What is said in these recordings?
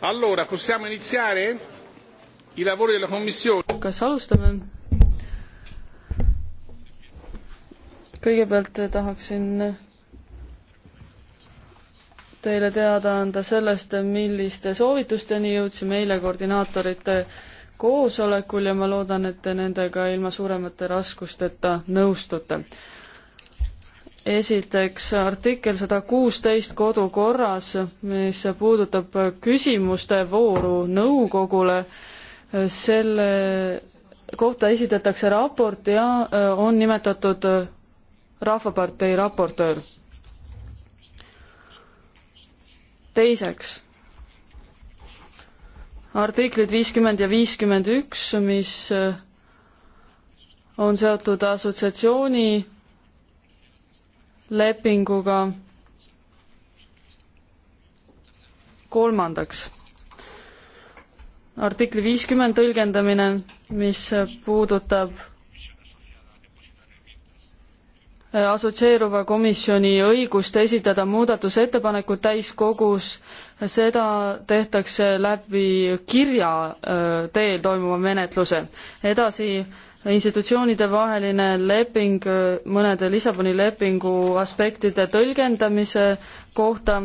Allora, possiamo iniziare i lavori della Commissione? Kas alustame? Kõigepealt tahaksin teile teada anda sellest, milliste soovitusteni jõudsime eile koordinaatorite koosolekul ja ma loodan, et te nendega ilma suuremate raskusteta nõustute esiteks artikkel sada kuusteist kodukorras, mis puudutab küsimuste vooru nõukogule, selle kohta esitatakse raport ja äh, on nimetatud äh, Rahvapartei raportöör. teiseks, artiklid viiskümmend ja viiskümmend üks, mis äh, on seotud assotsiatsiooni lepinguga. kolmandaks, artikli viiskümmend tõlgendamine, mis puudutab äh, assotsieeruva komisjoni õigust esitada muudatusettepanekud täiskogus, seda tehtakse läbi kirja äh, teel toimuva menetluse. edasi institutsioonide vaheline leping mõnede Lissaboni lepingu aspektide tõlgendamise kohta.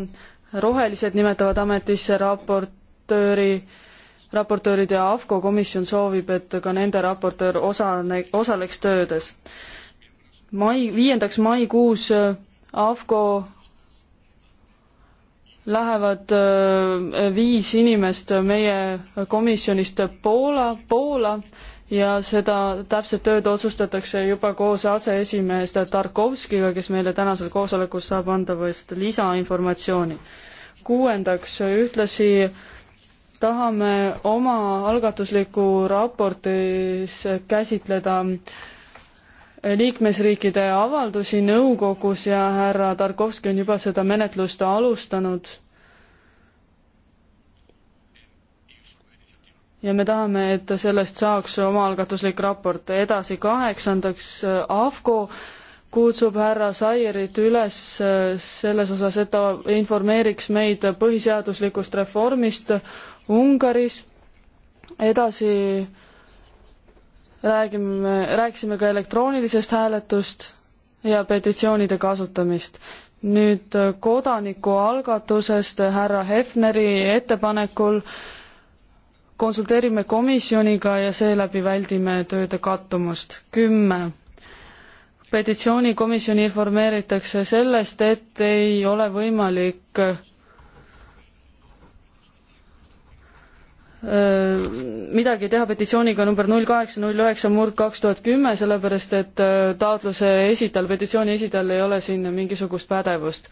rohelised nimetavad ametisse raportööri, raportöörid ja AFCO komisjon soovib, et ka nende raportöör osane, osaleks töödes. mai, viiendaks maikuus äh, AFCO lähevad äh, viis inimest meie komisjonist Poola, Poola ja seda täpset tööd otsustatakse juba koos aseesimees Tarkovskiga, kes meile tänasel koosolekul saab anda vast lisainformatsiooni. kuuendaks, ühtlasi tahame oma algatusliku raportis käsitleda liikmesriikide avaldusi nõukogus ja härra Tarkovski on juba seda menetlust alustanud ja me tahame, et sellest saaks omaalgatuslik raport. edasi kaheksandaks, AFCO kutsub härra Sairit üles äh, selles osas, et ta informeeriks meid põhiseaduslikust reformist Ungaris. edasi räägime, rääkisime ka elektroonilisest hääletust ja petitsioonide kasutamist. nüüd äh, kodanikualgatusest härra Hefneri ettepanekul äh, konsulteerime komisjoniga ja seeläbi väldime tööde kattumust. kümme. petitsioonikomisjoni informeeritakse sellest, et ei ole võimalik äh, midagi teha petitsiooniga number null kaheksa null üheksa murd kaks tuhat kümme, sellepärast et äh, taotluse esitajal, petitsiooni esitajal ei ole siin mingisugust pädevust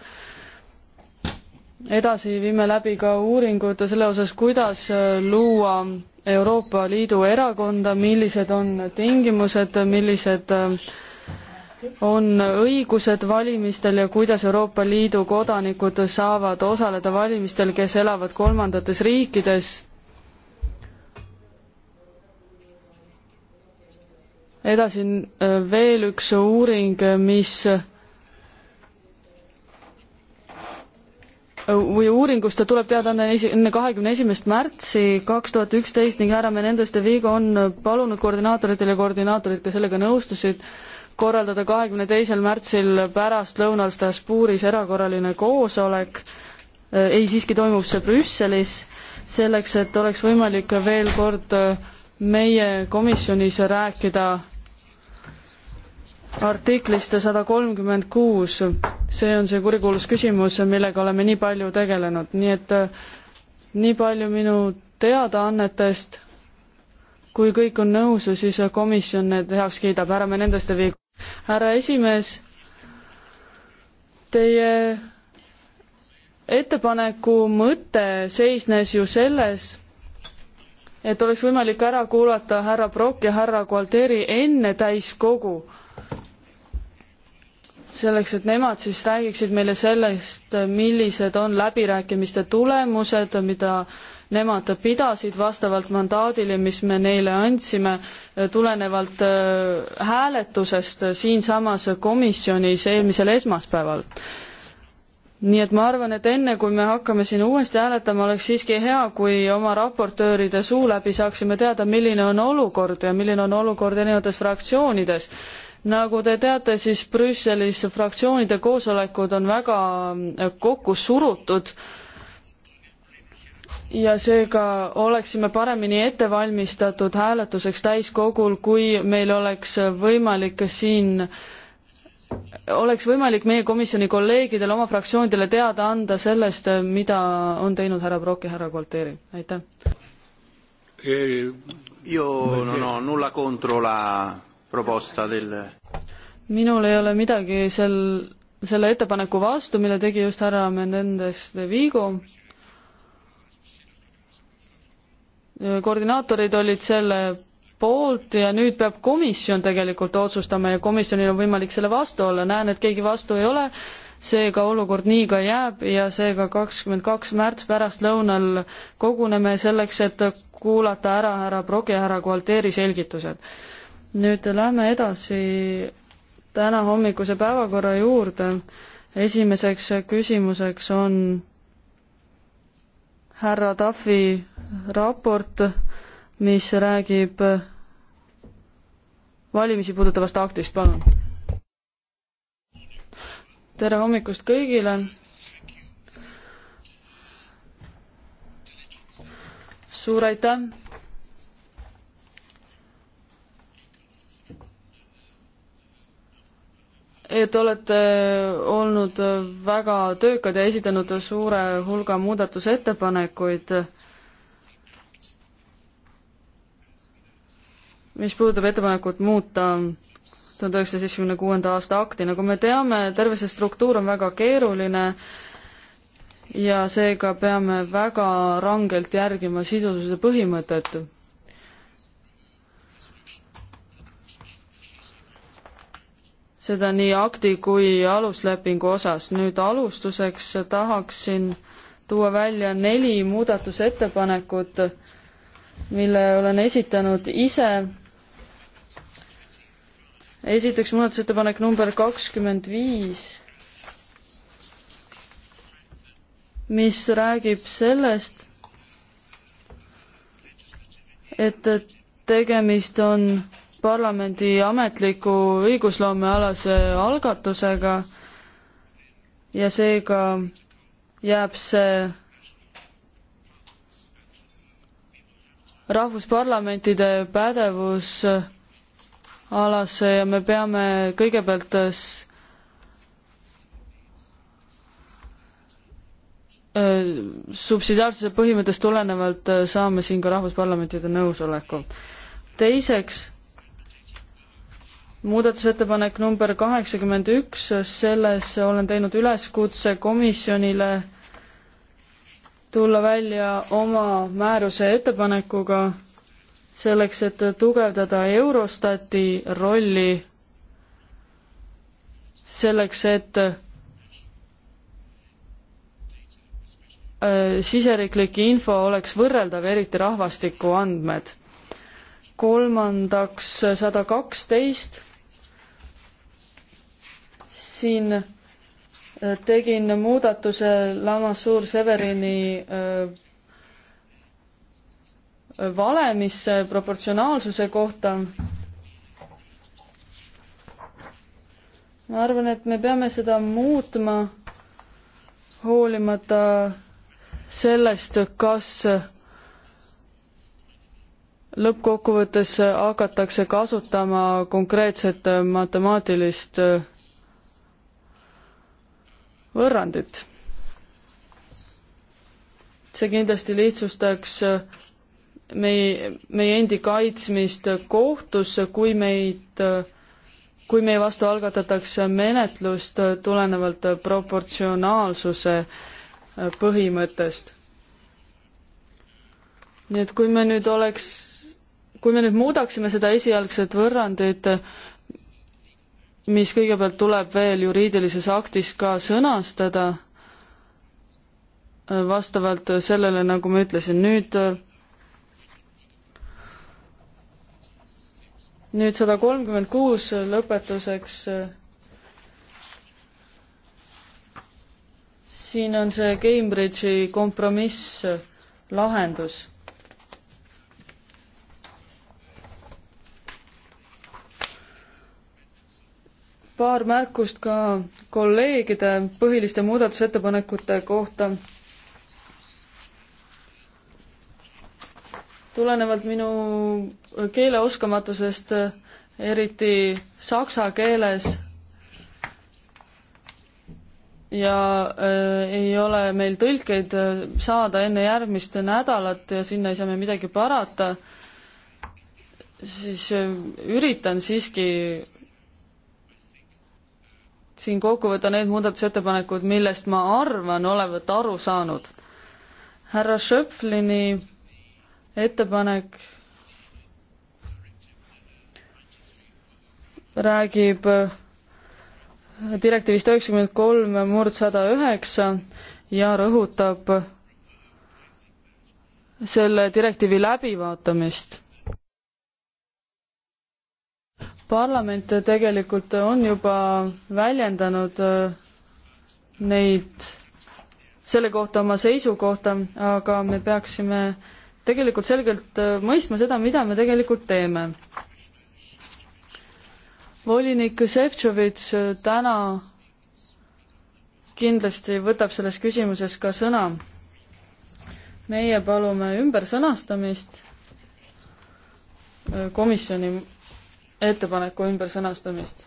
edasi viime läbi ka uuringud selle osas, kuidas äh, luua Euroopa Liidu erakonda, millised on tingimused, millised äh, on õigused valimistel ja kuidas Euroopa Liidu kodanikud saavad osaleda valimistel, kes elavad kolmandates riikides. edasi äh, veel üks uuring, mis või uuringust tuleb teada enne kahekümne esimest märtsi kaks tuhat üksteist ning härra Menendez de Vigo on palunud koordinaatoritele ja koordinaatorid ka sellega nõustusid korraldada kahekümne teisel märtsil pärastlõunal Strasbourgis erakorraline koosolek, äh, ei, siiski toimub see Brüsselis, selleks et oleks võimalik veel kord äh, meie komisjonis rääkida artiklist sada kolmkümmend kuus, see on see kurikuulus küsimus, millega oleme nii palju tegelenud, nii et äh, nii palju minu teadaannetest, kui kõik on nõus, siis komisjon need heaks kiidab, ärme nendest ei vii. härra esimees, teie ettepaneku mõte seisnes ju selles, et oleks võimalik ära kuulata härra Brock ja härra Gualteri enne täiskogu selleks, et nemad siis räägiksid meile sellest, millised on läbirääkimiste tulemused, mida nemad pidasid vastavalt mandaadile, mis me neile andsime, tulenevalt äh, hääletusest siinsamas komisjonis eelmisel esmaspäeval. nii et ma arvan, et enne kui me hakkame siin uuesti hääletama, oleks siiski hea, kui oma raportööride suu läbi saaksime teada, milline on olukord ja milline on olukord erinevates fraktsioonides nagu te teate, siis Brüsselis fraktsioonide koosolekud on väga äh, kokku surutud ja seega oleksime paremini ette valmistatud hääletuseks täiskogul, kui meil oleks võimalik siin oleks võimalik meie komisjoni kolleegidel, oma fraktsioonidele teada anda sellest, äh, mida on teinud härra Brock ja härra Gualteri, aitäh. Io non ho nulla contro la proposta del minul ei ole midagi sel, selle ettepaneku vastu, mille tegi just härra Menendez de Vigo. koordinaatorid olid selle poolt ja nüüd peab komisjon tegelikult otsustama ja komisjonil on võimalik selle vastu olla, näen, et keegi vastu ei ole, seega olukord nii ka jääb ja seega kakskümmend kaks märts pärastlõunal koguneme selleks, et kuulata ära härra Progi ja härra Gualteri selgitused nüüd lähme edasi täna hommikuse päevakorra juurde. esimeseks küsimuseks on härra Tafi raport, mis räägib valimisi puudutavast aktist, palun. tere hommikust kõigile. suur aitäh et olete äh, olnud äh, väga töökad ja esitanud suure hulga muudatusettepanekuid, mis puudutab ettepanekut muuta tuhande üheksasaja seitsmekümne kuuenda aasta akti, nagu me teame, terve see struktuur on väga keeruline ja seega peame väga rangelt järgima sidususe põhimõtet seda nii akti kui aluslepingu osas. nüüd alustuseks tahaksin tuua välja neli muudatusettepanekut, mille olen esitanud ise. esiteks muudatusettepanek number kakskümmend viis, mis räägib sellest, et tegemist on parlamendi ametliku õigusloomealase algatusega ja seega jääb see rahvusparlamentide pädevusalasse ja me peame kõigepealt subsidiaarsuse põhimõttest tulenevalt saame siin ka rahvusparlamentide nõusoleku. teiseks muudatusettepanek number kaheksakümmend üks, selles olen teinud üleskutse komisjonile tulla välja oma määruse ettepanekuga selleks, et tugevdada Eurostati rolli selleks, et äh, siseriiklik info oleks võrreldav, eriti rahvastikuandmed. kolmandaks sada kaksteist siin äh, tegin muudatuse Lamassuur Severini äh, valemisse proportsionaalsuse kohta. ma arvan, et me peame seda muutma hoolimata sellest, kas lõppkokkuvõttes hakatakse kasutama konkreetset matemaatilist võrrandit. see kindlasti lihtsustaks äh, meie, meie endi kaitsmist kohtus, kui meid, äh, kui meie vastu algatatakse menetlust äh, tulenevalt proportsionaalsuse põhimõttest. nii et kui me nüüd oleks, kui me nüüd muudaksime seda esialgset võrrandit, mis kõigepealt tuleb veel juriidilises aktis ka sõnastada, äh, vastavalt sellele, nagu ma ütlesin, nüüd äh, nüüd sada kolmkümmend kuus lõpetuseks. Äh, siin on see Cambridge'i kompromiss, lahendus paar märkust ka kolleegide põhiliste muudatusettepanekute kohta. tulenevalt minu keeleoskamatusest, eriti saksa keeles, ja äh, ei ole meil tõlkeid äh, saada enne järgmist nädalat ja sinna ei saa me midagi parata, siis äh, üritan siiski siin kokku võtta need muudatusettepanekud, millest ma arvan olevat aru saanud. härra Schöpflini ettepanek räägib direktiivist üheksakümmend kolm murd sada üheksa ja rõhutab selle direktiivi läbivaatamist parlament tegelikult on juba väljendanud äh, neid, selle kohta oma seisukohta, aga me peaksime tegelikult selgelt äh, mõistma seda, mida me tegelikult teeme. volinik Šefčovitš äh, täna kindlasti võtab selles küsimuses ka sõna. meie palume ümbersõnastamist komisjoni ettepaneku ümbersõnastamist.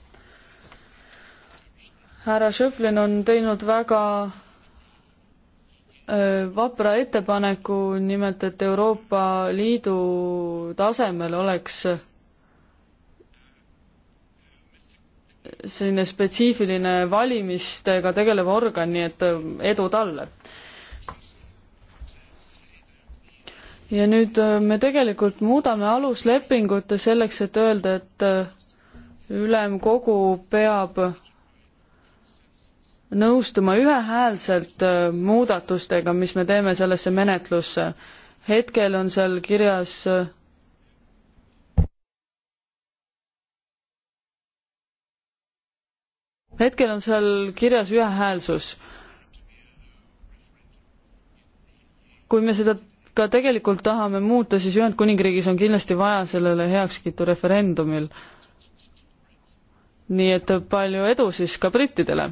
härra Šõflin on teinud väga vapra ettepaneku, nimelt et Euroopa Liidu tasemel oleks selline spetsiifiline valimistega tegelev organ, nii et edu talle. ja nüüd äh, me tegelikult muudame aluslepingut selleks, et öelda, et äh, ülemkogu peab nõustuma ühehäälselt äh, muudatustega, mis me teeme sellesse menetlusse. hetkel on seal kirjas hetkel on seal kirjas ühehäälsus. kui me seda ka tegelikult tahame muuta, siis Ühendkuningriigis on kindlasti vaja sellele heakskiitu referendumil. nii et palju edu siis ka brittidele.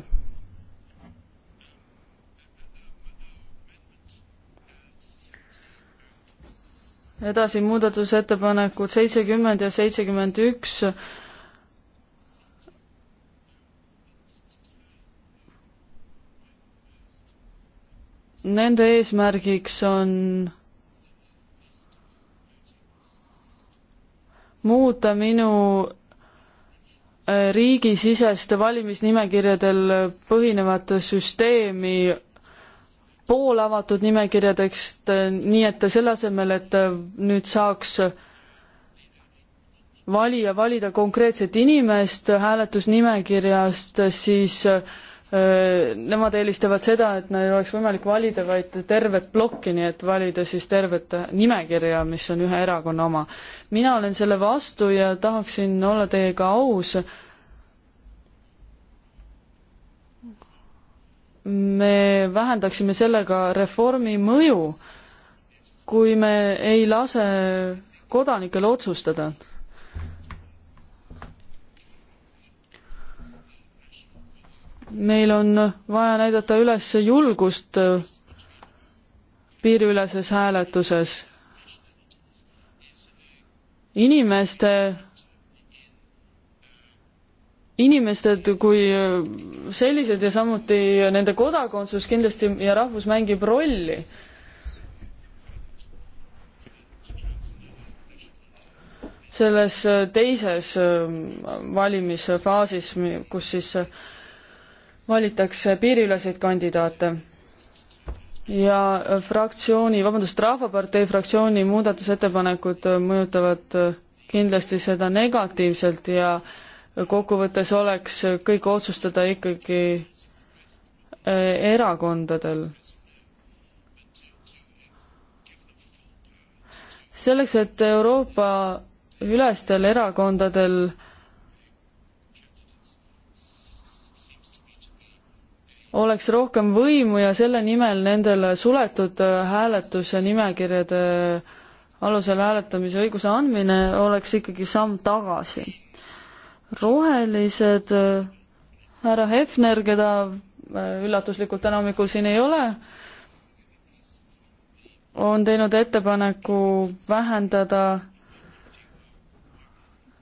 edasi muudatusettepanekud seitsekümmend ja seitsekümmend üks nende eesmärgiks on muuta minu äh, riigisiseste valimisnimekirjadel põhinevat süsteemi poolavatud nimekirjadeks, äh, nii et selle asemel, et äh, nüüd saaks valija valida konkreetset inimest hääletusnimekirjast, siis nemad eelistavad seda, et neil oleks võimalik valida vaid tervet plokki, nii et valida siis tervet nimekirja, mis on ühe erakonna oma. mina olen selle vastu ja tahaksin olla teiega aus. me vähendaksime sellega reformi mõju, kui me ei lase kodanikel otsustada meil on vaja näidata üles julgust piiriüleses hääletuses. inimeste, inimesed kui sellised ja samuti nende kodakondsus kindlasti ja rahvus mängib rolli. selles teises valimisfaasis, kus siis valitakse piiriüleseid kandidaate. ja fraktsiooni, vabandust, Rahvapartei fraktsiooni muudatusettepanekud mõjutavad kindlasti seda negatiivselt ja kokkuvõttes oleks kõik otsustada ikkagi eh, erakondadel selleks, et Euroopa ülestel erakondadel oleks rohkem võimu ja selle nimel nendele suletud äh, hääletuse nimekirjade äh, alusel hääletamise õiguse andmine oleks ikkagi samm tagasi. rohelised, äh, härra Hefner, keda üllatuslikult täna hommikul siin ei ole, on teinud ettepaneku vähendada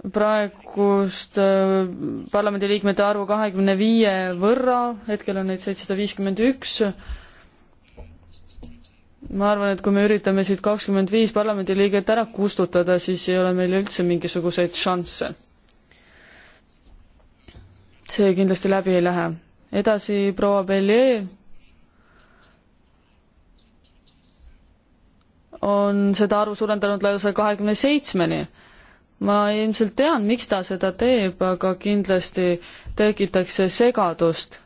praegust äh, parlamendiliikmete arvu kahekümne viie võrra, hetkel on neid seitsesada viiskümmend üks. ma arvan, et kui me üritame siit kakskümmend viis parlamendiliiget ära kustutada, siis ei ole meil üldse mingisuguseid šansse. see kindlasti läbi ei lähe. edasi proua Bellier on seda arvu suurendanud lausa kahekümne seitsmeni ma ilmselt tean, miks ta seda teeb, aga kindlasti tekitakse segadust.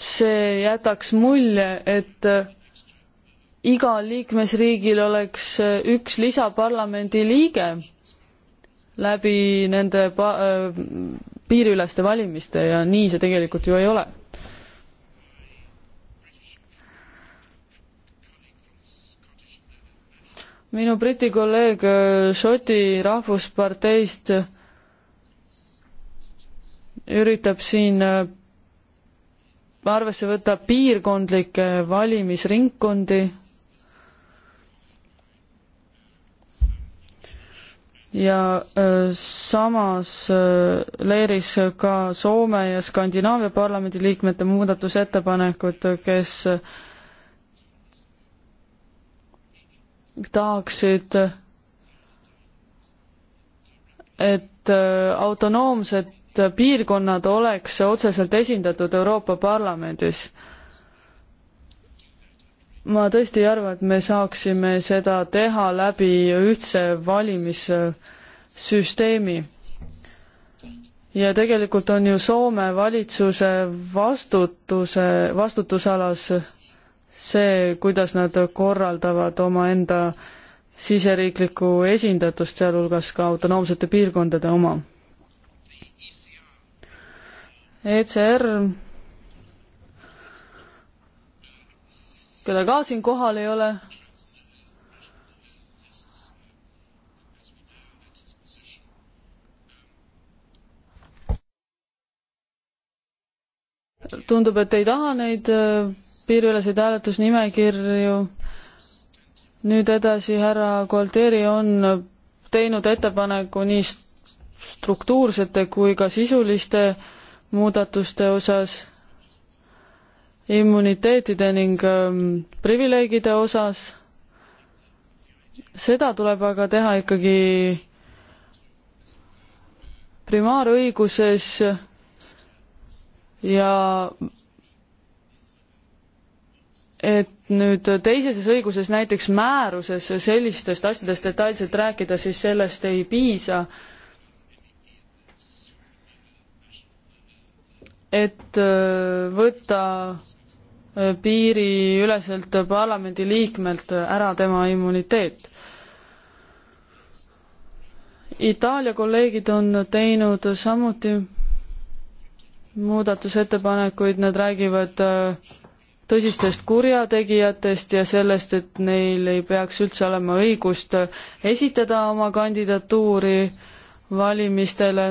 see jätaks mulje, et igal liikmesriigil oleks üks lisaparlamendi liige läbi nende pa-, äh, piiriüleste valimiste ja nii see tegelikult ju ei ole minu Briti kolleeg äh, Šoti rahvusparteist äh, üritab siin äh, arvesse võtta piirkondlikke valimisringkondi ja öö, samas öö, leeris ka Soome ja Skandinaavia parlamendi liikmete muudatusettepanekud, kes tahaksid, et äh, autonoomsed piirkonnad oleks otseselt esindatud Euroopa Parlamendis. ma tõesti ei arva, et me saaksime seda teha läbi ühtse valimissüsteemi ja tegelikult on ju Soome valitsuse vastutuse, vastutusalas see, kuidas nad korraldavad omaenda siseriiklikku esindatust, sealhulgas ka autonoomsete piirkondade oma. ECR, keda ka siin kohal ei ole, tundub, et ei taha neid äh, piiriüleseid hääletusnimekirju. nüüd edasi härra Gualteri on teinud ettepaneku nii struktuursete kui ka sisuliste muudatuste osas, immuniteetide ning ähm, privileegide osas. seda tuleb aga teha ikkagi primaarõiguses ja et nüüd teiseses õiguses, näiteks määruses sellistest asjadest detailselt rääkida, siis sellest ei piisa. et äh, võtta äh, piiriüleselt parlamendiliikmelt ära tema immuniteet. Itaalia kolleegid on teinud samuti muudatusettepanekuid, nad räägivad äh, tõsistest kurjategijatest ja sellest, et neil ei peaks üldse olema õigust esitada oma kandidatuuri valimistele.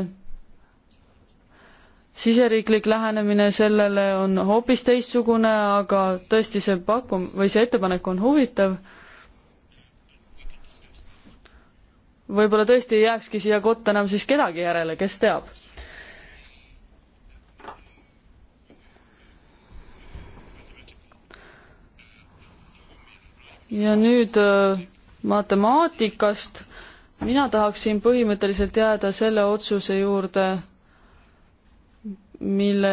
siseriiklik lähenemine sellele on hoopis teistsugune, aga tõesti see pakum- või see ettepanek on huvitav. võib-olla tõesti ei jääkski siia kotta enam siis kedagi järele, kes teab ja nüüd äh, matemaatikast. mina tahaksin põhimõtteliselt jääda selle otsuse juurde, mille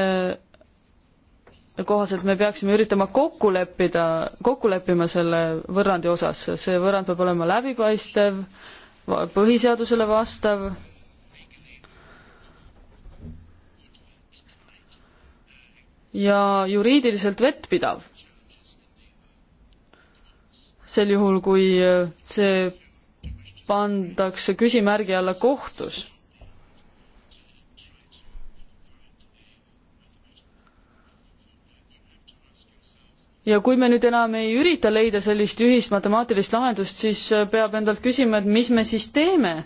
kohaselt me peaksime üritama kokku leppida, kokku leppima selle võrrandi osas, see võrrand peab olema läbipaistev, põhiseadusele vastav, ja juriidiliselt vettpidav sel juhul, kui äh, see pandakse küsimärgi alla kohtus. ja kui me nüüd enam ei ürita leida sellist ühist matemaatilist lahendust, siis äh, peab endalt küsima, et mis me siis teeme.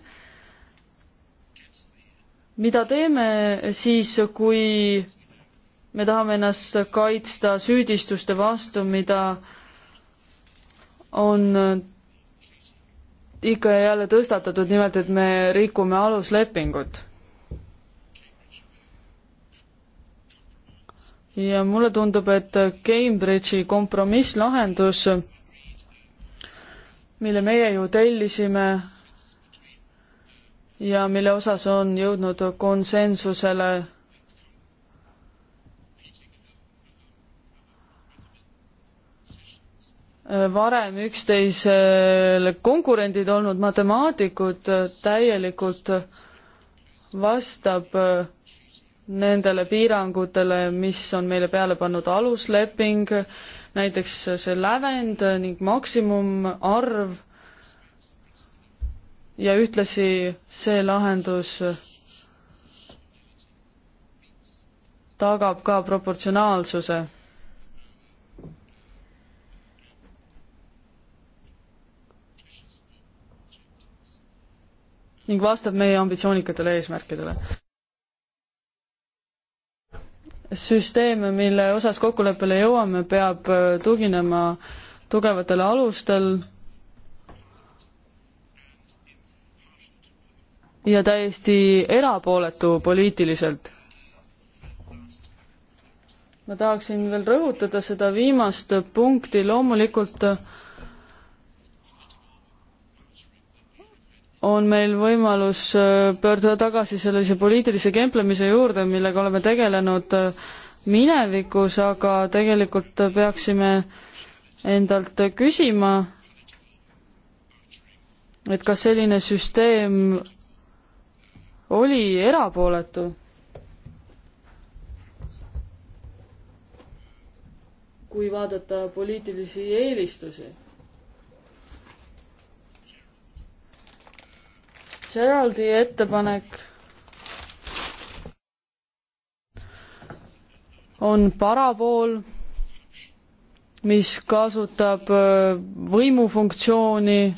mida teeme siis, kui me tahame ennast kaitsta süüdistuste vastu, mida äh, on äh, ikka ja jälle tõstatatud nimelt, et me rikume aluslepingut. ja mulle tundub, et Cambridge'i kompromisslahendus, mille meie ju tellisime ja mille osas on jõudnud konsensusele Äh, varem üksteisele konkurendid olnud matemaatikud, äh, täielikult vastab äh, nendele piirangutele, mis on meile peale pannud alusleping, näiteks see lävend ning maksimumarv ja ühtlasi see lahendus tagab ka proportsionaalsuse ning vastab meie ambitsioonikatele eesmärkidele. süsteem, mille osas kokkuleppele jõuame, peab äh, tuginema tugevatel alustel ja täiesti erapooletu poliitiliselt ma tahaksin veel rõhutada seda viimast punkti, loomulikult äh, on meil võimalus äh, pöörduda tagasi sellise poliitilise kemplemise juurde, millega oleme tegelenud äh, minevikus, aga tegelikult äh, peaksime endalt küsima, et kas selline süsteem oli erapooletu? kui vaadata poliitilisi eelistusi Geraldi ettepanek on parapool, mis kasutab äh, võimufunktsiooni ja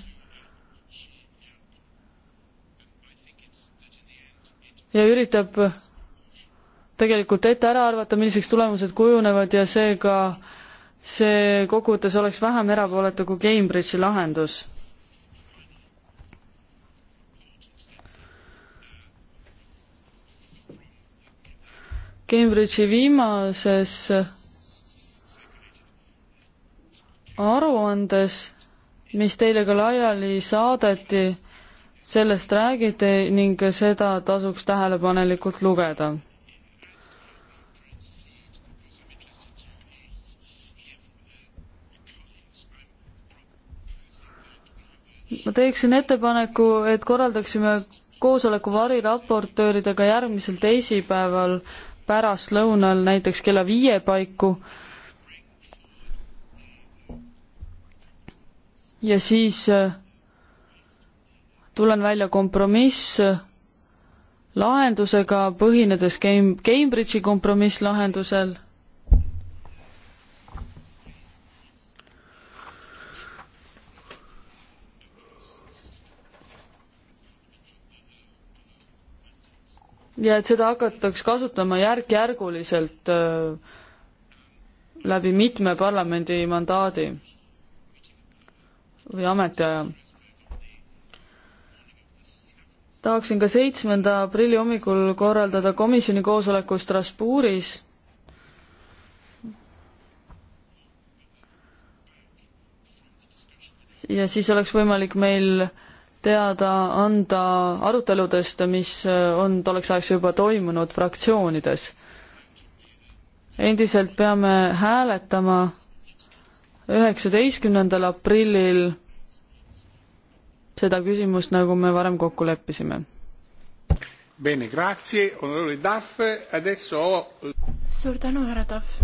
üritab tegelikult ette ära arvata, milliseks tulemused kujunevad ja seega see kokkuvõttes oleks vähem erapooletu kui Cambridge'i lahendus Cambridge'i viimases aruandes, mis teile ka laiali saadeti, sellest räägiti ning seda tasuks tähelepanelikult lugeda ma teeksin ettepaneku, et korraldaksime koosoleku variraportööridega järgmisel teisipäeval pärastlõunal näiteks kella viie paiku. ja siis äh, tulen välja kompromiss äh, lahendusega, põhinedes Cambridge'i kompromisslahendusel ja et seda hakataks kasutama järk-järguliselt äh, läbi mitme parlamendi mandaadi või ametiaja. tahaksin ka seitsmenda aprilli hommikul korraldada komisjoni koosoleku Strasbourgis ja siis oleks võimalik meil teada anda aruteludest, mis äh, on tolleks ajaks juba toimunud fraktsioonides. endiselt peame hääletama üheksateistkümnendal aprillil seda küsimust, nagu me varem kokku leppisime Bene, grazie onorevole Duff. Adesso ho... Suur tänu, härra Duff.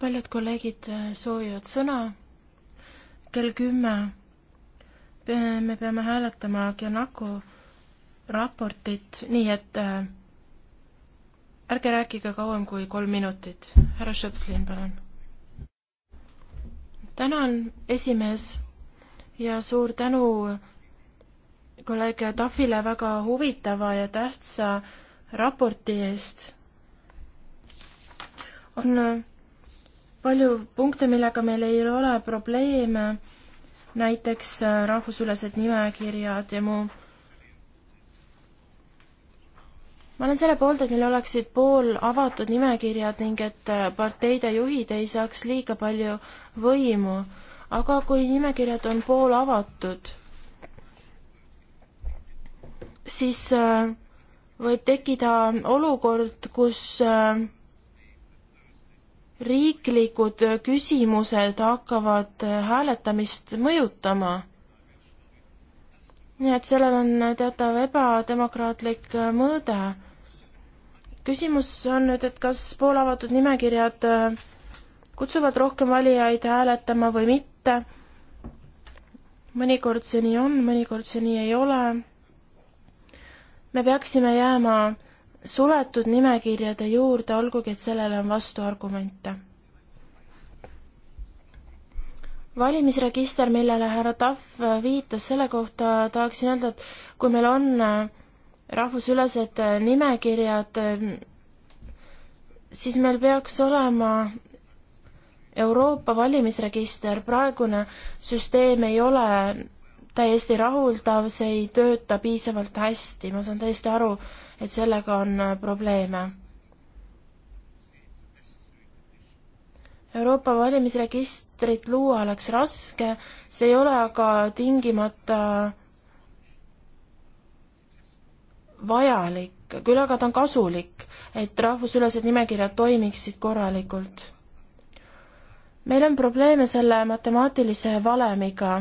paljud kolleegid äh, soovivad sõna kell kümme me peame hääletama Gianaco raportit, nii et äh, ärge rääkige kauem kui kolm minutit. härra Schöpflin, palun. tänan, esimees ja suur tänu kolleeg Tafile väga huvitava ja tähtsa raporti eest. on äh, palju punkte, millega meil ei ole probleeme, näiteks äh, rahvusülesed nimekirjad ja muu. ma olen selle poolt, et meil oleksid pool avatud nimekirjad ning et äh, parteide juhid ei saaks liiga palju võimu, aga kui nimekirjad on pool avatud, siis äh, võib tekkida olukord, kus äh, riiklikud küsimused hakkavad hääletamist mõjutama. nii et sellel on teatav ebademokraatlik mõõde. küsimus on nüüd, et kas poolavatud nimekirjad kutsuvad rohkem valijaid hääletama või mitte. mõnikord see nii on, mõnikord see nii ei ole. me peaksime jääma suletud nimekirjade juurde, olgugi et sellele on vastuargumente. valimisregister, millele härra Tahv viitas, selle kohta tahaksin öelda, et kui meil on äh, rahvusülesed äh, nimekirjad, äh, siis meil peaks olema Euroopa valimisregister, praegune süsteem ei ole täiesti rahuldav, see ei tööta piisavalt hästi, ma saan täiesti aru, et sellega on äh, probleeme. Euroopa valimisregistrit luua oleks raske, see ei ole aga tingimata vajalik, küll aga ta on kasulik, et rahvusülesed nimekirjad toimiksid korralikult. meil on probleeme selle matemaatilise valemiga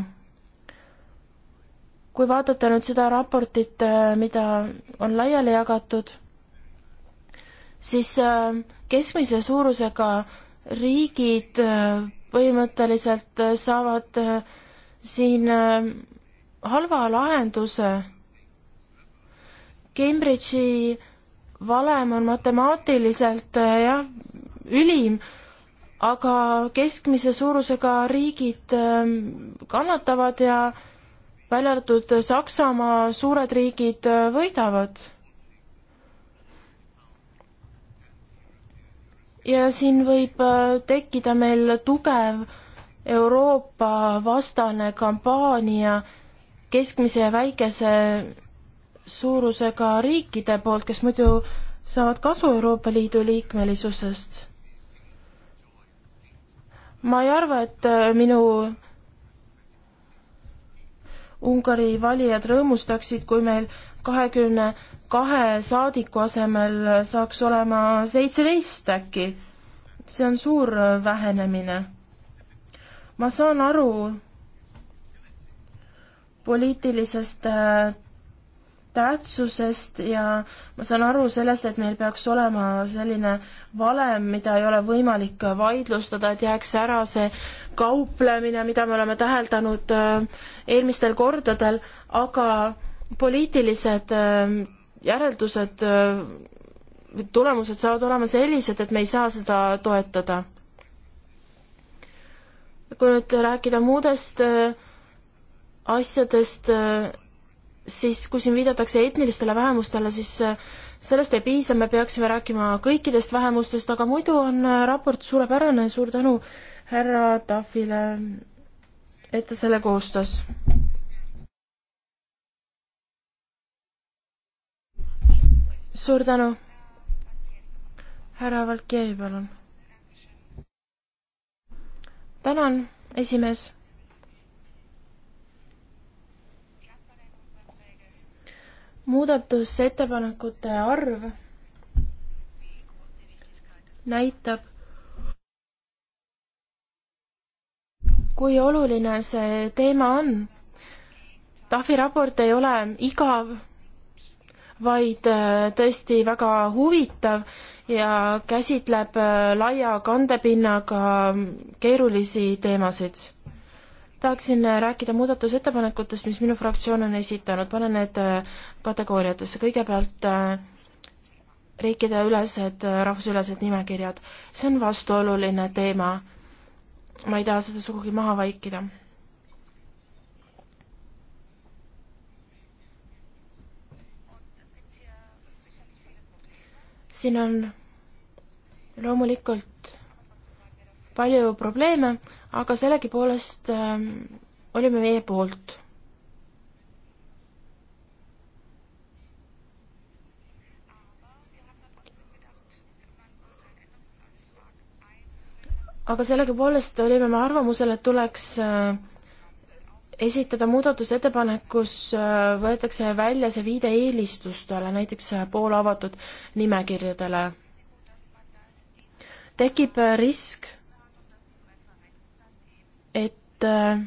kui vaadata nüüd seda raportit, äh, mida on laiali jagatud, siis äh, keskmise suurusega riigid äh, põhimõtteliselt saavad siin halva lahenduse. Cambridge'i valem on matemaatiliselt jah, ülim, aga keskmise suurusega riigid kannatavad ja välja arvatud Saksamaa, suured riigid äh, võidavad. ja siin võib äh, tekkida meil tugev Euroopa vastane kampaania keskmise ja väikese suurusega riikide poolt, kes muidu saavad kasu Euroopa Liidu liikmelisusest. ma ei arva, et äh, minu Ungari valijad rõõmustaksid, kui meil kahekümne kahe saadiku asemel saaks olema seitseteist äkki. see on suur vähenemine. ma saan aru poliitilisest äh, tähtsusest ja ma saan aru sellest, et meil peaks olema selline valem, mida ei ole võimalik vaidlustada, et jääks ära see kauplemine, mida me oleme täheldanud äh, eelmistel kordadel, aga poliitilised äh, järeldused, äh, tulemused saavad olema sellised, et me ei saa seda toetada. kui nüüd rääkida muudest asjadest, siis kui siin viidatakse etnilistele vähemustele, siis äh, sellest ei piisa, me peaksime rääkima kõikidest vähemustest, aga muidu on äh, raport suurepärane, suur tänu härra Tahvile, et ta selle koostas. suur tänu. härra Valkeri, palun. tänan, esimees muudatusettepanekute arv näitab, kui oluline see teema on. Tafi raport ei ole igav, vaid äh, tõesti väga huvitav ja käsitleb äh, laia kandepinnaga keerulisi teemasid tahaksin rääkida muudatusettepanekutest, mis minu fraktsioon on esitanud, panen need äh, kategooriatesse, kõigepealt äh, riikideülesed, äh, rahvusülesed nimekirjad, see on vastuoluline teema, ma ei taha seda sugugi maha vaikida. siin on loomulikult palju probleeme, aga sellegipoolest äh, olime meie poolt. aga sellegipoolest olime me arvamusel, et tuleks äh, esitada muudatusettepanek, kus äh, võetakse välja see viide eelistustele, näiteks äh, poolavatud nimekirjadele. tekib äh, risk et äh,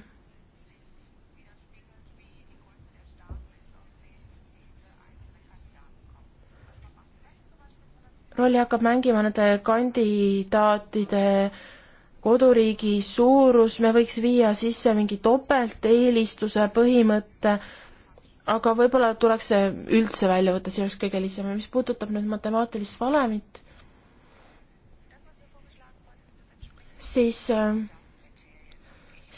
rolli hakkab mängima nende kandidaatide koduriigi suurus, me võiks viia sisse mingi topelteelistuse põhimõtte, aga võib-olla tuleks see üldse välja võtta, see oleks kõige lihtsam ja mis puudutab nüüd matemaatilist valemit, siis äh,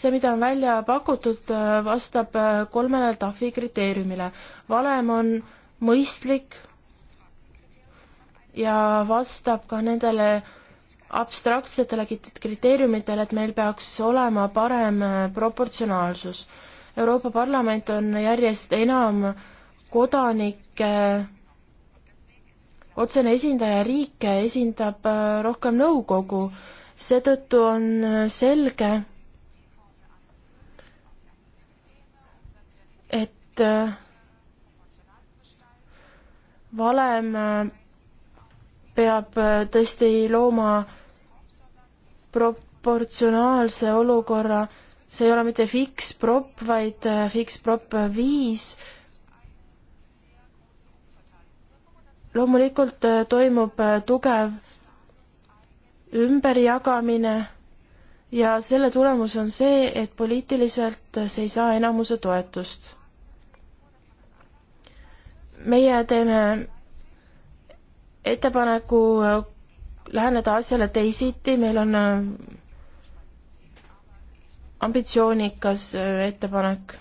see, mida on välja pakutud, vastab äh, kolmele TAFi kriteeriumile. valem on mõistlik ja vastab ka nendele abstraktsetele kriteeriumitele, et meil peaks olema parem äh, proportsionaalsus. Euroopa Parlament on järjest enam kodanike otsene esindaja riike esindab äh, rohkem nõukogu, seetõttu on selge, et äh, valem äh, peab äh, tõesti looma proportsionaalse olukorra, see ei ole mitte fiksprop, vaid fiksprop viis. loomulikult toimub tugev ümberjagamine ja selle tulemus on see, et poliitiliselt see ei saa enamuse toetust meie teeme ettepaneku äh, läheneda asjale teisiti, meil on äh, ambitsioonikas äh, ettepanek.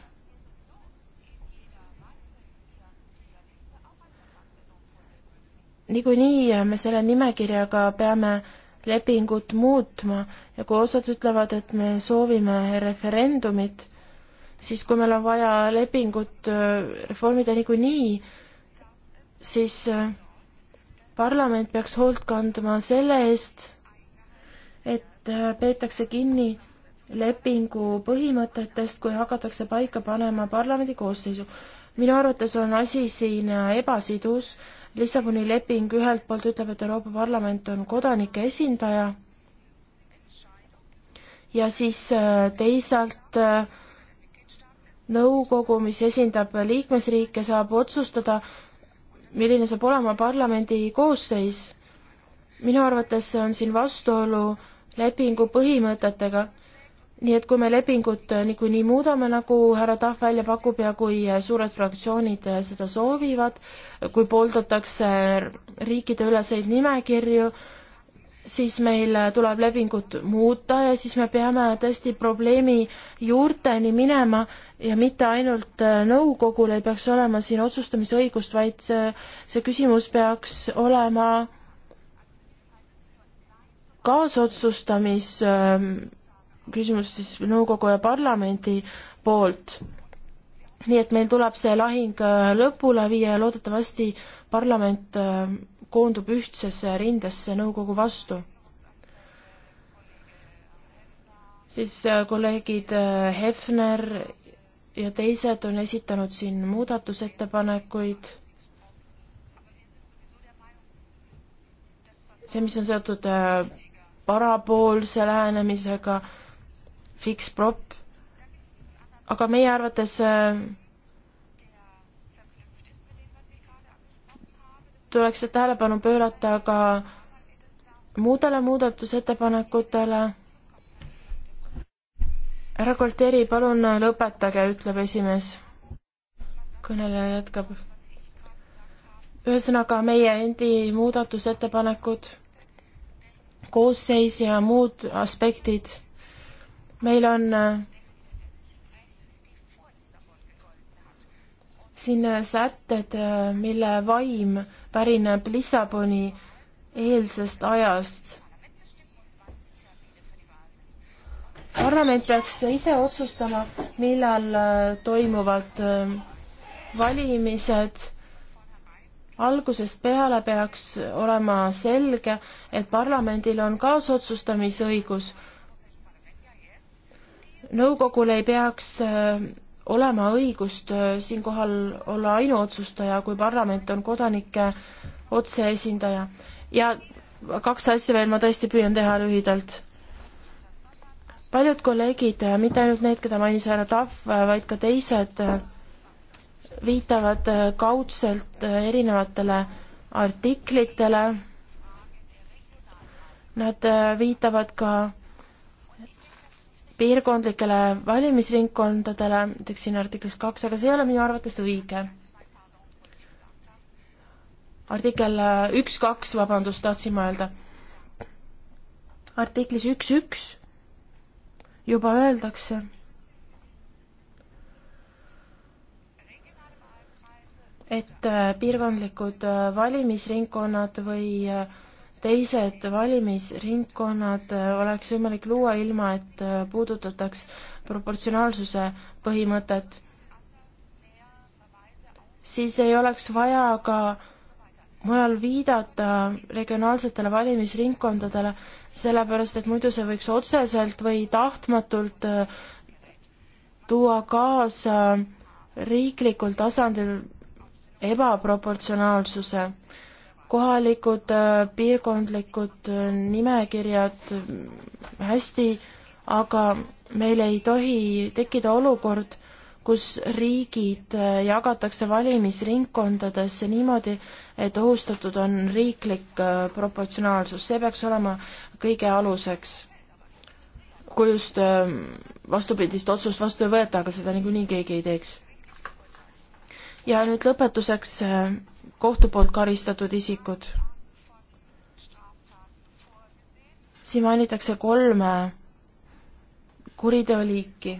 niikuinii me selle nimekirjaga peame lepingut muutma ja kui osad ütlevad, et me soovime referendumit, siis kui meil on vaja lepingut reformida niikuinii, nii, siis äh, parlament peaks hoolt kandma selle eest, et äh, peetakse kinni lepingu põhimõtetest, kui hakatakse paika panema parlamendi koosseisu. minu arvates on asi siin äh, ebasidus. Lissaboni leping ühelt poolt ütleb, et Euroopa Parlament on kodanike esindaja ja siis teisalt nõukogu, mis esindab liikmesriike, saab otsustada, milline saab olema parlamendi koosseis. minu arvates on siin vastuolu lepingu põhimõtetega. nii et kui me lepingut niikuinii muudame, nagu härra Tahv välja pakub ja kui suured fraktsioonid seda soovivad, kui pooldatakse riikideüleseid nimekirju, siis meil tuleb lepingut muuta ja siis me peame tõesti probleemi juurteni minema ja mitte ainult äh, nõukogul ei peaks olema siin otsustamisõigust, vaid see, see küsimus peaks olema kaasotsustamis äh, küsimus siis nõukogu ja parlamendi poolt. nii et meil tuleb see lahing äh, lõpule viia ja loodetavasti parlament koondub ühtsesse rindesse nõukogu vastu. siis äh, kolleegid äh, Hefner ja teised on esitanud siin muudatusettepanekuid. see, mis on seotud äh, parapoolse lähenemisega, fix-prop, aga meie arvates äh, tuleks tähelepanu pöörata ka muudele muudatusettepanekutele. härra Kolteri, palun lõpetage, ütleb esimees. kõneleja jätkab. ühesõnaga, meie endi muudatusettepanekud, koosseis ja muud aspektid. meil on äh, siin sätted, äh, mille vaim pärineb Lissaboni eelsest ajast. parlament peaks ise otsustama, millal äh, toimuvad äh, valimised. algusest peale peaks olema selge, et parlamendil on kaasotsustamisõigus. nõukogul ei peaks äh, olema õigust äh, siinkohal olla ainuotsustaja, kui parlament on kodanike otseesindaja. ja kaks asja veel ma tõesti püüan teha lühidalt. paljud kolleegid, äh, mitte ainult need, keda mainis härra Tahv, äh, vaid ka teised, viitavad kaudselt erinevatele artiklitele, nad viitavad ka piirkondlikele valimisringkondadele, näiteks siin artiklis kaks, aga see ei ole minu arvates õige. artikkel üks, kaks, vabandust, tahtsin ma öelda. artiklis üks, üks juba öeldakse, et äh, piirkondlikud äh, valimisringkonnad või äh, teised valimisringkonnad äh, oleks võimalik luua ilma, et äh, puudutataks proportsionaalsuse põhimõtet. siis ei oleks vaja ka mujal viidata regionaalsetele valimisringkondadele, sellepärast et muidu see võiks otseselt või tahtmatult äh, tuua kaasa riiklikul tasandil ebaproportsionaalsuse kohalikud äh, piirkondlikud äh, nimekirjad mm, hästi, aga meil ei tohi tekkida olukord, kus riigid äh, jagatakse valimisringkondadesse niimoodi, et ohustatud on riiklik proportsionaalsus, see peaks olema kõige aluseks. kui just ähm, vastupidist otsust vastu ei võeta, aga seda niikuinii keegi ei teeks. ja nüüd lõpetuseks kohtu poolt karistatud isikud. siin mainitakse kolme kuriteoliiki.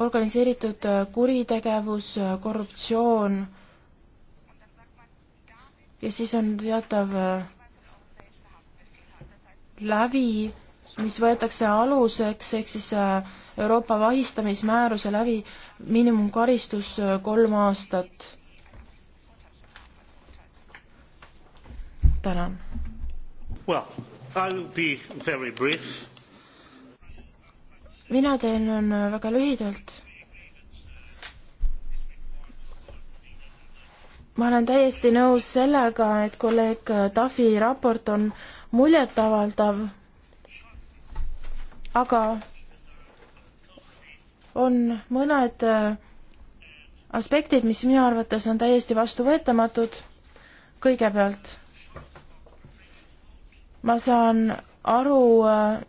organiseeritud kuritegevus, korruptsioon ja siis on teatav lävi mis võetakse aluseks, ehk siis äh, Euroopa vahistamismääruse läbi miinimumkaristus äh, kolm aastat. tänan. Well, I'll be very brief. mina teen on äh, väga lühidalt. ma olen täiesti nõus sellega, et kolleeg Tafi raport on muljetavaldav aga on mõned äh, aspektid, mis minu arvates on täiesti vastuvõetamatud. kõigepealt ma saan aru äh,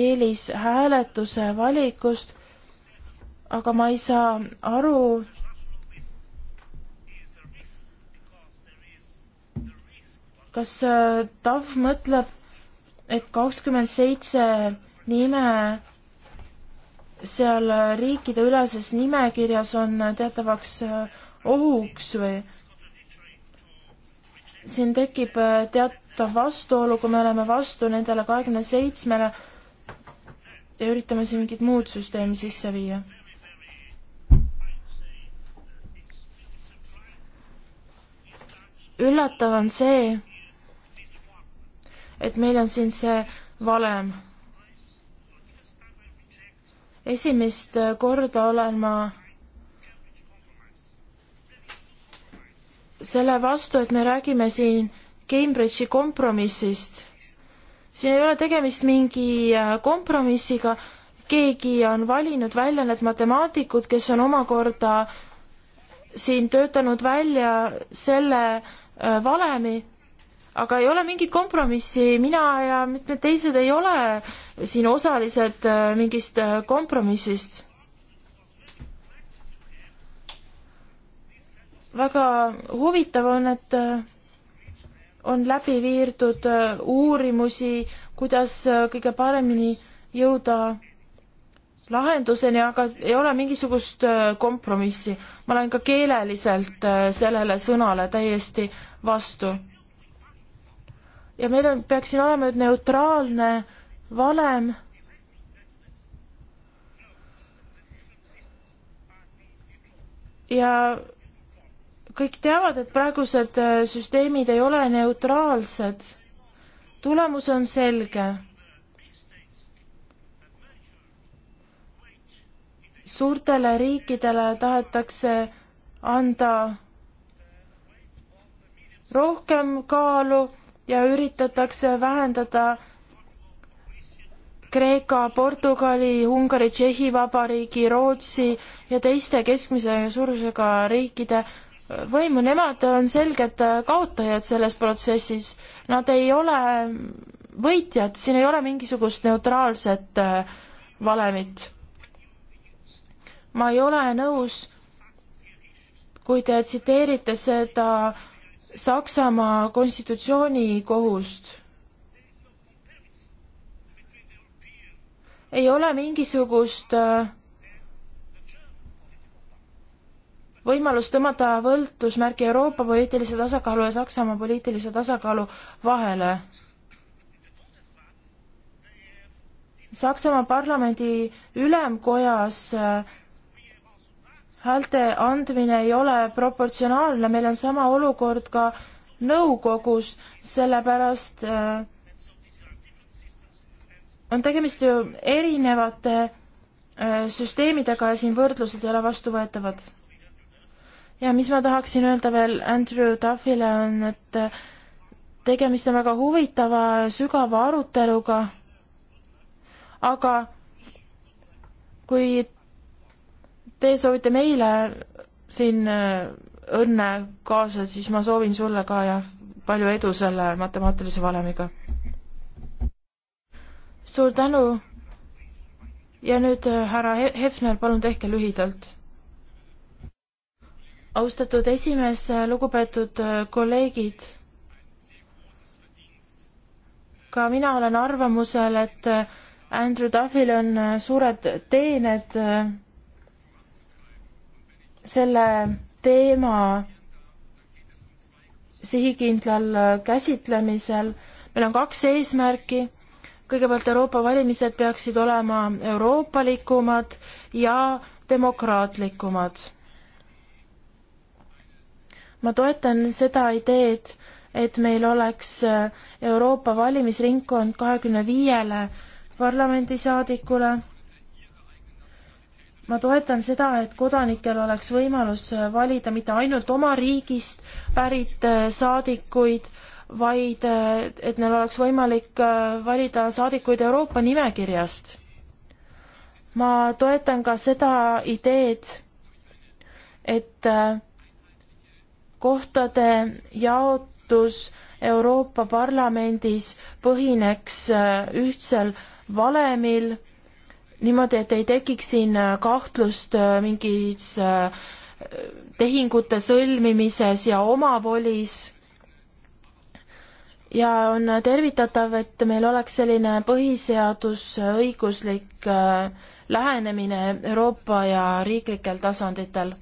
eelishääletuse valikust, aga ma ei saa aru kas TAV äh, mõtleb, et kakskümmend seitse nime seal riikide üleses nimekirjas on teatavaks äh, ohuks või siin tekib äh, teatav vastuolu, kui me oleme vastu nendele kahekümne seitsmele ja üritame siin mingit muud süsteemi sisse viia. üllatav on see, et meil on siin see valem esimest korda olen ma selle vastu, et me räägime siin Cambridge'i kompromissist. siin ei ole tegemist mingi äh, kompromissiga, keegi on valinud välja need matemaatikud, kes on omakorda siin töötanud välja selle äh, valemi, aga ei ole mingit kompromissi, mina ja mitmed teised ei ole siin osalised äh, mingist äh, kompromissist. väga huvitav on, et äh, on läbi viirdud uurimusi, kuidas kõige paremini jõuda lahenduseni, aga ei ole mingisugust kompromissi. ma olen ka keeleliselt sellele sõnale täiesti vastu ja meil on, peaks siin olema nüüd neutraalne valem. ja kõik teavad, et praegused äh, süsteemid ei ole neutraalsed. tulemus on selge. suurtele riikidele tahetakse anda rohkem kaalu ja üritatakse vähendada Kreeka, Portugali, Ungari, Tšehhi Vabariigi, Rootsi ja teiste keskmise suurusega riikide võimu, nemad on selged kaotajad selles protsessis. Nad ei ole võitjad, siin ei ole mingisugust neutraalset äh, valemit. ma ei ole nõus, kui te tsiteerite seda äh, Saksamaa konstitutsioonikohust. ei ole mingisugust äh, võimalust tõmmata võltusmärgi Euroopa poliitilise tasakaalu ja Saksamaa poliitilise tasakaalu vahele. Saksamaa parlamendi ülemkojas äh, häälte andmine ei ole proportsionaalne, meil on sama olukord ka nõukogus, sellepärast äh, on tegemist ju erinevate äh, süsteemidega ja siin võrdlused ei ole vastuvõetavad. ja mis ma tahaksin öelda veel Andrew Duffile on, et äh, tegemist on väga huvitava sügava aruteluga, aga kui Teie soovite meile siin äh, õnne kaasa, siis ma soovin sulle ka ja palju edu selle matemaatilise valemiga. suur tänu. ja nüüd äh, härra Hefner, palun tehke lühidalt. austatud esimees, äh, lugupeetud kolleegid. ka mina olen arvamusel, et Andrew Duffil on suured teened selle teema sihikindlal käsitlemisel. meil on kaks eesmärki. kõigepealt Euroopa valimised peaksid olema euroopalikumad ja demokraatlikumad. ma toetan seda ideed, et meil oleks Euroopa valimisringkond kahekümne viiele parlamendisaadikule ma toetan seda, et kodanikel oleks võimalus äh, valida mitte ainult oma riigist pärit äh, saadikuid, vaid äh, et neil oleks võimalik valida saadikuid Euroopa nimekirjast. ma toetan ka seda ideed, et kohtade jaotus Euroopa Parlamendis põhineks ühtsel valemil niimoodi, et ei tekiks siin äh, kahtlust äh, mingis äh, tehingute sõlmimises ja omavolis. ja on tervitatav, et meil oleks selline põhiseadusõiguslik lähenemine Euroopa ja riiklikel tasanditel.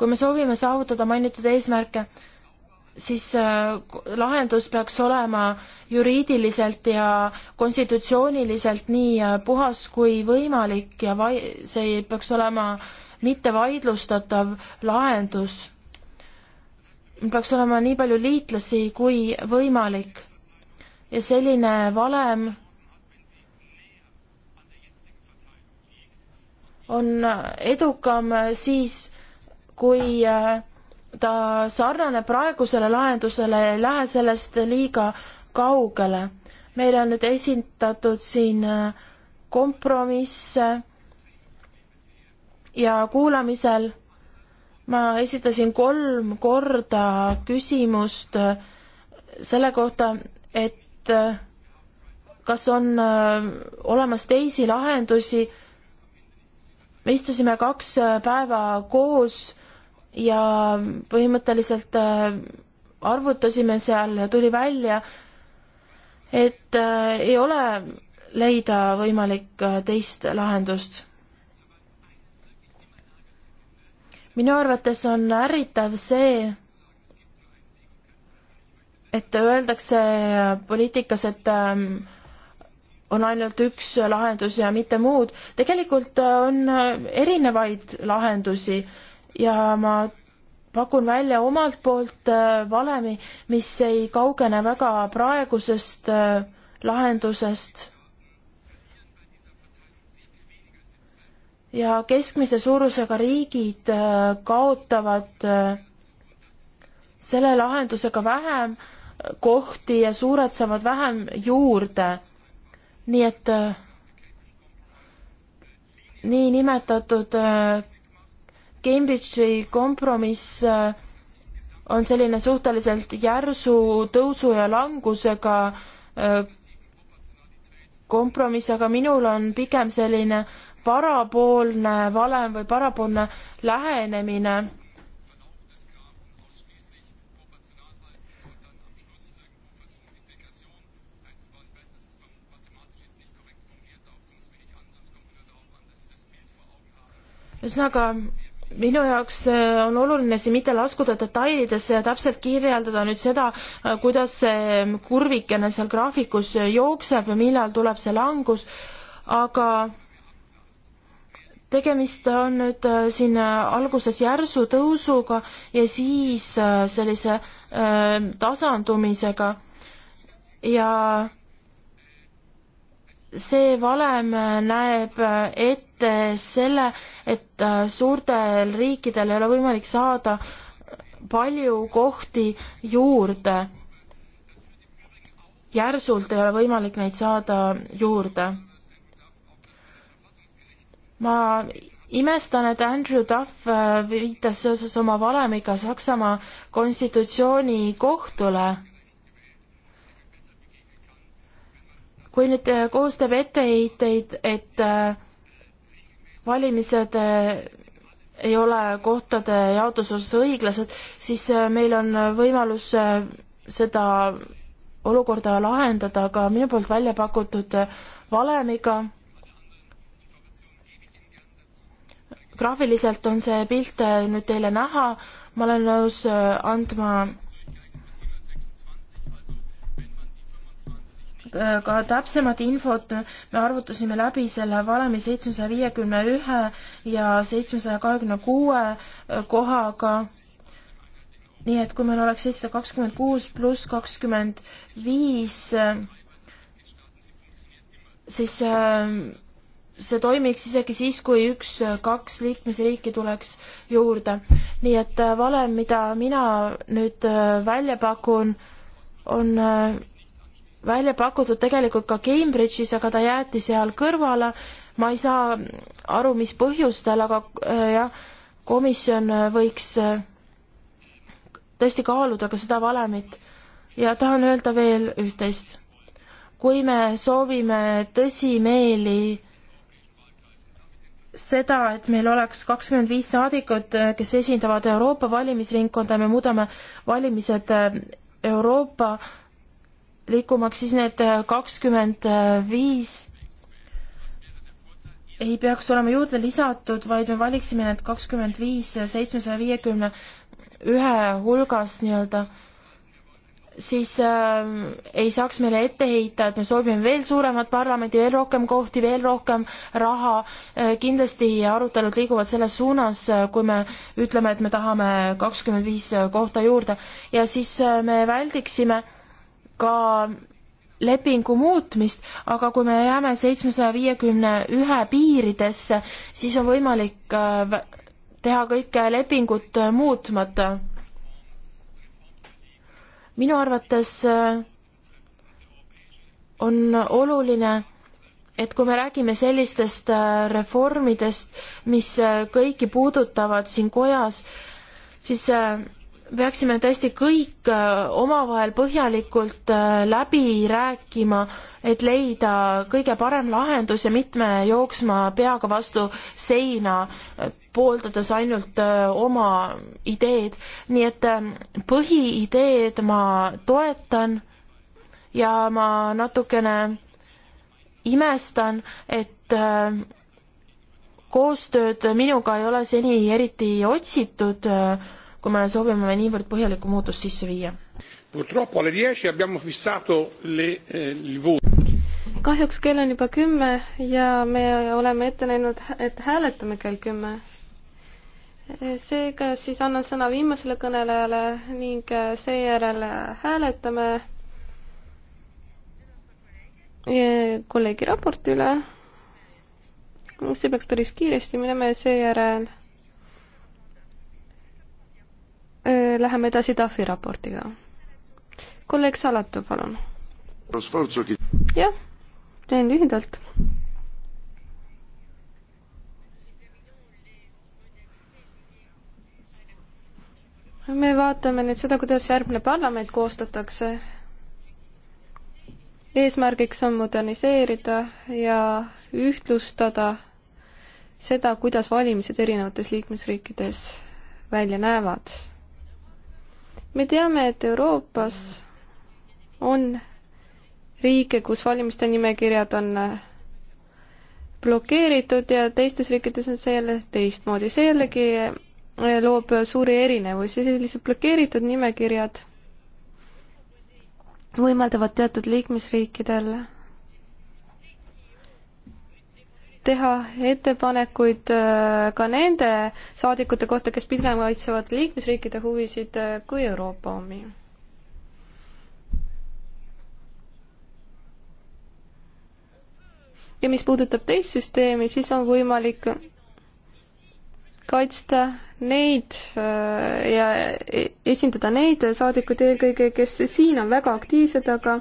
kui me soovime saavutada mainitud eesmärke, siis äh, lahendus peaks olema juriidiliselt ja konstitutsiooniliselt nii äh, puhas kui võimalik ja vai-, see peaks olema mittevaidlustatav lahendus. peaks olema nii palju liitlasi kui võimalik. ja selline valem on edukam siis, kui äh, ta sarnane praegusele lahendusele, ei lähe sellest liiga kaugele. meil on nüüd esitatud siin äh, kompromisse ja kuulamisel ma esitasin kolm korda küsimust äh, selle kohta, et äh, kas on olemas teisi lahendusi. me istusime kaks päeva koos ja põhimõtteliselt äh, arvutasime seal ja tuli välja, et äh, ei ole leida võimalik äh, teist lahendust. minu arvates on ärritav see, et öeldakse poliitikas, et on ainult üks lahendus ja mitte muud. tegelikult on erinevaid lahendusi ja ma pakun välja omalt poolt äh, valemi, mis ei kaugene väga praegusest äh, lahendusest. ja keskmise suurusega riigid äh, kaotavad selle lahendusega vähem kohti ja suured saavad vähem juurde. nii et niinimetatud Cambridge'i kompromiss äh, on selline suhteliselt järsu tõusu ja langusega äh, kompromiss, aga minul on pigem selline parapoolne valem või parapoolne lähenemine. ühesõnaga minu jaoks äh, on oluline siin mitte laskuda detailidesse ja täpselt kirjeldada nüüd seda, äh, kuidas see kurvikene seal graafikus jookseb ja millal tuleb see langus, aga tegemist on nüüd äh, siin alguses järsu tõusuga ja siis sellise tasandumisega ja see valem äh, näeb äh, ette selle, et äh, suurtel riikidel ei ole võimalik saada palju kohti juurde. järsult ei ole võimalik neid saada juurde. ma imestan, et Andrew Duff viitas seoses oma valemiga Saksamaa konstitutsioonikohtule kui nüüd äh, koos teeb etteheiteid, et äh, valimised äh, ei ole kohtade jaotuse osas õiglased, siis meil on võimalus seda olukorda lahendada ka minu poolt välja pakutud valemiga. graafiliselt on see pilt nüüd teile näha, ma olen nõus andma Äh, ka täpsemat infot, me arvutasime läbi selle valemi seitsmesaja viiekümne ühe ja seitsmesaja kahekümne kuue äh, kohaga. nii et kui meil oleks seitsesada kakskümmend kuus pluss kakskümmend viis, äh, siis see toimiks isegi siis, kui üks-kaks liikmesriiki tuleks juurde. nii et valem, mida mina nüüd välja pakun, on välja pakutud tegelikult ka Cambridge'is, aga ta jäeti seal kõrvale. ma ei saa aru, mis põhjustel, aga äh, jah, komisjon äh, võiks äh, tõesti kaaluda ka seda valemit. ja tahan öelda veel üht-teist. kui me soovime tõsimeeli seda, et meil oleks kakskümmend viis saadikut, kes esindavad Euroopa valimisringkonda, me muudame valimised Euroopa liikumaks siis need äh, kakskümmend äh, viis ei peaks olema juurde lisatud, vaid me valiksime need kakskümmend viis äh, seitsmesaja viiekümne ühe hulgast nii-öelda, siis äh, ei saaks meile ette heita, et me soovime veel suuremat parlamendi, veel rohkem kohti, veel rohkem raha äh,. kindlasti arutelud liiguvad selles suunas äh,, kui me ütleme, et me tahame kakskümmend viis kohta juurde ja siis äh, me väldiksime äh, ka lepingu muutmist, aga kui me jääme seitsmesaja viiekümne ühe piiridesse, siis on võimalik äh, teha kõike lepingut muutmata. minu arvates äh, on oluline, et kui me räägime sellistest äh, reformidest, mis kõiki puudutavad siin kojas, siis peaksime tõesti kõik äh, omavahel põhjalikult äh, läbi rääkima, et leida kõige parem lahendus ja mitme jooksma peaga vastu seina, äh, pooldades ainult oma ideed. nii et ähm, põhiideed ma toetan ja ma natukene imestan, et koostööd minuga ei ole seni eriti otsitud äh, kui me soovime niivõrd põhjalikku muutust sisse viia. Eh, kahjuks kell on juba kümme ja me oleme ette näinud, et hääletame kell kümme. seega siis annan sõna viimasele kõnelejale ning eh, seejärel hääletame eh, kolleegi raporti üle. see peaks päris kiiresti minema ja seejärel läheme edasi TAFi raportiga. kolleeg Salatu, palun. jah, teen lühidalt. me vaatame nüüd seda, kuidas järgmine parlament koostatakse. eesmärgiks on moderniseerida ja ühtlustada seda, kuidas valimised erinevates liikmesriikides välja näevad me teame, et Euroopas on riike, kus valimiste nimekirjad on äh, blokeeritud ja teistes riikides on see jälle teistmoodi. see jällegi äh, loob suuri erinevusi, sellised blokeeritud nimekirjad võimaldavad teatud liikmesriikidel teha ettepanekuid äh, ka nende saadikute kohta, kes pigem kaitsevad liikmesriikide huvisid äh, kui Euroopa omi. ja mis puudutab teist süsteemi, siis on võimalik kaitsta neid äh, ja e-, esindada neid saadikuid eelkõige, kes siin on väga aktiivsed, aga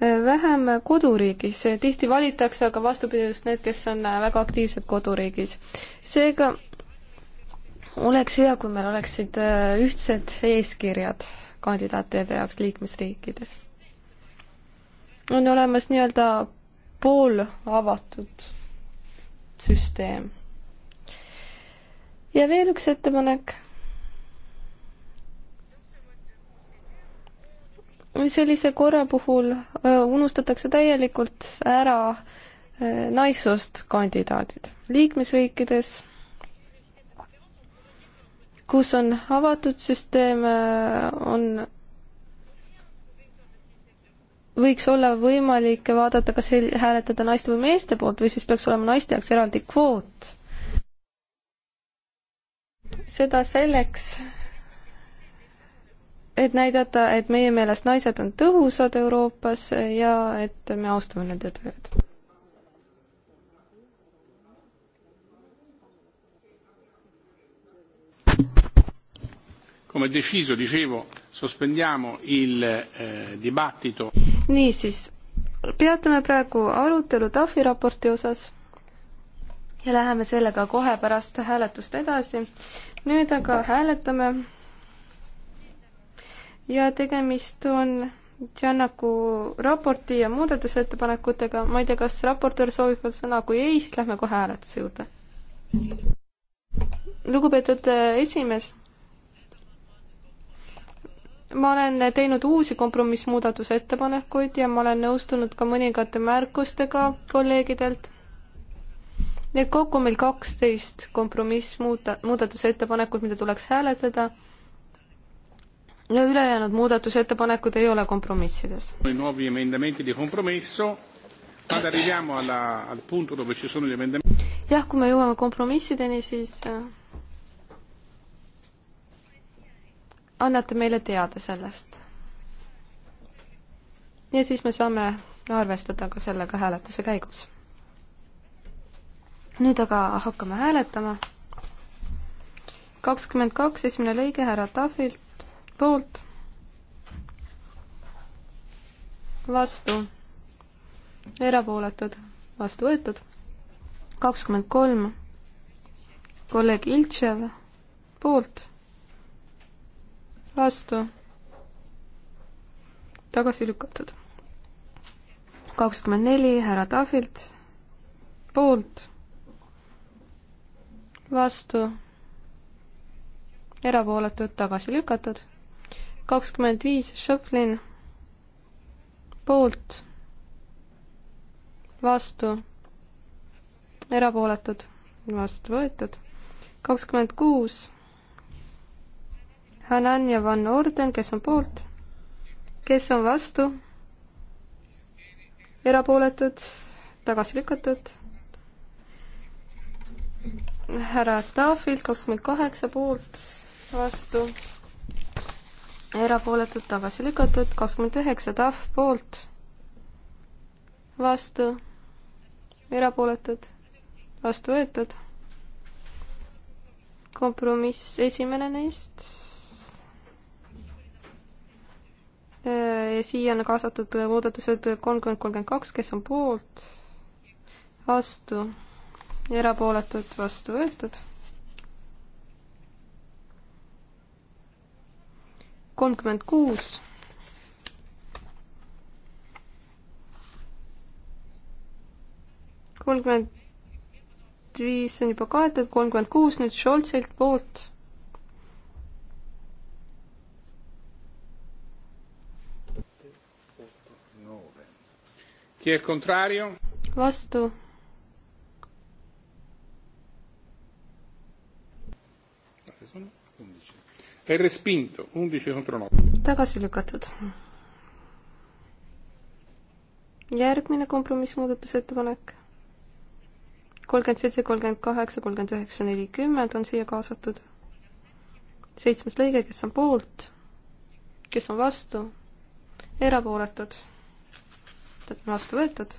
vähem koduriigis, tihti valitakse aga vastupidi just need, kes on väga aktiivsed koduriigis. seega oleks hea, kui meil oleksid äh, ühtsed eeskirjad kandidaatide jaoks liikmesriikides. on olemas nii-öelda poolavatud süsteem. ja veel üks ettepanek sellise korra puhul unustatakse täielikult ära naissoost kandidaadid. liikmesriikides, kus on avatud süsteem, on, võiks olla võimalik vaadata, kas hääletada naiste või meeste poolt või siis peaks olema naiste jaoks eraldi kvoot. seda selleks, et näidata, et meie meelest naised on tõhusad Euroopas ja et me austame nende tööd. come deciso dicevo sospendiamo il eh, dibattito niisiis peatame praegu arutelu TAFi raporti osas ja läheme sellega kohe pärast hääletust edasi nüüd aga hääletame ja tegemist on Tšannaku raporti ja muudatusettepanekutega, ma ei tea, kas raportöör soovib veel sõna, kui ei, siis lähme kohe hääletuse juurde. lugupeetud äh, esimees, ma olen teinud uusi kompromissmuudatusettepanekuid ja ma olen nõustunud ka mõningate märkustega kolleegidelt. nii et kokku on meil kaksteist kompromissmuuda-, muudatusettepanekut, mida tuleks hääletada ja ülejäänud muudatusettepanekud ei ole kompromissides. jah, kui me jõuame kompromissideni, siis äh, annate meile teada sellest. ja siis me saame arvestada ka sellega hääletuse käigus. nüüd aga hakkame hääletama. kakskümmend kaks, esimene lõige härra Tahvilt poolt, vastu, erapooletud, vastu võetud, kakskümmend kolm, kolleeg Iltšev, poolt, vastu, tagasi lükatud. kakskümmend neli, härra Tahvilt, poolt, vastu erapooletud tagasi lükatud kakskümmend viis Šõplin poolt, vastu, erapooletud, vastu võetud, kakskümmend kuus Hanan ja Van Orden, kes on poolt, kes on vastu, erapooletud, tagasi lükatud, härra Tahvilt kakskümmend kaheksa poolt, vastu erapooletud tagasi lükatud, kakskümmend üheksa tahv poolt, vastu, erapooletud, vastu võetud. kompromiss, esimene neist. ja siia on kaasatud muudatused kolmkümmend, kolmkümmend kaks, kes on poolt, vastu, erapooletud, vastu võetud kolmkümmend kuus. kolmkümmend viis on juba kaetud, kolmkümmend kuus nüüd Scholzilt poolt. vastu È respinto. 11 contro 9. Tagasi lükatud. järgmine kompromissmuudatusettepanek. kolmkümmend seitse, kolmkümmend kaheksa, kolmkümmend üheksa, nelikümmend on siia kaasatud. seitsmes lõige, kes on poolt, kes on vastu, erapooletud, vastu võetud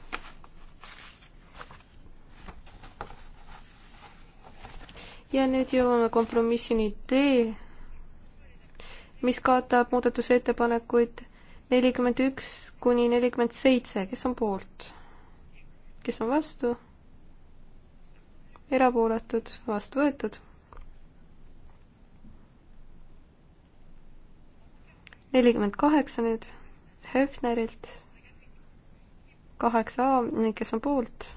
ja nüüd jõuame kompromissini D mis kaotab muudatusettepanekuid nelikümmend üks kuni nelikümmend seitse, kes on poolt? kes on vastu? erapooletud, vastu võetud. nelikümmend kaheksa nüüd Hefnerilt, kaheksa A, kes on poolt?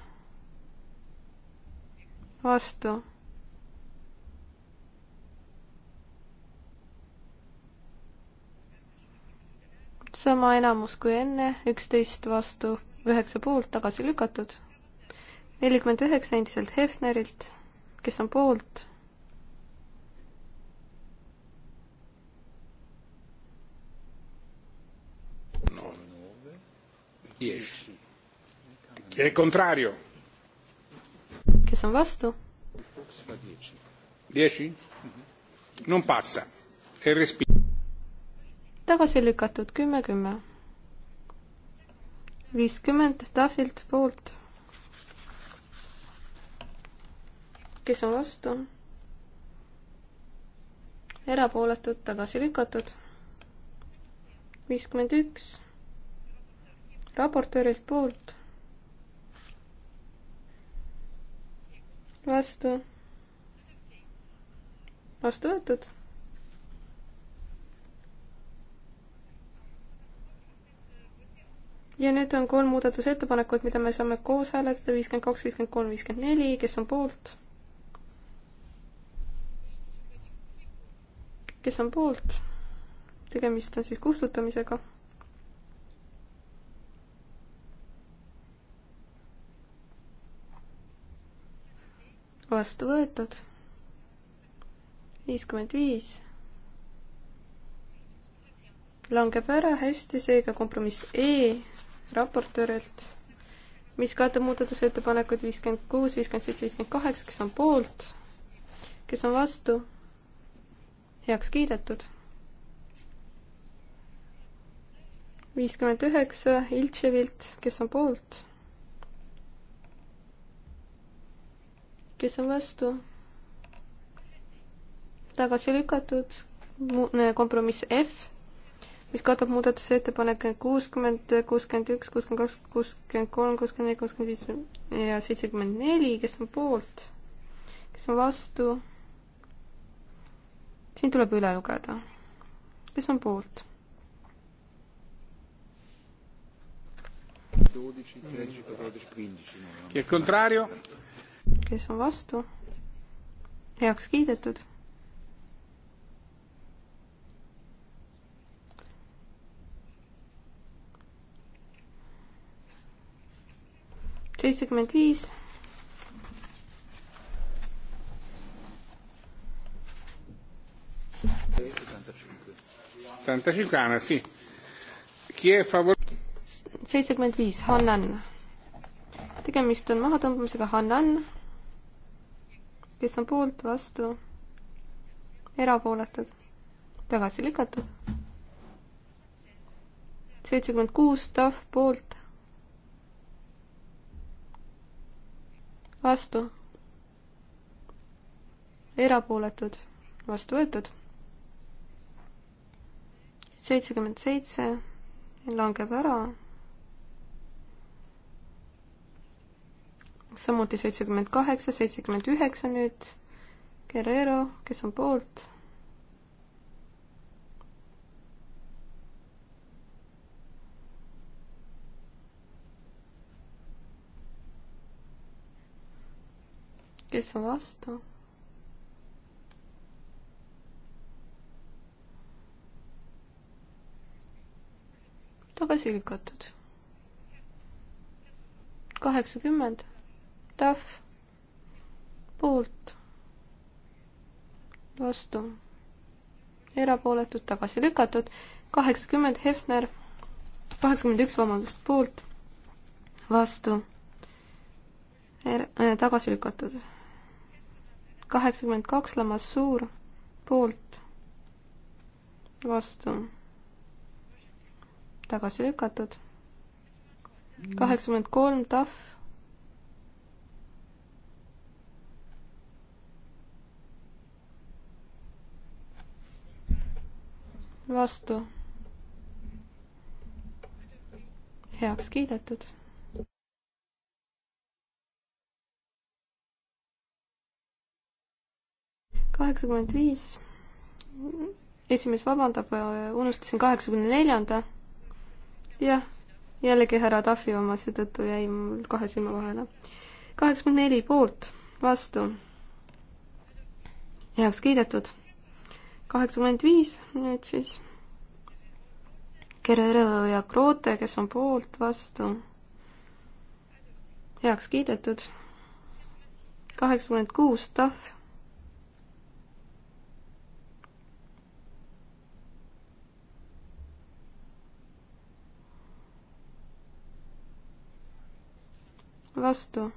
vastu sama enamus kui enne, üksteist vastu, üheksa poolt, tagasi lükatud. nelikümmend üheksa endiselt Hefnerilt, kes on poolt. kes on vastu? Non passa. E tagasi lükatud kümme, kümme. viiskümmend tahvlilt poolt. kes on vastu? erapooletud, tagasi lükatud. viiskümmend üks raportöörilt poolt. vastu. vastu võetud ja nüüd on kolm muudatusettepanekut, mida me saame koos hääletada, viiskümmend kaks, viiskümmend kolm, viiskümmend neli, kes on poolt? kes on poolt? tegemist on siis kustutamisega. vastu võetud. viiskümmend viis. langeb ära, hästi, seega kompromiss E raportöörilt, mis katab muudatusettepanekud viiskümmend kuus, viiskümmend seitse, viiskümmend kaheksa, kes on poolt, kes on vastu, heaks kiidetud. viiskümmend üheksa Iltševilt, kes on poolt, kes on vastu, tagasi lükatud, kompromiss F mis katab muudatusettepanek kuuskümmend, kuuskümmend üks, kuuskümmend kaks, kuuskümmend kolm, kuuskümmend neli, kuuskümmend viis ja seitsekümmend neli, kes on poolt, kes on vastu. siin tuleb üle lugeda, kes on poolt. kes on vastu? heaks kiidetud seitsekümmend viis. seitsekümmend viis, Hannan. tegemist on mahatõmbamisega Hannan, kes on poolt, vastu, erapooletud, tagasi lükatud. seitsekümmend kuus, Tahv poolt vastu, erapooletud, vastu võetud. seitsekümmend seitse langeb ära. samuti seitsekümmend kaheksa, seitsekümmend üheksa nüüd. Guerrero, kes on poolt kes on vastu? tagasi lükatud. kaheksakümmend, tahv, poolt, vastu, erapooletud, tagasi lükatud, kaheksakümmend, Hefner, kaheksakümmend üks, vabandust, poolt, vastu er-, äh, tagasi lükatud kaheksakümmend kaks Lamassuur poolt, vastu, tagasi lükatud. kaheksakümmend kolm Tahv. vastu, heaks kiidetud kaheksakümmend viis, esimees vabandab, unustasin kaheksakümne neljanda. jah, jällegi härra Tafi oma, seetõttu jäi mul kahe silma vahele. kaheksakümmend neli poolt, vastu, heaks kiidetud. kaheksakümmend viis, nüüd siis Guerrero ja Kroote, kes on poolt, vastu, heaks kiidetud. kaheksakümmend kuus, Tahv vastu.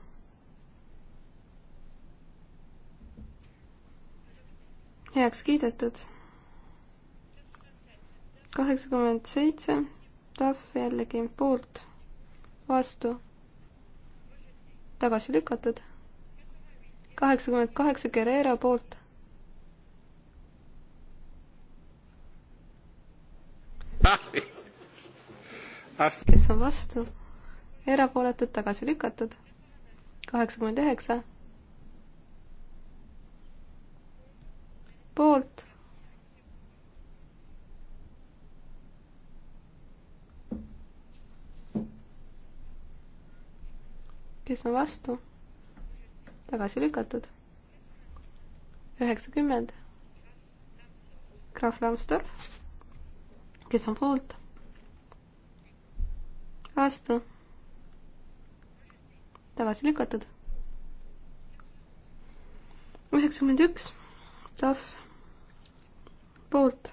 heaks kiidetud. kaheksakümmend seitse, tahv jällegi poolt, vastu, tagasi lükatud. kaheksakümmend kaheksa, Guerrero poolt kes on vastu? erapooletud, tagasi lükatud. kaheksakümmend üheksa. poolt. kes on vastu? tagasi lükatud. üheksakümmend. Krahv Lambsdorff, kes on poolt? vastu tagasi lükatud. üheksakümmend üks, tahv, poolt.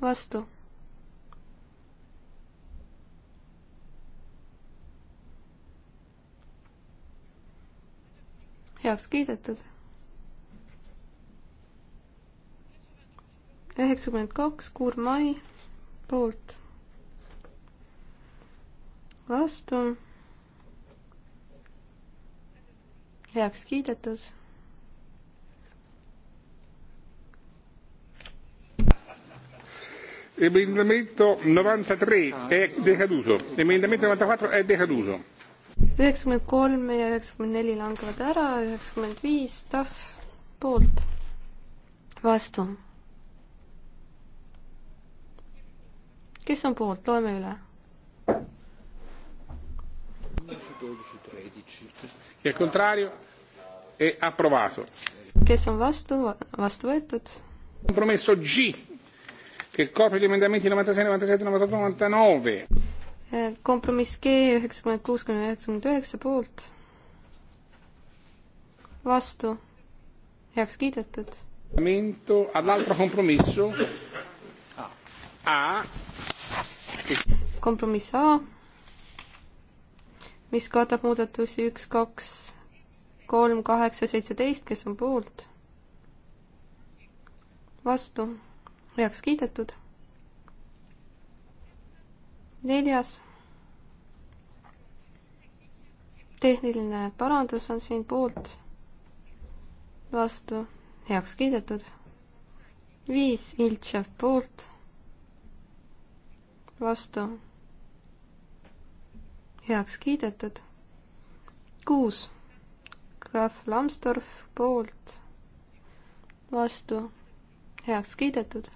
vastu. heaks kiidetud üheksakümmend kaks, Kurmai poolt. vastu. heaks kiidetud. Emendamento 93 è decaduto. Emendamento 94 è decaduto. üheksakümmend kolm ja üheksakümmend neli langevad ära, üheksakümmend viis tahv poolt, vastu kes on poolt, loeme üle. kes on vastu, vastu võetud? kompromisso G, che copre gli emendamenti novantasei, novantasette, novantotto, novantanove. kompromiss eh, G üheksakümmend kuus kuni üheksakümmend üheksa poolt, vastu, heaks kiidetud. all'altro compromisso A kompromiss A, mis katab muudatusi üks, kaks, kolm, kaheksa, seitseteist, kes on poolt? vastu, heaks kiidetud. neljas, tehniline parandus on siin poolt, vastu, heaks kiidetud. viis, Iltšev poolt vastu, heaks kiidetud. kuus, Graf Lambsdorff poolt, vastu, heaks kiidetud.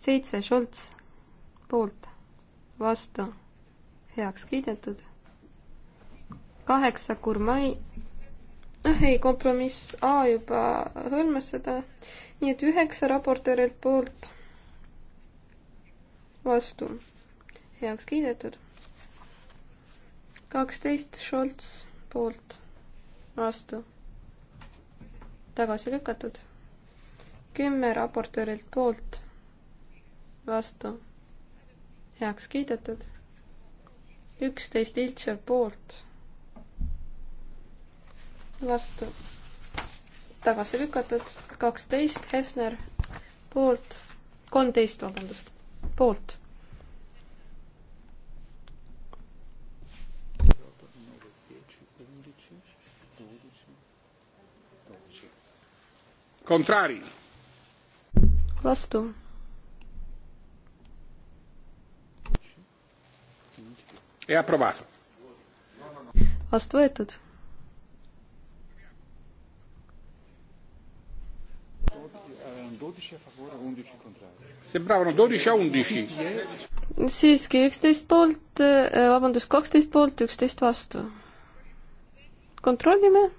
seitse, Schultz poolt, vastu, heaks kiidetud. kaheksa, Gurmai noh, ei kompromiss A juba hõlmas seda, nii et üheksa raportöörilt poolt vastu, heaks kiidetud. kaksteist Scholz poolt, vastu, tagasi lükatud. kümme raportöörilt poolt, vastu, heaks kiidetud. üksteist Iltšev poolt, vastu, tagasi lükatud. kaksteist Hefner poolt, kolmteist, vabandust poolt. Contrari. vastu. e approvato. vastu võetud. Eh, dodici a favore, undici contrari sembravano dodici a undici. siiski üksteist poolt, eh, vabandust, kaksteist poolt, üksteist vastu. kontrollime.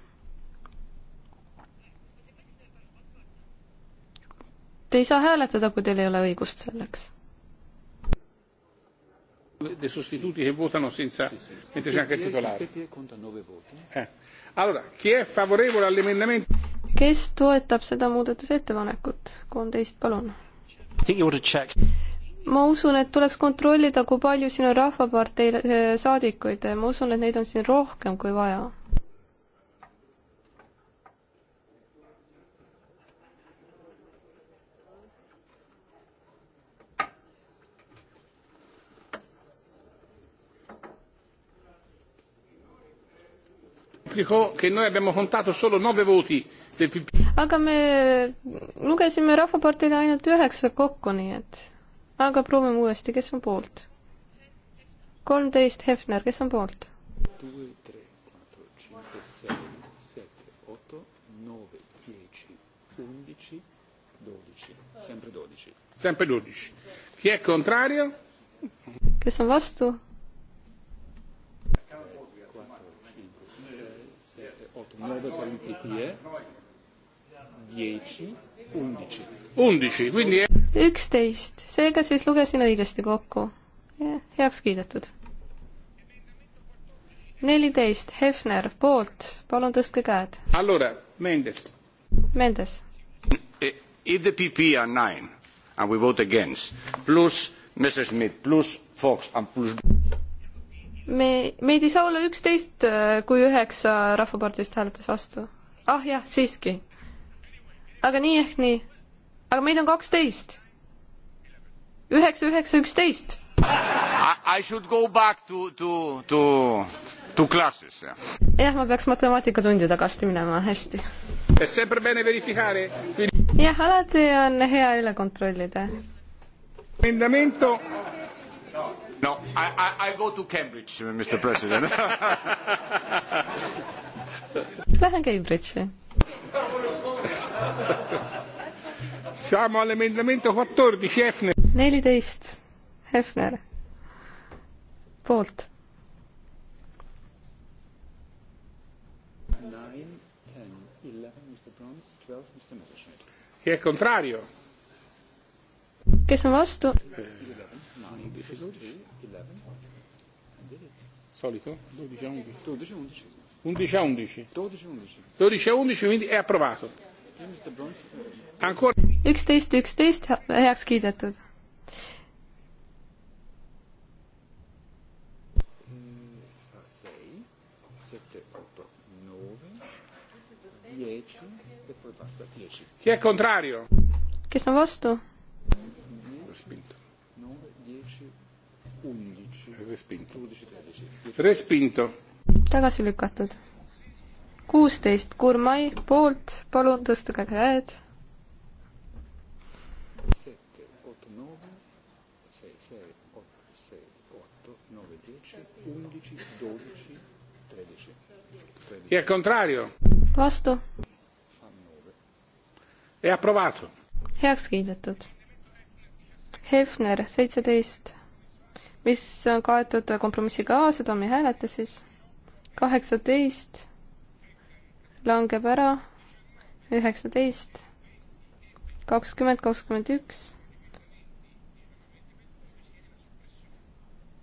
Te ei saa hääletada, kui teil ei ole õigust selleks. Dei sostituti che votano senza mentre c'è anche il titolare. Eh. Allora, chi è favorevole all'emendamento? Kes toetab seda muudatusettepanekut? kolmteist, palun ma usun, et tuleks kontrollida, kui palju siin on Rahvapartei eh, saadikuid, ma usun, et neid on siin rohkem kui vaja replico che noi abbiamo contato solo nove voti aga me lugesime Rahvapartile ainult üheksa kokku, nii et aga proovime uuesti, kes on poolt? kolmteist Hefner, kes on poolt? kes on vastu? otto nove per il PPE dieci, undici. Undici, quindi... üksteist, seega siis lugesin õigesti kokku. heaks kiidetud. neliteist, Hefner, poolt, palun tõstke käed. Allora, Mendes. Mendes. EDPP eh, on nine and we vote against, pluss Messerschmidt, pluss Fox and pluss me, meid ei saa olla üksteist, eh, kui üheksa Rahvaparteist hääletas vastu. ah jah, siiski aga nii ehk nii. aga meid on kaksteist. üheksa, üheksa, üksteist. I should go back to, to, to, to classes. jah, ma peaks matemaatikatundi tagasi minema, hästi. jah, alati on hea üle kontrollida. Emendamento No, I, I, I go to Cambridge, Mr. President. Lähen Cambridge'i. Siamo all'emendamento 14, Hefner. neliteist, Hefner, poolt. Chi è contrario? Kes on vastu? Solito? 12 a 11. 12 a 11. 12 a 11. 12 a 11, quindi è approvato üksteist, üksteist heaks kiidetud. kes on vastu? tagasi lükatud kuusteist Gurmai poolt, palun tõstage käed. vastu. heaks kiidetud. Hefner seitseteist, mis on kaetud kompromissiga A, seda me ei hääleta siis. kaheksateist langeb ära, üheksateist, kakskümmend, kakskümmend üks.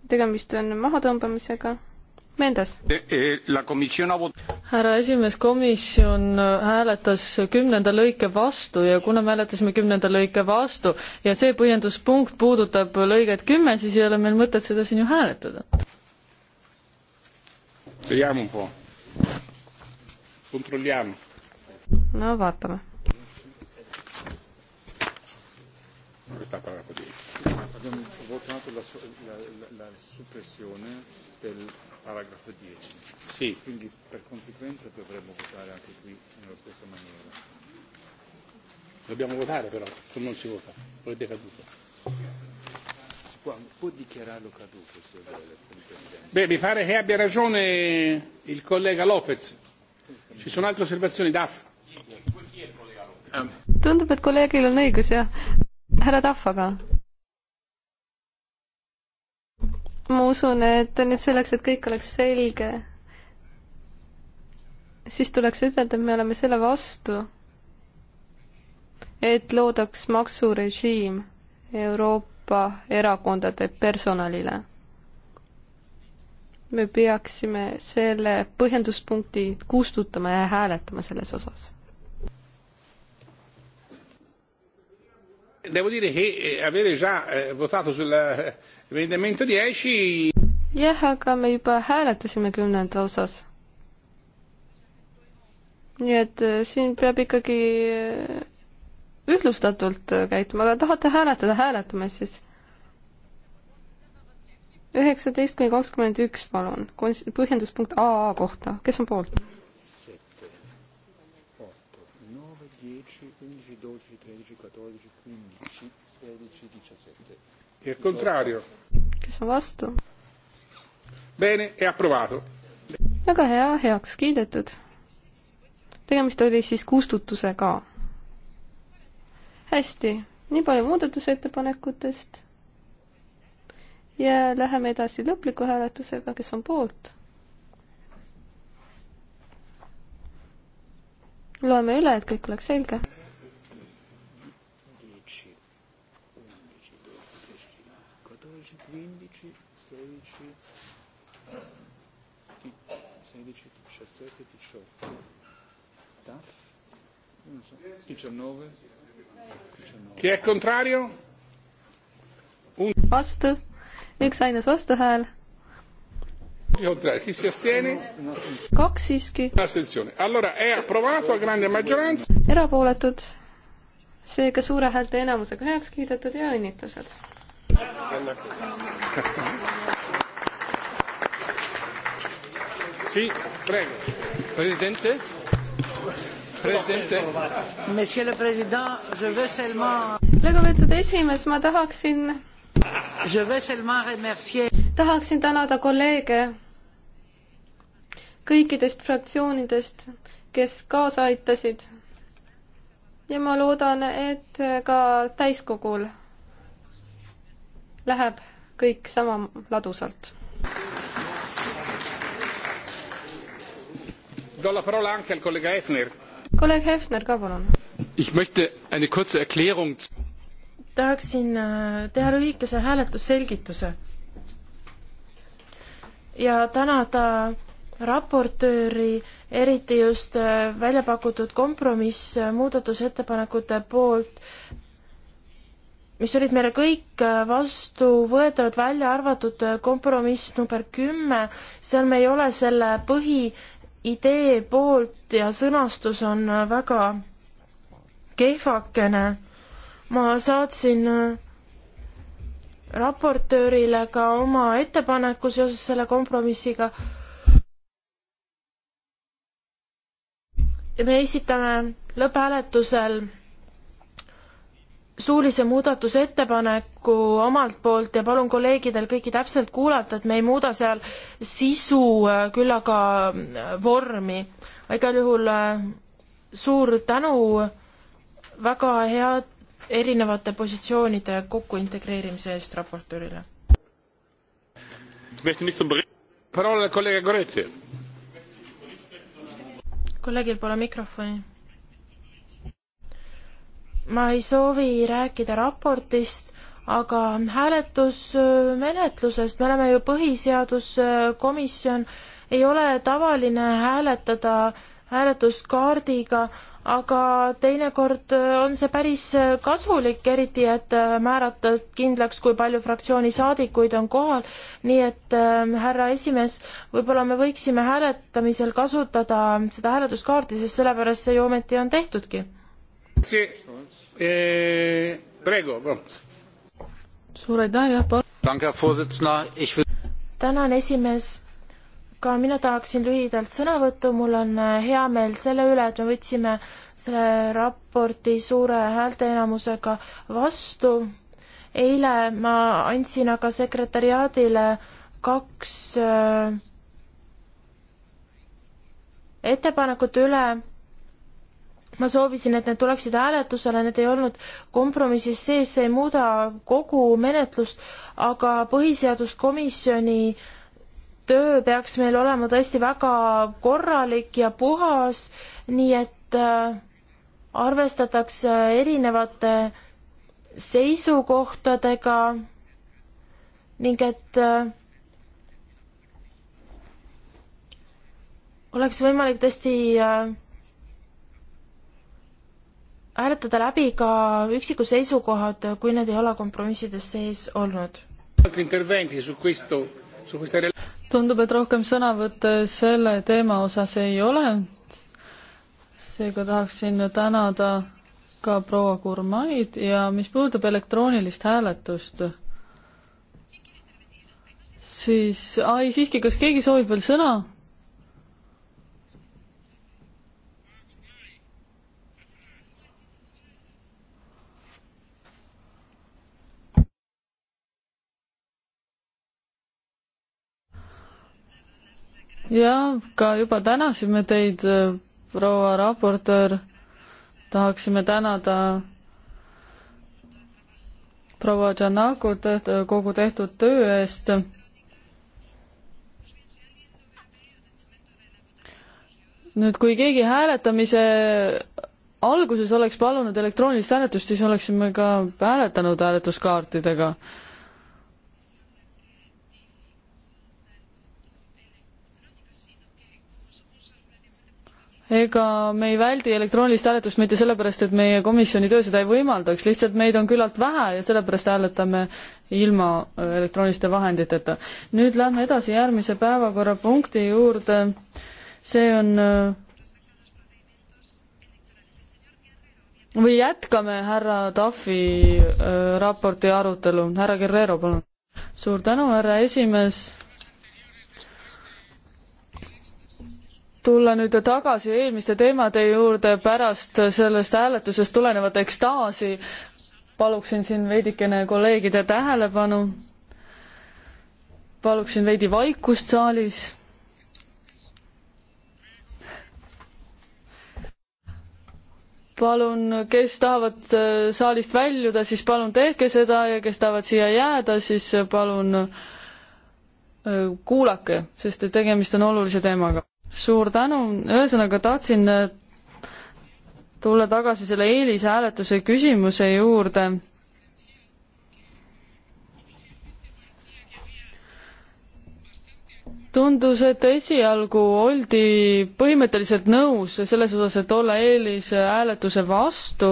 tegemist on mahatõmbamisega. Mendes. Eh, eh, härra esimees, komisjon äh, hääletas kümnenda lõike vastu ja kuna me hääletasime kümnenda lõike vastu ja see põhjenduspunkt puudutab lõiget kümme, siis ei ole meil mõtet seda siin ju hääletada kontrolliamo. no vaatame. Questa parola così. Abbiamo votato la, la, la, la soppressione del paragrafo 10. Sì. Quindi per conseguenza dovremmo votare anche qui nella stessa maniera. Dobbiamo votare però, se non si vota, lo è decaduto. Si può, può dichiararlo caduto se vuole. Beh, mi pare che abbia ragione il collega Lopez Ci sono altre osservazioni, Daf? tundub, et kolleegil on õigus, jah. härra Tahv, aga? ma usun, et nüüd selleks, et kõik oleks selge, siis tuleks ütelda, et me oleme selle vastu, et loodaks maksurežiim Euroopa erakondade personalile me peaksime selle põhjenduspunkti kustutama ja hääletama selles osas. Devo dire che eh, avere già eh, votato sull'emendamento eh, dieci jah, aga me juba hääletasime kümnenda osas. nii et siin peab ikkagi ühtlustatult käituma, aga tahate hääletada, hääletame siis üheksateist kuni kakskümmend üks, palun, põhjenduspunkt AA kohta, kes on poolt? kes on vastu? väga hea, heaks kiidetud. tegemist oli siis kustutusega. hästi, nii palju muudatusettepanekutest ja läheme edasi lõpliku hääletusega, kes on poolt. loeme üle, et kõik oleks selge. chi è contrario? vastu üksainus vastuhääl. kaks siiski. erapooletud, seega suure häälte enamusega heaks kiidetud ja õnnitlused. Sì, prego. Presidente? Presidente? Monsieur le Président, je veux seulement... lugupeetud esimees, ma tahaksin tahaksin tänada kolleege kõikidest fraktsioonidest, kes kaasa aitasid. ja ma loodan, et ka täiskogul läheb kõik sama ladusalt. kolleeg Hefner ka palun tahaksin äh, teha lühikese hääletusselgituse ja tänada raportööri, eriti just äh, välja pakutud kompromiss äh, muudatusettepanekute poolt, mis olid meile kõik vastuvõetavad, välja arvatud kompromiss number kümme, seal me ei ole selle põhiidee poolt ja sõnastus on väga kehvakene ma saatsin äh, raportöörile ka oma ettepaneku seoses selle kompromissiga. me esitame lõpphääletusel suulise muudatusettepaneku omalt poolt ja palun kolleegidel kõiki täpselt kuulata, et me ei muuda seal sisu, äh, küll aga äh, vormi. igal juhul suur tänu, väga head erinevate positsioonide kokku integreerimise eest raportöörile. kolleegil pole mikrofoni. ma ei soovi rääkida raportist, aga hääletusmenetlusest, me oleme ju põhiseaduskomisjon, ei ole tavaline hääletada hääletuskaardiga, aga teinekord äh, on see päris äh, kasulik, eriti et äh, määrata kindlaks, kui palju fraktsiooni saadikuid on kohal, nii et äh, härra esimees, võib-olla me võiksime hääletamisel kasutada seda hääletuskaarti, sest sellepärast see ju ometi on tehtudki. Eh, suur aitäh, jah, palun. tänan, esimees ka mina tahaksin lühidalt sõnavõttu, mul on äh, hea meel selle üle, et me võtsime selle raporti suure häälteenamusega vastu. eile ma andsin aga sekretäriaadile kaks äh, ettepanekut üle. ma soovisin, et need tuleksid hääletusele, need ei olnud kompromissis sees, see ei muuda kogu menetlust, aga põhiseaduskomisjoni äh, töö peaks meil olema tõesti väga korralik ja puhas, nii et äh, arvestatakse erinevate seisukohtadega ning et äh, oleks võimalik tõesti äh, hääletada läbi ka üksikud seisukohad, kui need ei ole kompromissides sees olnud tundub, et rohkem sõnavõtte selle teema osas ei ole. seega tahaksin tänada ka proua Gurmaid ja mis puudutab elektroonilist hääletust, siis, ai siiski, kas keegi soovib veel sõna? ja ka juba tänasime teid, äh, proua raportöör, tahaksime tänada proua Janaku teht-, äh, kogu tehtud töö eest. nüüd, kui keegi hääletamise alguses oleks palunud elektroonilist hääletust, siis oleksime ka hääletanud hääletuskaartidega ega me ei väldi elektroonilist hääletust mitte sellepärast, et meie komisjoni töö seda ei võimaldaks, lihtsalt meid on küllalt vähe ja sellepärast hääletame ilma äh, elektrooniliste vahenditeta. nüüd lähme edasi järgmise päevakorrapunkti juurde. see on äh, või jätkame härra Tafi äh, raporti arutelu. härra Guerrero, palun. suur tänu, härra esimees tulla nüüd tagasi eelmiste teemade juurde pärast sellest hääletusest tulenevat ekstaasi, paluksin siin veidikene kolleegide tähelepanu. paluksin veidi vaikust saalis. palun, kes tahavad äh, saalist väljuda, siis palun tehke seda ja kes tahavad siia jääda, siis palun äh, kuulake, sest et tegemist on olulise teemaga suur tänu, ühesõnaga tahtsin äh, tulla tagasi selle eelishääletuse küsimuse juurde. tundus, et esialgu oldi põhimõtteliselt nõus selles osas, et olla eelishääletuse vastu,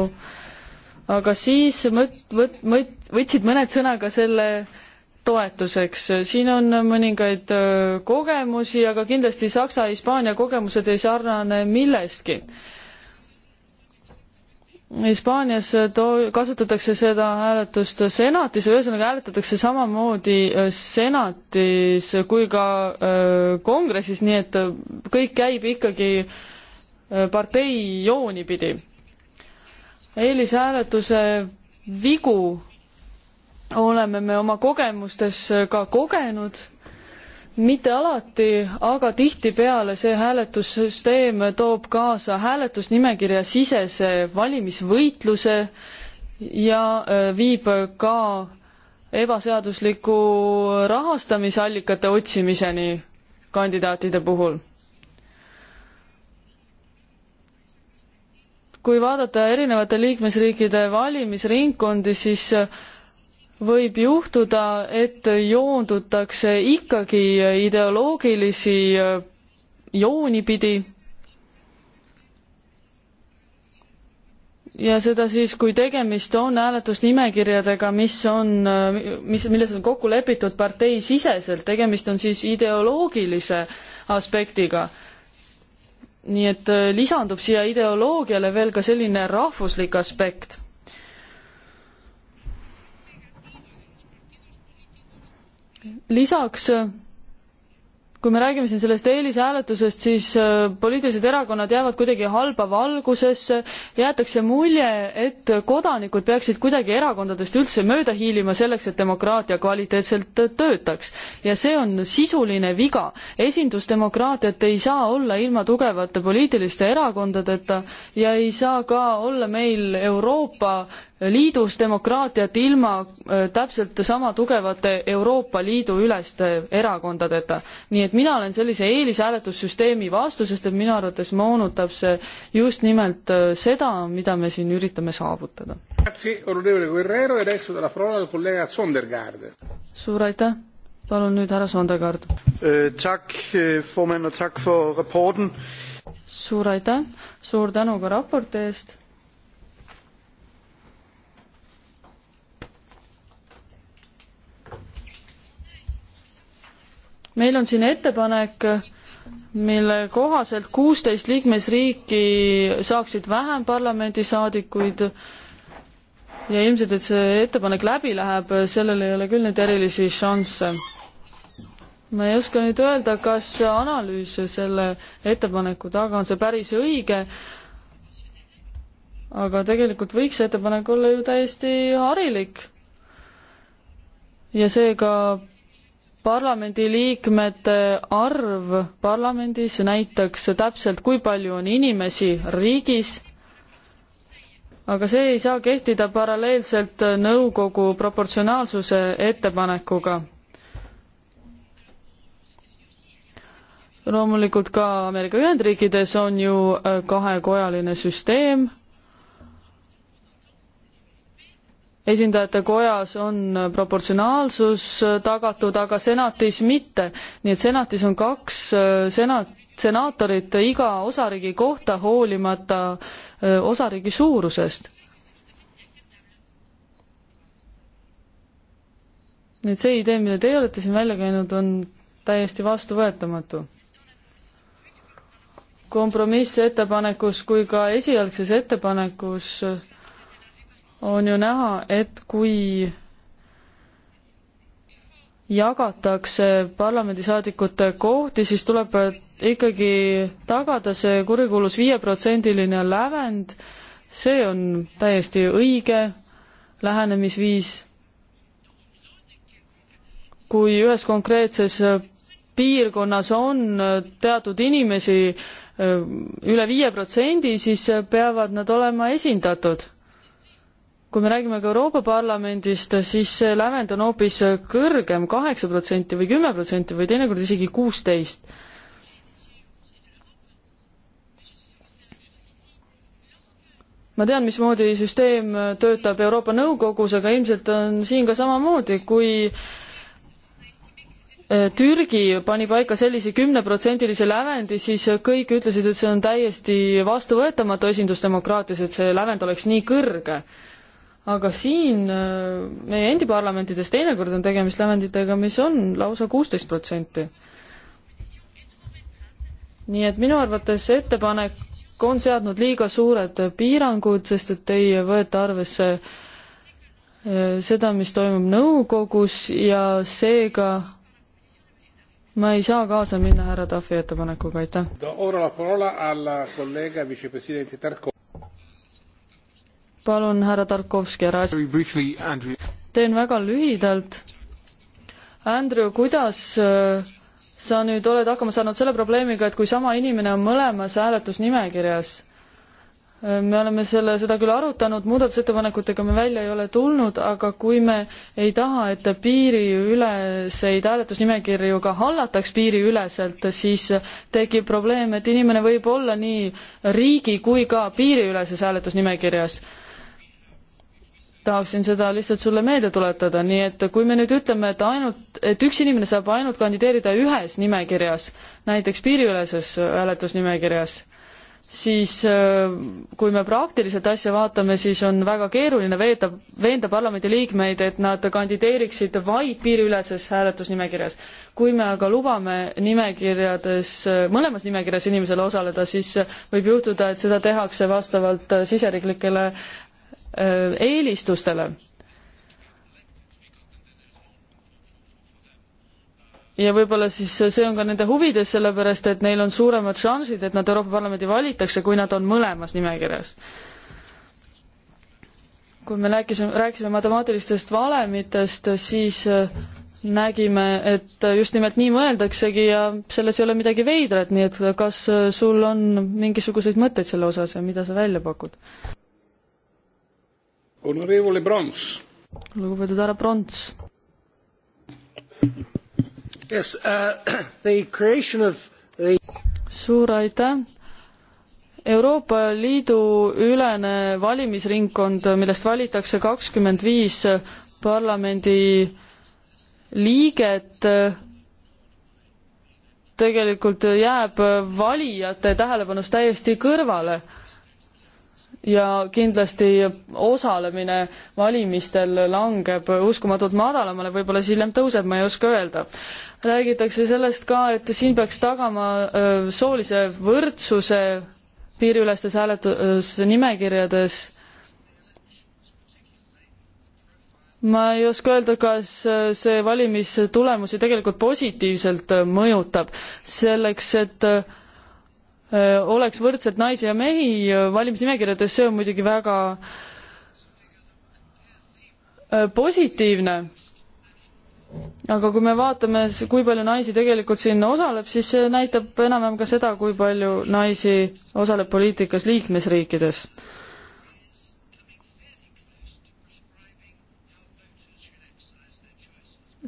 aga siis mõt-, mõt-, mõt-, võtsid mõned sõnaga selle toetuseks, siin on mõningaid äh, kogemusi, aga kindlasti Saksa-Hispaania kogemused ei sarnane milleski. Hispaanias äh, to-, kasutatakse seda hääletust senatis, ühesõnaga hääletatakse samamoodi äh, senatis kui ka öö, kongressis, nii et kõik käib ikkagi partei jooni pidi. eelishääletuse vigu oleme me oma kogemustes ka kogenud, mitte alati, aga tihtipeale see hääletussüsteem toob kaasa hääletusnimekirja sisese valimisvõitluse ja viib ka ebaseadusliku rahastamisallikate otsimiseni kandidaatide puhul. kui vaadata erinevate liikmesriikide valimisringkondi, siis võib juhtuda, et joondutakse ikkagi ideoloogilisi jooni pidi. ja seda siis, kui tegemist on hääletusnimekirjadega, mis on, mis, milles on kokku lepitud parteisiseselt, tegemist on siis ideoloogilise aspektiga. nii et lisandub siia ideoloogiale veel ka selline rahvuslik aspekt lisaks kui me räägime siin sellest eelishääletusest, siis äh, poliitilised erakonnad jäävad kuidagi halba valgusesse, jäetakse mulje, et kodanikud peaksid kuidagi erakondadest üldse mööda hiilima selleks, et demokraatia kvaliteetselt töötaks. ja see on sisuline viga. esindusdemokraatiat ei saa olla ilma tugevate poliitiliste erakondadeta ja ei saa ka olla meil Euroopa Liidus demokraatiat ilma äh, täpselt sama tugevate Euroopa Liidu üleste erakondadeta. nii et mina olen sellise eelishääletussüsteemi vastu, sest et minu arvates moonutab see just nimelt äh, seda, mida me siin üritame saavutada. E suur aitäh, palun nüüd härra Sondergaard. Äh, suur aitäh, suur tänu ka raporti eest meil on siin ettepanek, mille kohaselt kuusteist liikmesriiki saaksid vähem parlamendisaadikuid ja ilmselt, et see ettepanek läbi läheb, sellel ei ole küll nüüd erilisi šansse. ma ei oska nüüd öelda, kas analüüs selle ettepaneku taga on see päris õige, aga tegelikult võiks see ettepanek olla ju täiesti harilik. ja seega parlamendiliikmete arv parlamendis näitaks täpselt, kui palju on inimesi riigis, aga see ei saa kehtida paralleelselt nõukogu proportsionaalsuse ettepanekuga loomulikult ka Ameerika Ühendriikides on ju kahekojaline süsteem esindajate kojas on proportsionaalsus tagatud, aga senatis mitte. nii et senatis on kaks äh, senat-, senaatorit iga osariigi kohta, hoolimata äh, osariigi suurusest. nii et see idee, mille teie olete siin välja käinud, on täiesti vastuvõetamatu. kompromissettepanekus kui ka esialgses ettepanekus on ju näha, et kui jagatakse parlamendisaadikute kohti, siis tuleb ikkagi tagada see kurikuulus viieprotsendiline lävend, see on täiesti õige lähenemisviis. kui ühes konkreetses piirkonnas on teatud inimesi eh, üle viie protsendi, siis peavad nad olema esindatud kui me räägime ka Euroopa Parlamendist, siis see lävend on hoopis kõrgem, kaheksa protsenti või kümme protsenti või teinekord isegi kuusteist. ma tean, mismoodi süsteem töötab Euroopa Nõukogus, aga ilmselt on siin ka samamoodi, kui eh, Türgi pani paika sellise kümneprotsendilise lävendi, siis kõik ütlesid, et see on täiesti vastuvõetamatu esindusdemokraatias, et see lävend oleks nii kõrge aga siin äh, meie endi parlamentides teinekord on tegemist lävenditega, mis on lausa kuusteist protsenti. nii et minu arvates ettepanek on seadnud liiga suured piirangud, sest et ei võeta arvesse äh, seda, mis toimub nõukogus ja seega ma ei saa kaasa minna härra Tafi ettepanekuga, aitäh palun, härra Tarkovski, härra As-. teen väga lühidalt. Andrew, kuidas äh, sa nüüd oled hakkama saanud selle probleemiga, et kui sama inimene on mõlemas hääletusnimekirjas, äh, me oleme selle, seda küll arutanud, muudatusettepanekutega me välja ei ole tulnud, aga kui me ei taha, et piiriüleseid hääletusnimekirju ka hallataks piiriüleselt, siis tekib probleem, et inimene võib olla nii riigi kui ka piiriüleses hääletusnimekirjas tahaksin seda lihtsalt sulle meelde tuletada, nii et kui me nüüd ütleme, et ainult, et üks inimene saab ainult kandideerida ühes nimekirjas, näiteks piiriüleses hääletusnimekirjas, siis äh, kui me praktiliselt asja vaatame, siis on väga keeruline veeta, veenda parlamendiliikmeid, et nad kandideeriksid vaid piiriüleses hääletusnimekirjas. kui me aga lubame nimekirjades, mõlemas nimekirjas inimesele osaleda, siis võib juhtuda, et seda tehakse vastavalt äh, siseriiklikele eelistustele. ja võib-olla siis see on ka nende huvides, sellepärast et neil on suuremad šansid, et nad Euroopa Parlamendi valitakse, kui nad on mõlemas nimekirjas kui me rääkisime, rääkisime matemaatilistest valemitest, siis äh, nägime, et just nimelt nii mõeldaksegi ja selles ei ole midagi veidrat, nii et kas äh, sul on mingisuguseid mõtteid selle osas ja mida sa välja pakud? Honorevole Brons. lugupeetud härra Brons. Yes, uh, the creation of the... suur aitäh. Euroopa Liidu ülene valimisringkond, millest valitakse kakskümmend viis parlamendi liiget, tegelikult jääb valijate tähelepanust täiesti kõrvale ja kindlasti osalemine valimistel langeb uskumatult madalamale, võib-olla siis hiljem tõuseb, ma ei oska öelda. räägitakse sellest ka, et siin peaks tagama soolise võrdsuse piiriülestes hääletusnimekirjades. ma ei oska öelda, kas see valimistulemusi tegelikult positiivselt mõjutab, selleks et oleks võrdselt naisi ja mehi valimisnimekirjades, see on muidugi väga positiivne. aga kui me vaatame, kui palju naisi tegelikult siin osaleb, siis see näitab enam-vähem ka seda, kui palju naisi osaleb poliitikas liikmesriikides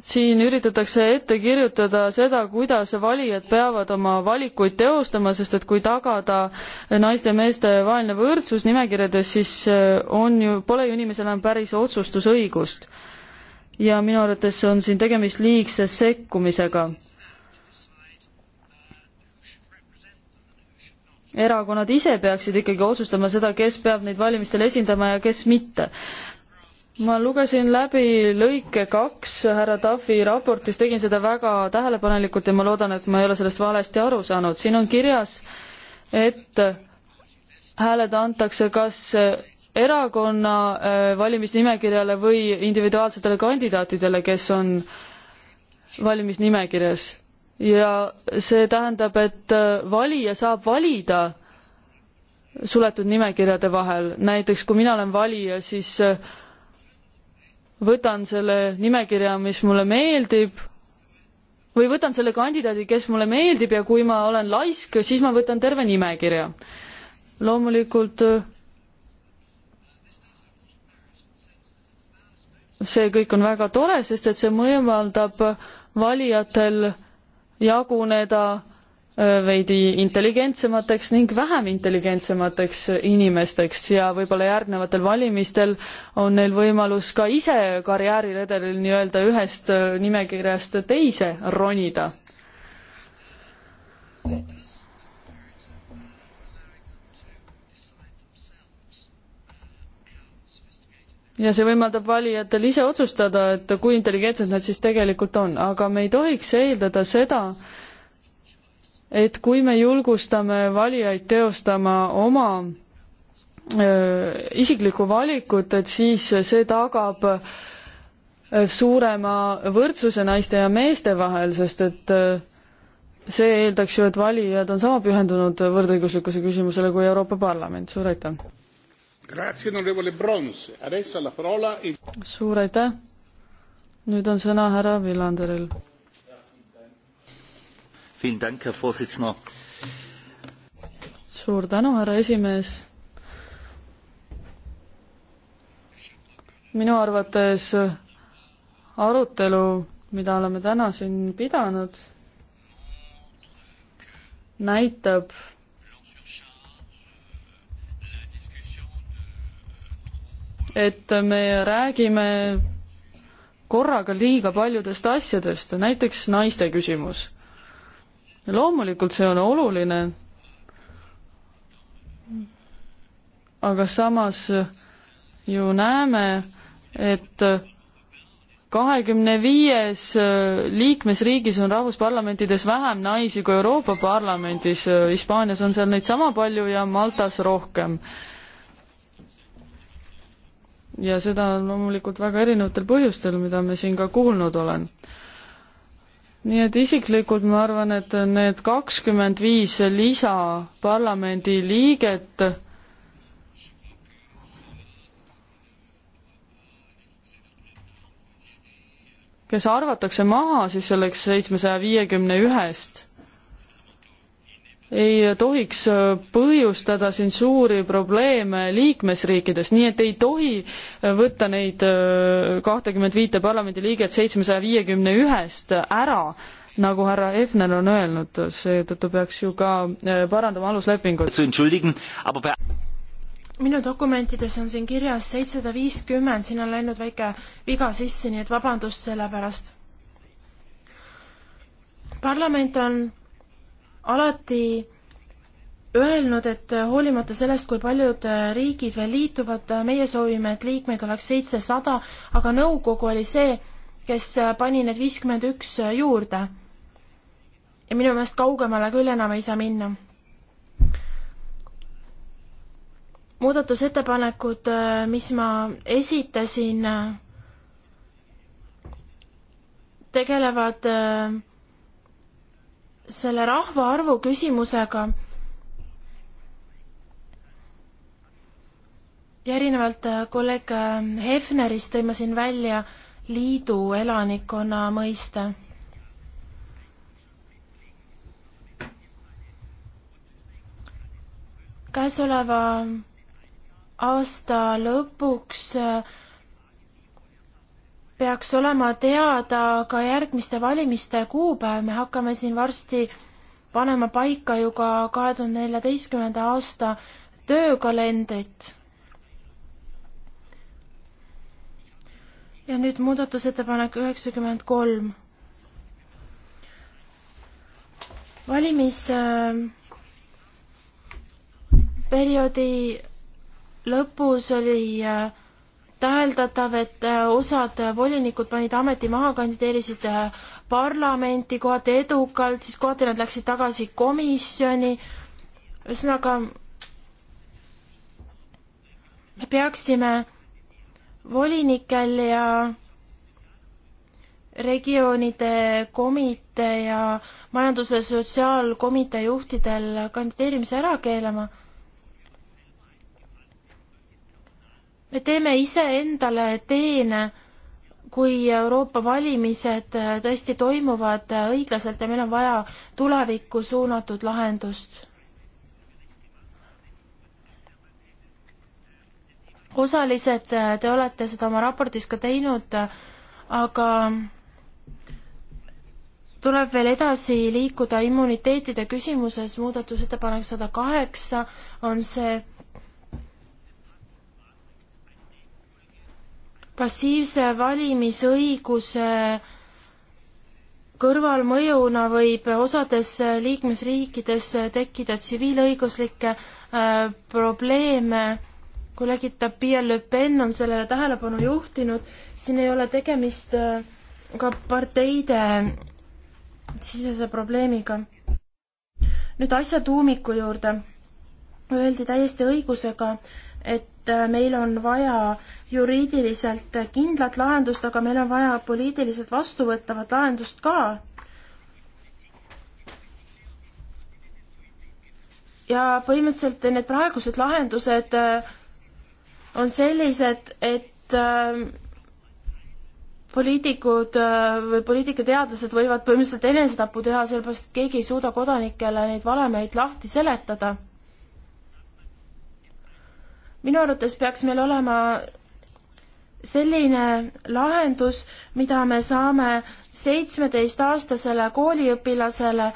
siin üritatakse ette kirjutada seda, kuidas valijad peavad oma valikuid teostama, sest et kui tagada naiste ja meeste vaheline võrdsus nimekirjades, siis äh, on ju, pole ju inimesel enam päris otsustusõigust. ja minu arvates on siin tegemist liigse sekkumisega. erakonnad ise peaksid ikkagi otsustama seda, kes peab neid valimistel esindama ja kes mitte ma lugesin läbi lõike kaks härra Tafi raportis, tegin seda väga tähelepanelikult ja ma loodan, et ma ei ole sellest valesti aru saanud. siin on kirjas, et hääled antakse kas erakonna äh, valimisnimekirjale või individuaalsetele kandidaatidele, kes on valimisnimekirjas. ja see tähendab, et äh, valija saab valida suletud nimekirjade vahel, näiteks kui mina olen valija, siis äh, võtan selle nimekirja, mis mulle meeldib või võtan selle kandidaadi, kes mulle meeldib ja kui ma olen laisk, siis ma võtan terve nimekirja. loomulikult see kõik on väga tore, sest et see võimaldab valijatel jaguneda Äh, veidi intelligentsemateks ning vähem intelligentsemateks inimesteks ja võib-olla järgnevatel valimistel on neil võimalus ka ise karjääriredelil nii-öelda ühest äh, nimekirjast teise ronida. ja see võimaldab valijatel ise otsustada, et kui intelligentsed nad siis tegelikult on, aga me ei tohiks eeldada seda, et kui me julgustame valijaid teostama oma öö, isiklikku valikut, et siis see tagab suurema võrdsuse naiste ja meeste vahel, sest et see eeldaks ju, et valijad on sama pühendunud võrdõiguslikkuse küsimusele kui Euroopa Parlament, suur aitäh! suur aitäh! nüüd on sõna härra Villanderil suur tänu, härra esimees. minu arvates arutelu, mida oleme täna siin pidanud, näitab, et me räägime korraga liiga paljudest asjadest, näiteks naiste küsimus loomulikult see on oluline, aga samas ju näeme, et kahekümne viies liikmesriigis on rahvusparlamentides vähem naisi kui Euroopa Parlamendis, Hispaanias on seal neid sama palju ja Maltas rohkem. ja seda loomulikult väga erinevatel põhjustel, mida me siin ka kuulnud olen nii et isiklikult ma arvan, et need kakskümmend viis lisa parlamendi liiget kes arvatakse maha siis selleks seitsmesaja viiekümne ühest ei tohiks äh, põhjustada siin suuri probleeme liikmesriikides, nii et ei tohi äh, võtta neid äh, kahtekümmet viite parlamendiliiget seitsmesaja viiekümne ühest ära, nagu härra Efner on öelnud, seetõttu peaks ju ka parandama aluslepingut. minu dokumentides on siin kirjas seitsesada viiskümmend, siin on läinud väike viga sisse, nii et vabandust selle pärast. parlament on alati öelnud, et hoolimata sellest, kui paljud riigid veel liituvad, meie soovime, et liikmeid oleks seitsesada, aga nõukogu oli see, kes pani need viiskümmend üks juurde. ja minu meelest kaugemale küll enam ei saa minna. muudatusettepanekud, mis ma esitasin, tegelevad äh, selle rahvaarvu küsimusega ja erinevalt äh, kolleeg äh, Hefnerist tõin ma siin välja liidu elanikkonna mõiste. käesoleva aasta lõpuks äh, peaks olema teada ka järgmiste valimiste kuupäev, me hakkame siin varsti panema paika ju ka kahe tuhande neljateistkümnenda aasta töökalendrit. ja nüüd muudatusettepanek üheksakümmend kolm. valimisperioodi äh, lõpus oli äh, täheldatav, et äh, osad äh, volinikud panid ameti maha, kandideerisid äh, parlamenti kohati edukalt, siis kohati nad läksid tagasi komisjoni. ühesõnaga, me peaksime volinikel ja regioonide komitee ja majanduse sotsiaalkomitee juhtidel kandideerimise ära keelama me teeme iseendale teene, kui Euroopa valimised äh, tõesti toimuvad äh, õiglaselt ja meil on vaja tulevikku suunatud lahendust. osalised äh, te olete seda oma raportis ka teinud, aga tuleb veel edasi liikuda immuniteetide küsimuses, muudatusettepanek sada kaheksa on see passiivse valimisõiguse kõrvalmõjuna võib osades liikmesriikides tekkida tsiviilõiguslikke äh, probleeme. kolleegid Tapia Le Pen on sellele tähelepanu juhtinud, siin ei ole tegemist äh, ka parteide sisese probleemiga. nüüd asja tuumiku juurde. Öeldi täiesti õigusega, et et äh, meil on vaja juriidiliselt kindlat lahendust, aga meil on vaja poliitiliselt vastuvõetavat lahendust ka. ja põhimõtteliselt need praegused lahendused äh, on sellised, et äh, poliitikud või poliitikateadlased võivad põhimõtteliselt enesetapu teha, sellepärast et keegi ei suuda kodanikele neid valemeid lahti seletada minu arvates peaks meil olema selline lahendus, mida me saame seitsmeteistaastasele kooliõpilasele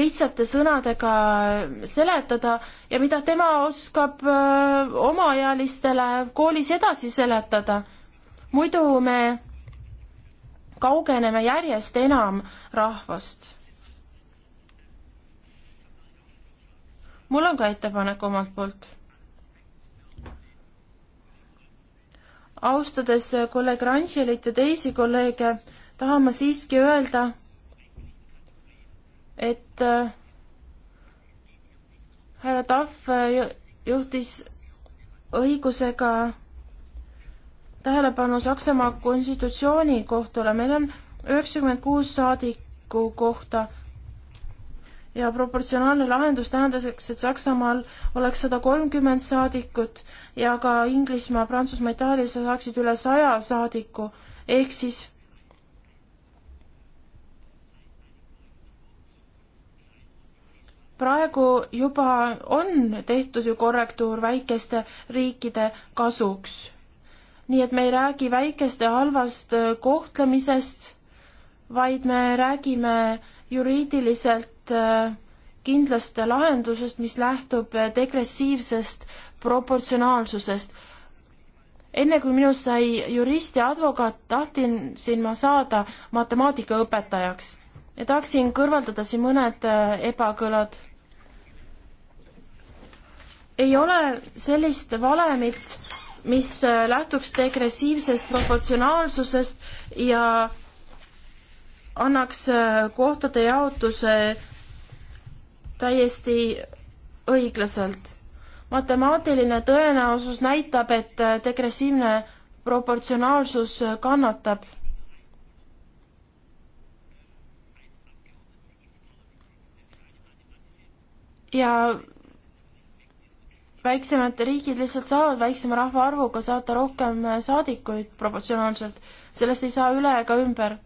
lihtsate sõnadega seletada ja mida tema oskab äh, omaealistele koolis edasi seletada. muidu me kaugeneme järjest enam rahvast. mul on ka ettepanek omalt poolt austades äh, kolleeg Rangelit ja teisi kolleege, tahan ma siiski öelda, et äh, härra Tahv äh, juhtis õigusega tähelepanu Saksamaa konstitutsioonikohtule, meil on üheksakümmend kuus saadiku kohta ja proportsionaalne lahendus tähendaks, et Saksamaal oleks sada kolmkümmend saadikut ja ka Inglismaa, Prantsusmaa, Itaalia saaksid üle saja saadiku, ehk siis praegu juba on tehtud ju korrektuur väikeste riikide kasuks. nii et me ei räägi väikeste halvast kohtlemisest, vaid me räägime äh, juriidiliselt äh, kindlast lahendusest, mis lähtub äh, degressiivsest proportsionaalsusest. enne kui minust sai jurist ja advokaat, tahtsin siin ma saada matemaatikaõpetajaks ja tahaksin kõrvaldada siin mõned äh, ebakõlad. ei ole sellist valemit, mis lähtuks degressiivsest proportsionaalsusest ja annaks äh, kohtade jaotuse täiesti õiglaselt. matemaatiline tõenäosus näitab, et äh, degressiivne proportsionaalsus äh, kannatab. ja väiksemad riigid lihtsalt saavad väiksema rahvaarvuga saata rohkem saadikuid proportsionaalselt, sellest ei saa üle ega ümber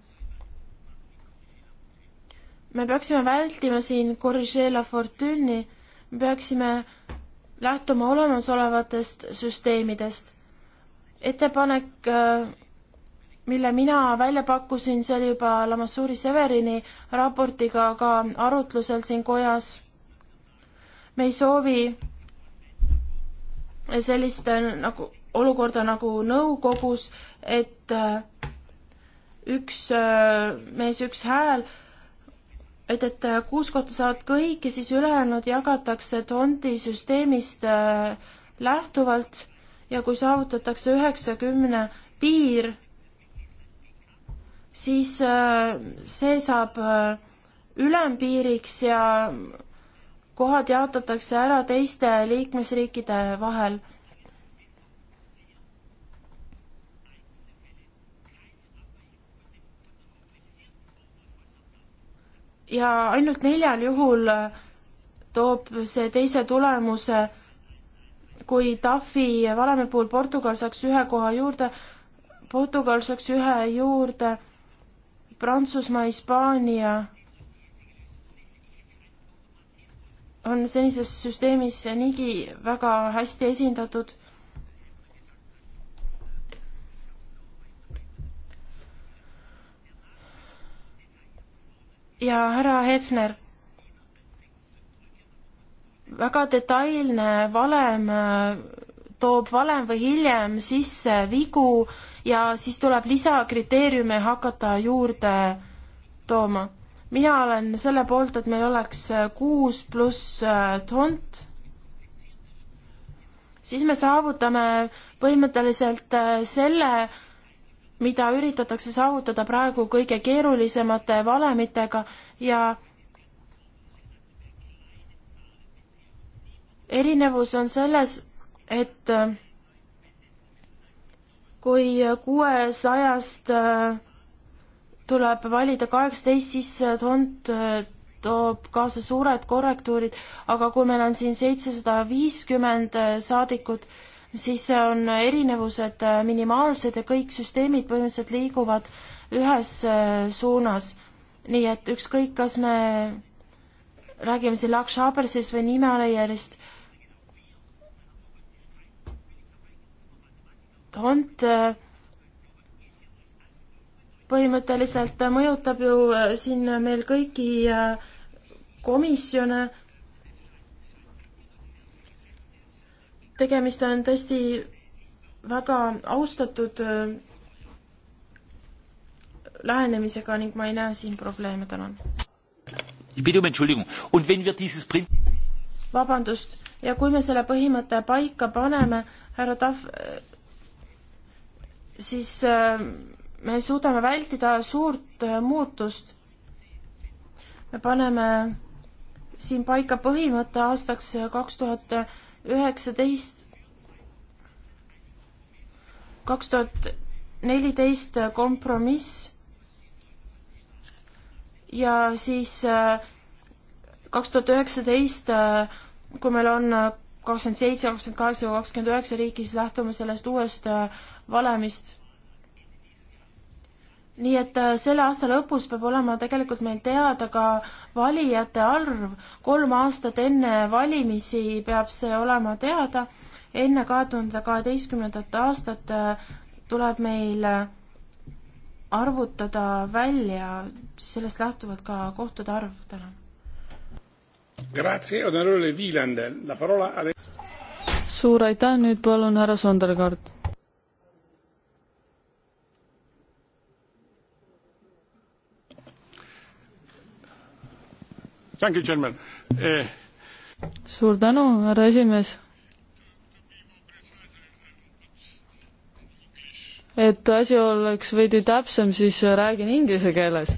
me peaksime vältima siin corrigee la fortune'i, me peaksime lähtuma olemasolevatest süsteemidest. ettepanek, äh, mille mina välja pakkusin, see oli juba Lamassuuri Severini raportiga ka arutlusel siin kojas. me ei soovi sellist äh, nagu olukorda nagu nõukogus, et äh, üks mees, üks hääl et, et äh, kuus kohta saavad kõik ja siis ülejäänud jagatakse tondi süsteemist äh, lähtuvalt ja kui saavutatakse üheksakümne piir, siis äh, see saab ülempiiriks ja kohad jaotatakse ära teiste liikmesriikide vahel ja ainult neljal juhul toob see teise tulemuse, kui TAFi valemi puhul Portugal saaks ühe koha juurde, Portugal saaks ühe juurde, Prantsusmaa, Hispaania on senises süsteemis niigi väga hästi esindatud ja härra Hefner, väga detailne valem äh, toob valem või hiljem sisse vigu ja siis tuleb lisakriteeriume hakata juurde tooma. mina olen selle poolt, et meil oleks äh, kuus pluss äh, tont, siis me saavutame põhimõtteliselt selle, mida üritatakse saavutada praegu kõige keerulisemate valemitega ja erinevus on selles, et äh, kui kuuesajast äh, tuleb valida kaheksateist, siis äh, tont toob kaasa suured korrektuurid, aga kui meil on siin seitsesada viiskümmend saadikut, siis on erinevused äh, minimaalsed ja kõik süsteemid põhimõtteliselt liiguvad ühes äh, suunas. nii et ükskõik, kas me räägime siin Lux Habersist või Nimelayerist, Tont äh, põhimõtteliselt mõjutab ju siin meil kõiki komisjone tegemist on tõesti väga austatud äh, lähenemisega ning ma ei näe siin probleeme, tänan. Um vabandust, ja kui me selle põhimõtte paika paneme, härra Tahv, äh, siis äh, me suudame vältida suurt muutust. me paneme siin paika põhimõte aastaks kaks tuhat üheksateist, kaks tuhat neliteist kompromiss ja siis äh, kaks tuhat üheksateist, äh, kui meil on äh, kakskümmend seitse, kakskümmend kaheksa, kakskümmend üheksa riiki, siis lähtume sellest uuest valemist nii et äh, selle aasta lõpus peab olema tegelikult meil teada ka valijate arv. kolm aastat enne valimisi peab see olema teada. enne kahe tuhande kaheteistkümnendat aastat äh, tuleb meil äh, arvutada välja sellest lähtuvalt ka kohtade arv täna. suur aitäh, nüüd palun härra Sondergaard Eh... suur tänu, härra esimees et asi oleks veidi täpsem, siis räägin inglise keeles.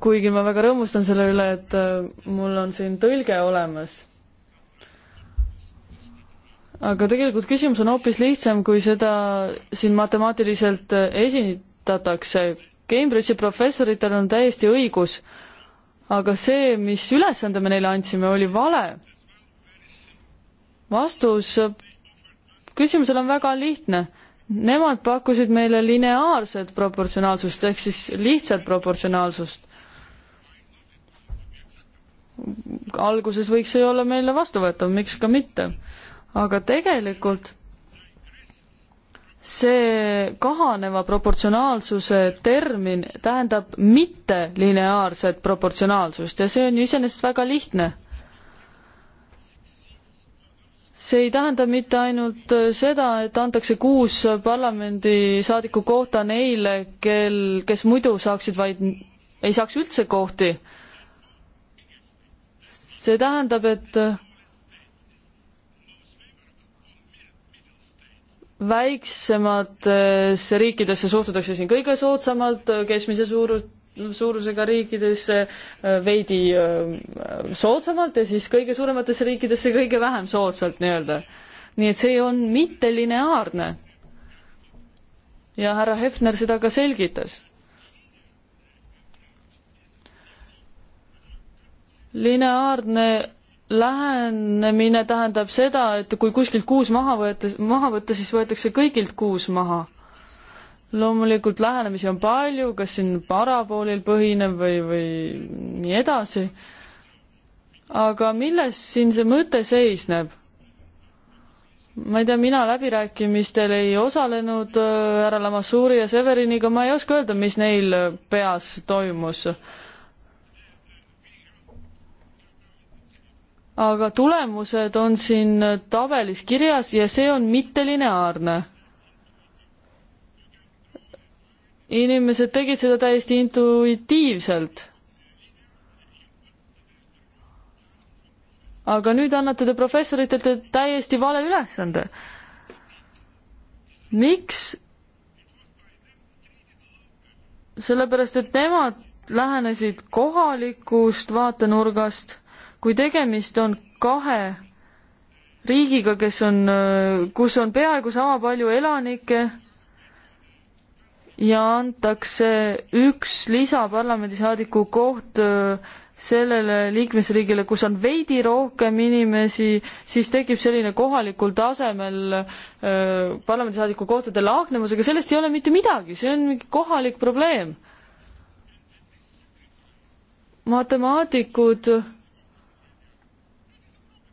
kuigi ma väga rõõmustan selle üle, et eh, mul on siin tõlge olemas. aga tegelikult küsimus on hoopis lihtsam, kui seda siin matemaatiliselt esitatakse. Cambridge'i professoritel on täiesti õigus äh, aga see, mis ülesande me neile andsime, oli vale. vastus küsimusele on väga lihtne. Nemad pakkusid meile lineaarset proportsionaalsust ehk siis lihtsat proportsionaalsust. alguses võiks see olla meile vastuvõetav, miks ka mitte. aga tegelikult see kahaneva proportsionaalsuse termin tähendab mittelineaarset proportsionaalsust ja see on ju iseenesest väga lihtne. see ei tähenda mitte ainult seda, et antakse kuus parlamendisaadiku kohta neile, kel, kes muidu saaksid vaid, ei saaks üldse kohti. see tähendab, et väiksematesse riikidesse suhtutakse siin kõige soodsamalt, keskmise suuru-, suurusega riikidesse äh, veidi äh, soodsamalt ja siis kõige suurematesse riikidesse kõige vähem soodsalt nii-öelda. nii et see on mittelineaarne. ja härra Hefner seda ka selgitas. lineaarne lähenemine tähendab seda, et kui kuskilt kuus maha võeta, maha võtta, siis võetakse kõigilt kuus maha. loomulikult lähenemisi on palju, kas siin parapoolil põhinev või, või nii edasi, aga milles siin see mõte seisneb? ma ei tea, mina läbirääkimistel ei osalenud äh, härra Lamassuuri ja Severiniga, ma ei oska öelda, mis neil peas toimus aga tulemused on siin tabelis kirjas ja see on mittelineaarne. inimesed tegid seda täiesti intuitiivselt. aga nüüd annate te professoritele täiesti vale ülesande. miks? sellepärast, et nemad lähenesid kohalikust vaatenurgast kui tegemist on kahe riigiga, kes on, kus on peaaegu sama palju elanikke ja antakse üks lisaparlamendisaadiku koht äh, sellele liikmesriigile, kus on veidi rohkem inimesi, siis tekib selline kohalikul tasemel äh, parlamendisaadiku kohtade lahknevus, aga sellest ei ole mitte midagi, see on mingi kohalik probleem. matemaatikud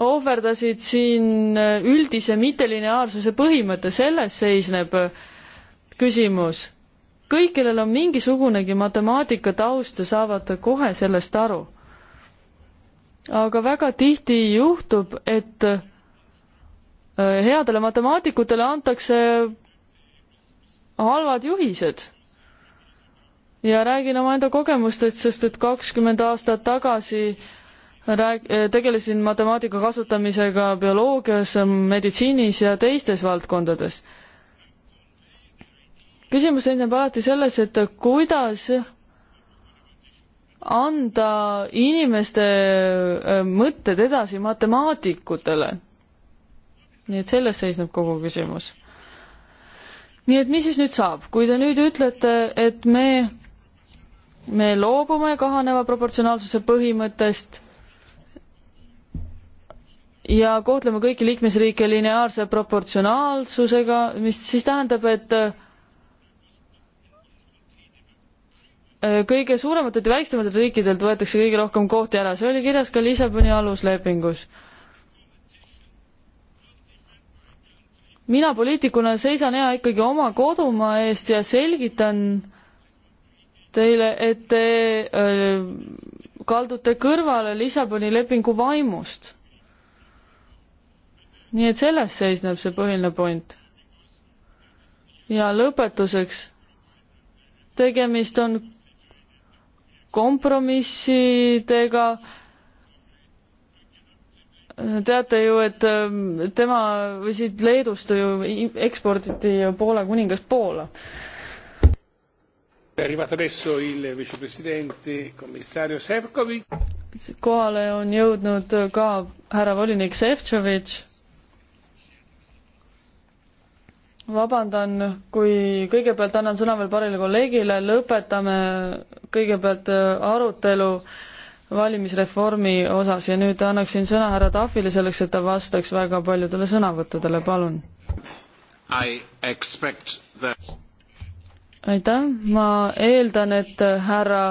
ohverdasid siin äh, üldise mittelineaarsuse põhimõtte, selles seisneb äh, küsimus. kõik, kellel on mingisugunegi matemaatika taust, saavad kohe sellest aru. aga väga tihti juhtub, et äh, headele matemaatikutele antakse halvad juhised ja räägin omaenda kogemustest, sest et kakskümmend aastat tagasi äh, rääg-, äh, tegelesin matemaatika kasutamisega bioloogias, meditsiinis ja teistes valdkondades. küsimus seisneb alati selles, et kuidas anda inimeste äh, mõtted edasi matemaatikutele. nii et selles seisneb kogu küsimus. nii et mis siis nüüd saab, kui te nüüd ütlete, et me, me loobume kahaneva proportsionaalsuse põhimõttest ja kohtlema kõiki liikmesriike lineaarse proportsionaalsusega, mis siis tähendab, et äh, kõige suurematelt ja väiksematelt riikidelt võetakse kõige rohkem kohti ära, see oli kirjas ka Lissaboni aluslepingus. mina poliitikuna seisan hea ikkagi oma kodumaa eest ja selgitan teile, et te öö, äh, kaldute kõrvale Lissaboni lepingu vaimust nii et selles seisneb see põhiline point. ja lõpetuseks, tegemist on kompromissidega, teate ju, et ähm, tema või siit Leedust ju eksporditi Poola kuningast Poola. kohale on jõudnud ka härra volinik Šefčovitš vabandan, kui kõigepealt annan sõna veel paarile kolleegile, lõpetame kõigepealt äh, arutelu valimisreformi osas ja nüüd annaksin sõna härra Tahvile selleks, et ta vastaks väga paljudele sõnavõttudele, palun. That... aitäh, ma eeldan, et härra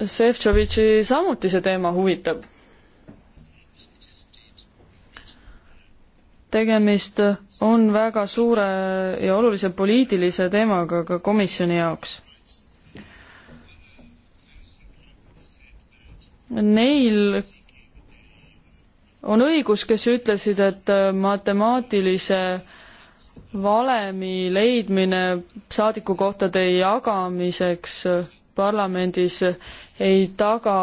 Šefčovitši samuti see teema huvitab tegemist on väga suure ja olulise poliitilise teemaga ka komisjoni jaoks. Neil on õigus, kes ütlesid, et matemaatilise valemi leidmine saadikukohtade jagamiseks parlamendis ei taga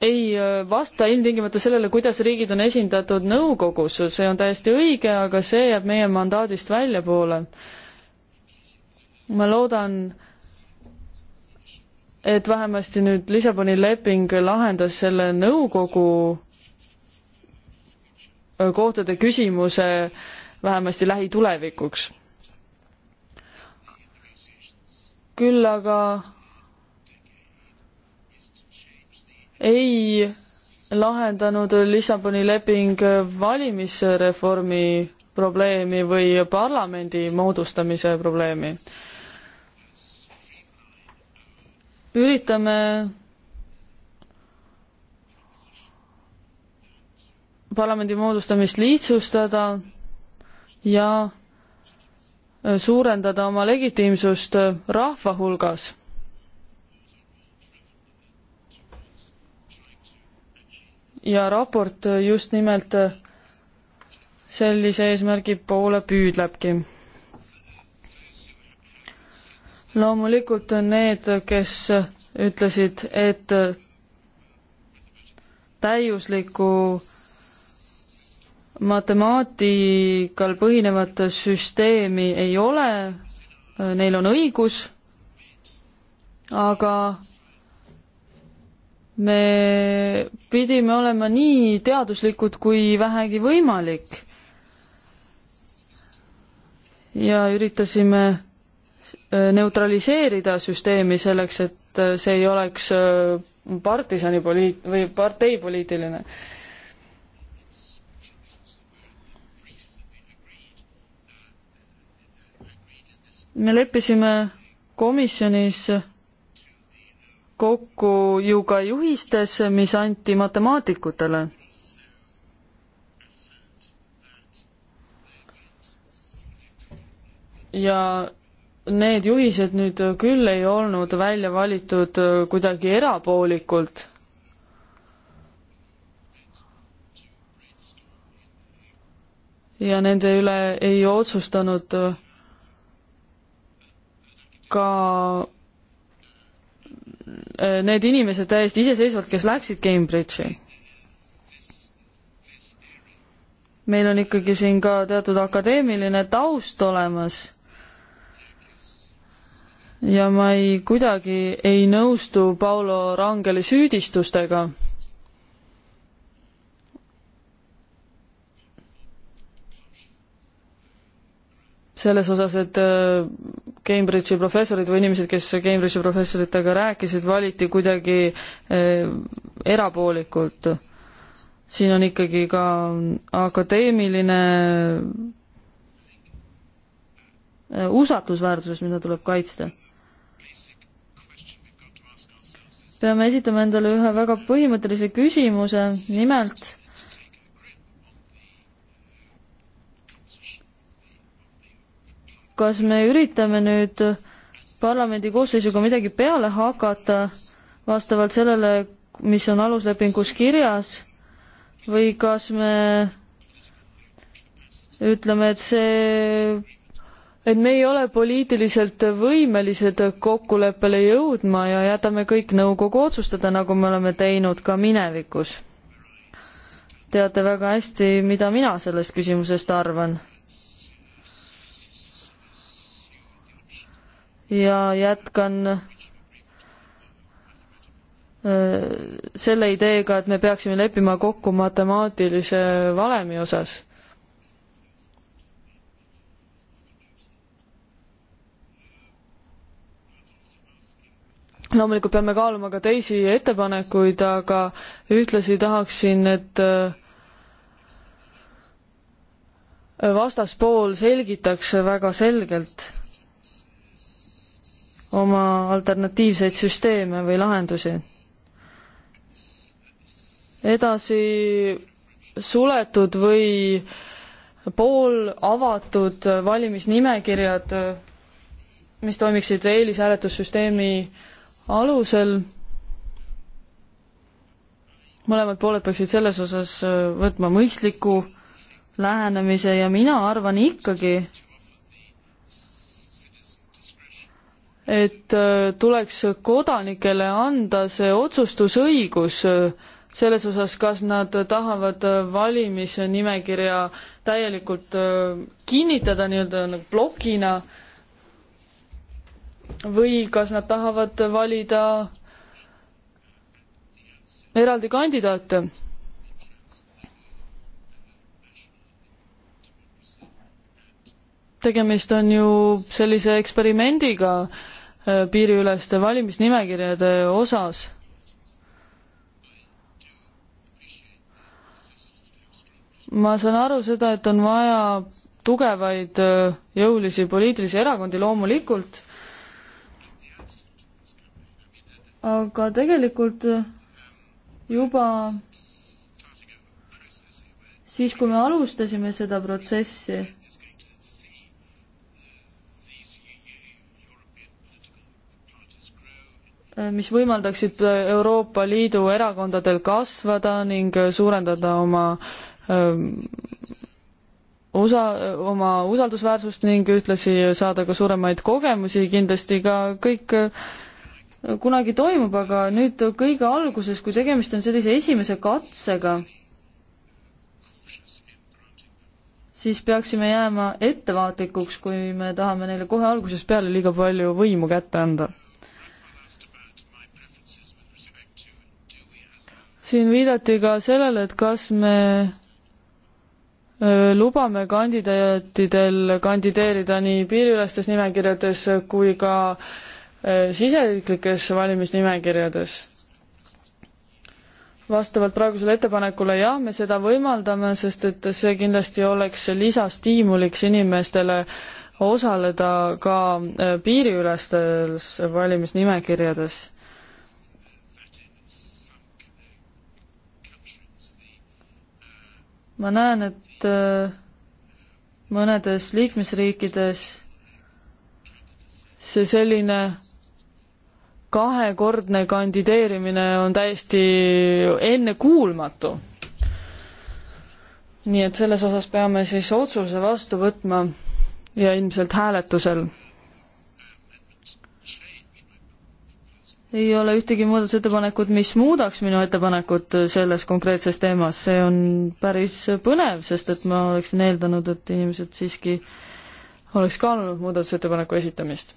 ei äh, vasta ilmtingimata sellele, kuidas riigid on esindatud nõukogus, see on täiesti õige, aga see jääb meie mandaadist väljapoole. ma loodan, et vähemasti nüüd Lissaboni leping lahendas selle nõukogu äh, kohtade küsimuse vähemasti lähitulevikuks. küll aga ei lahendanud Lissaboni leping valimisreformi probleemi või parlamendi moodustamise probleemi. üritame parlamendi moodustamist lihtsustada ja suurendada oma legitiimsust rahva hulgas ja raport just nimelt sellise eesmärgi poole püüdlebki. loomulikult need, kes ütlesid, et täiusliku matemaatikal põhinevat süsteemi ei ole, neil on õigus, aga me pidime olema nii teaduslikud kui vähegi võimalik. ja üritasime äh, neutraliseerida süsteemi selleks, et äh, see ei oleks äh, partisanipoliit- või parteipoliitiline. me leppisime komisjonis kokku ju ka juhistes, mis anti matemaatikutele. ja need juhised nüüd küll ei olnud välja valitud kuidagi erapoolikult. ja nende üle ei otsustanud ka Äh, need inimesed täiesti iseseisvalt, kes läksid Cambridge'i. meil on ikkagi siin ka teatud akadeemiline taust olemas. ja ma ei, kuidagi ei nõustu Paulo Rangeli süüdistustega selles osas, et äh, Cambridge'i professorid või inimesed, kes Cambridge'i professoritega rääkisid, valiti kuidagi äh, erapoolikult. siin on ikkagi ka akadeemiline äh, usaldusväärsus, mida tuleb kaitsta. peame esitama endale ühe väga põhimõttelise küsimuse, nimelt kas me üritame nüüd parlamendi koosseisuga midagi peale hakata vastavalt sellele, mis on aluslepingus kirjas või kas me ütleme, et see, et me ei ole poliitiliselt võimelised kokkuleppele jõudma ja jätame kõik nõukogu otsustada, nagu me oleme teinud ka minevikus. teate väga hästi, mida mina sellest küsimusest arvan ja jätkan äh, selle ideega, et me peaksime leppima kokku matemaatilise valemi osas. loomulikult peame kaaluma ka teisi ettepanekuid, aga ühtlasi tahaksin, et äh, vastaspool selgitaks väga selgelt oma alternatiivseid süsteeme või lahendusi. edasi suletud või poolavatud valimisnimekirjad, mis toimiksid eelishääletussüsteemi alusel, mõlemad pooled peaksid selles osas võtma mõistliku lähenemise ja mina arvan ikkagi, et äh, tuleks kodanikele anda see otsustusõigus äh, selles osas, kas nad tahavad äh, valimisnimekirja täielikult kinnitada nii-öelda nagu plokina või kas nad tahavad valida eraldi kandidaate tegemist on ju sellise eksperimendiga, Äh, piiriüleste valimisnimekirjade osas ma saan aru seda, et on vaja tugevaid äh, jõulisi poliitilisi erakondi loomulikult, aga tegelikult äh, juba siis, kui me alustasime seda protsessi, mis võimaldaksid äh, Euroopa Liidu erakondadel kasvada ning äh, suurendada oma usa-, ähm, oma usaldusväärsust ning ühtlasi saada ka suuremaid kogemusi, kindlasti ka kõik äh, kunagi toimub, aga nüüd kõige alguses, kui tegemist on sellise esimese katsega, siis peaksime jääma ettevaatlikuks, kui me tahame neile kohe algusest peale liiga palju võimu kätte anda siin viidati ka sellele, et kas me lubame kandidaatidel kandideerida nii piiriülestes nimekirjades kui ka siseriiklikes valimisnimekirjades. vastavalt praegusele ettepanekule jah, me seda võimaldame, sest et see kindlasti oleks lisastiimuliks inimestele osaleda ka piiriülestes valimisnimekirjades ma näen, et äh, mõnedes liikmesriikides see selline kahekordne kandideerimine on täiesti ennekuulmatu. nii et selles osas peame siis otsuse vastu võtma ja ilmselt hääletusel ei ole ühtegi muudatusettepanekut, mis muudaks minu ettepanekut selles konkreetses teemas, see on päris põnev, sest et ma oleksin eeldanud, et inimesed siiski oleks kaalunud muudatusettepaneku esitamist.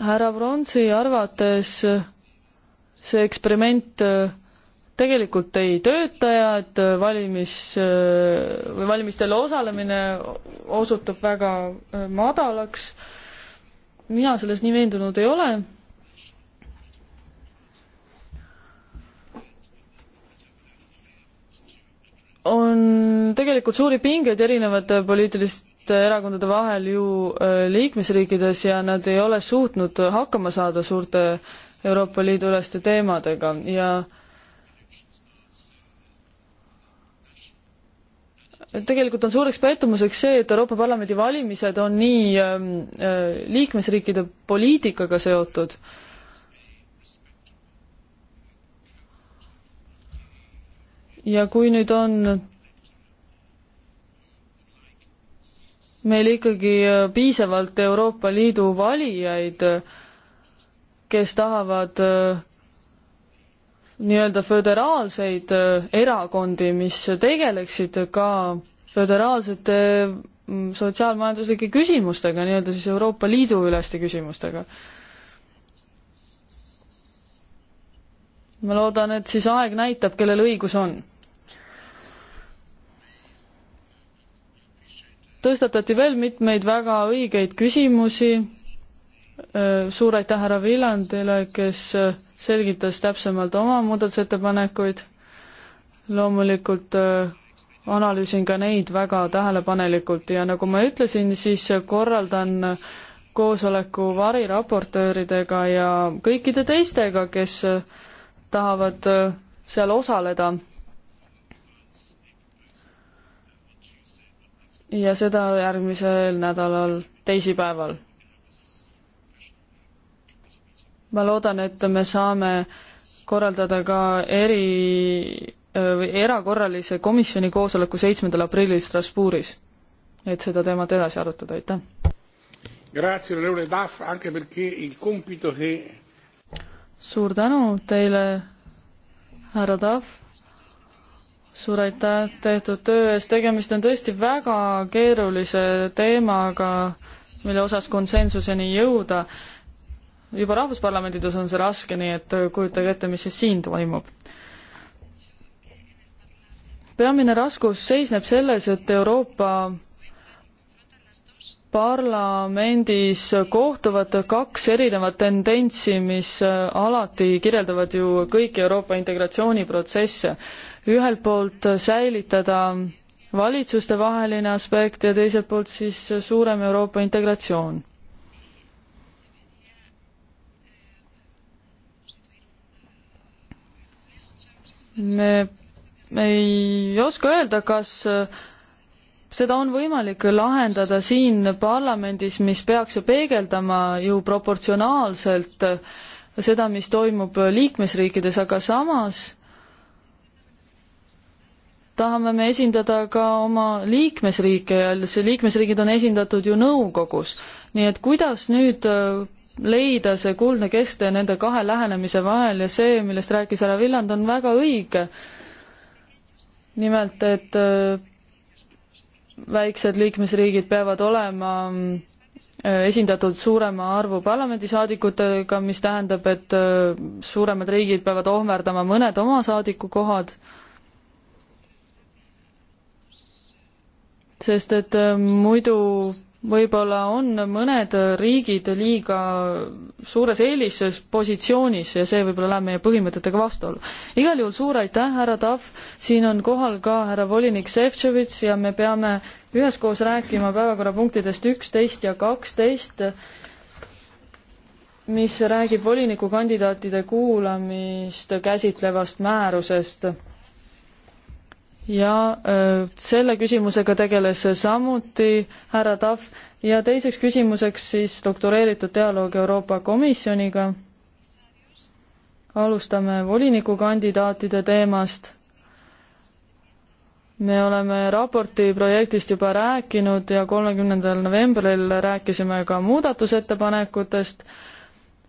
härra Pronsi arvates see eksperiment tegelikult ei tööta ja et valimis, või valimistel osalemine osutub väga madalaks, mina selles nii veendunud ei ole on tegelikult suuri pingeid erinevate poliitiliste erakondade vahel ju äh, liikmesriikides ja nad ei ole suutnud hakkama saada suurte Euroopa Liidu üleste teemadega ja tegelikult on suureks pettumuseks see, et Euroopa Parlamendi valimised on nii ähm, äh, liikmesriikide poliitikaga seotud äh, ja kui nüüd on meil ikkagi piisavalt Euroopa Liidu valijaid, kes tahavad äh, nii-öelda föderaalseid äh, erakondi, mis tegeleksid ka föderaalsete mm, sotsiaalmajanduslike küsimustega, nii-öelda siis Euroopa Liidu üleste küsimustega. ma loodan, et siis aeg näitab, kellel õigus on tõstatati veel mitmeid väga õigeid küsimusi. Äh, suur aitäh härra Villandile, kes äh, selgitas täpsemalt oma muudatusettepanekuid. loomulikult äh, analüüsin ka neid väga tähelepanelikult ja nagu ma ütlesin, siis korraldan koosoleku variraportööridega ja kõikide teistega, kes tahavad seal osaleda ja seda järgmisel nädalal teisipäeval. ma loodan, et me saame korraldada ka eri äh, või erakorralise komisjoni koosoleku seitsmendal aprillil Strasbourgis, et seda teemat edasi arutada, aitäh! suur tänu teile, härra Tahv! suur aitäh tehtud töö eest, tegemist on tõesti väga keerulise teemaga, mille osas konsensuseni jõuda. juba rahvusparlamentides on see raske, nii et kujutage ette, mis siis siin toimub. peamine raskus seisneb selles, et Euroopa parlamendis kohtuvad kaks erinevat tendentsi, mis alati kirjeldavad ju kõiki Euroopa integratsiooniprotsesse ühelt poolt säilitada valitsuste vaheline aspekt ja teiselt poolt siis suurem Euroopa integratsioon. me, me ei oska öelda, kas seda on võimalik lahendada siin parlamendis, mis peaks ju peegeldama ju proportsionaalselt seda, mis toimub liikmesriikides, aga samas tahame me esindada ka oma liikmesriike ja see liikmesriigid on esindatud ju nõukogus. nii et kuidas nüüd äh, leida see kuldne kesktee nende kahe lähenemise vahel ja see, millest rääkis härra Villand, on väga õige. nimelt, et äh, väiksed liikmesriigid peavad olema äh, esindatud suurema arvu parlamendisaadikutega, mis tähendab, et suuremad riigid peavad ohverdama mõned oma saadikukohad sest et äh, muidu võib-olla on mõned riigid liiga suures eelises positsioonis ja see võib-olla läheb meie põhimõtetega vastuollu. igal juhul suur aitäh, härra Tahv, siin on kohal ka härra volinik Šefčovitš ja me peame üheskoos rääkima päevakorrapunktidest üksteist ja kaksteist, mis räägib volinikukandidaatide kuulamist käsitlevast määrusest ja öö, selle küsimusega tegeles samuti härra Tahv ja teiseks küsimuseks siis doktoreeritud dialoog Euroopa Komisjoniga. alustame volinikukandidaatide teemast. me oleme raporti projektist juba rääkinud ja kolmekümnendal novembril rääkisime ka muudatusettepanekutest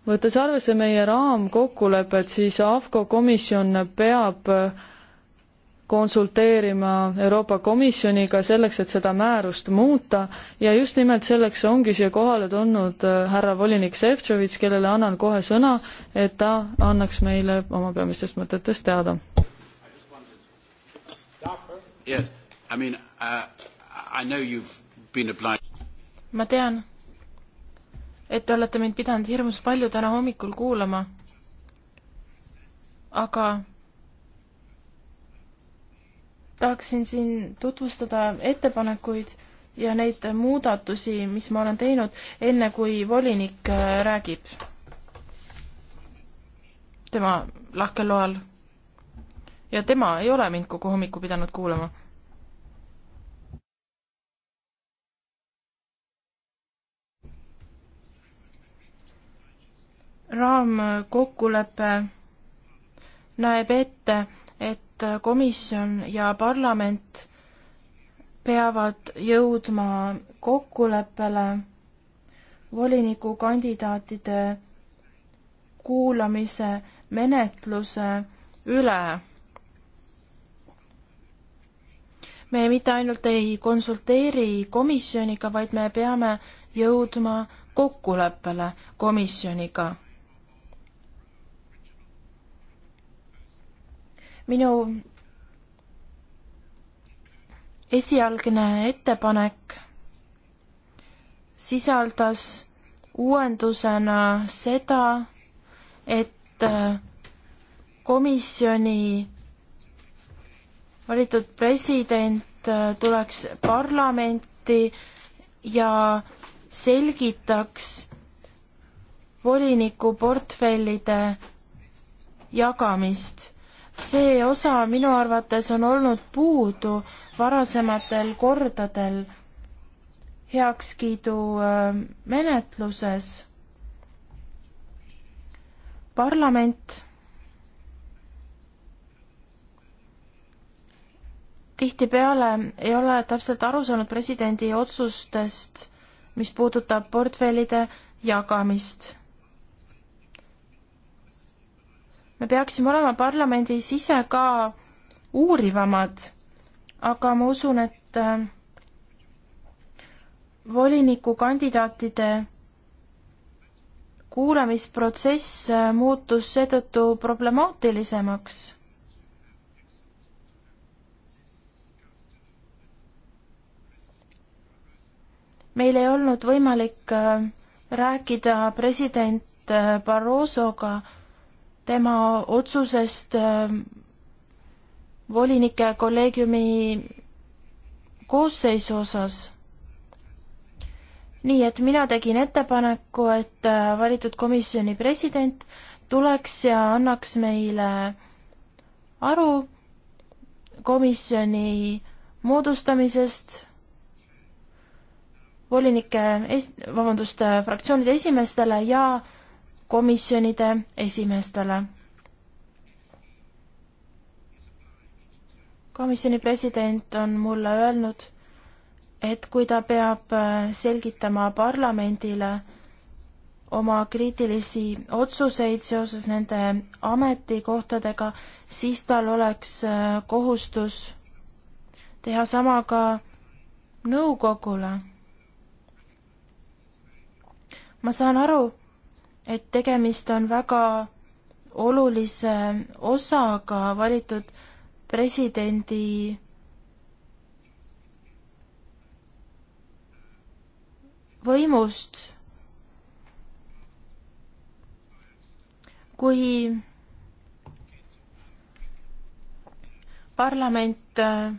võttes arvesse meie raamkokkulepet, siis AFCO komisjon peab konsulteerima Euroopa Komisjoniga selleks, et seda määrust muuta ja just nimelt selleks ongi siia kohale tulnud äh, härra volinik Šefčovitš, kellele annan kohe sõna, et ta annaks meile oma peamistest mõtetest teada. Uh, ma tean, et te olete mind pidanud hirmus palju täna hommikul kuulama, aga tahaksin siin tutvustada ettepanekuid ja neid muudatusi, mis ma olen teinud, enne kui volinik äh, räägib tema lahkel loal. ja tema ei ole mind kogu hommiku pidanud kuulama. raamkokkulepe näeb ette et komisjon ja parlament peavad jõudma kokkuleppele volinikukandidaatide kuulamise menetluse üle. me mitte ainult ei konsulteeri komisjoniga, vaid me peame jõudma kokkuleppele komisjoniga. minu esialgne ettepanek sisaldas uuendusena seda, et äh, komisjoni valitud president äh, tuleks parlamenti ja selgitaks voliniku portfellide jagamist see osa minu arvates on olnud puudu varasematel kordadel heakskiidu äh, menetluses. parlament tihtipeale ei ole täpselt aru saanud presidendi otsustest, mis puudutab portfellide jagamist me peaksime olema parlamendis ise ka uurivamad, aga ma usun, et äh, volinikukandidaatide kuulamisprotsess äh, muutus seetõttu problemaatilisemaks meil ei olnud võimalik äh, rääkida president Barrosoga tema otsusest ähm, volinike kolleegiumi koosseisu osas. nii et mina tegin ettepaneku, et äh, valitud komisjoni president tuleks ja annaks meile aru komisjoni moodustamisest volinike es-, vabandust, äh, fraktsioonide esimeestele ja komisjonide esimeestele. komisjoni president on mulle öelnud, et kui ta peab äh, selgitama parlamendile oma kriitilisi otsuseid seoses nende ametikohtadega, siis tal oleks äh, kohustus teha sama ka nõukogule. ma saan aru et tegemist on väga olulise osaga valitud presidendi võimust, kui parlament äh,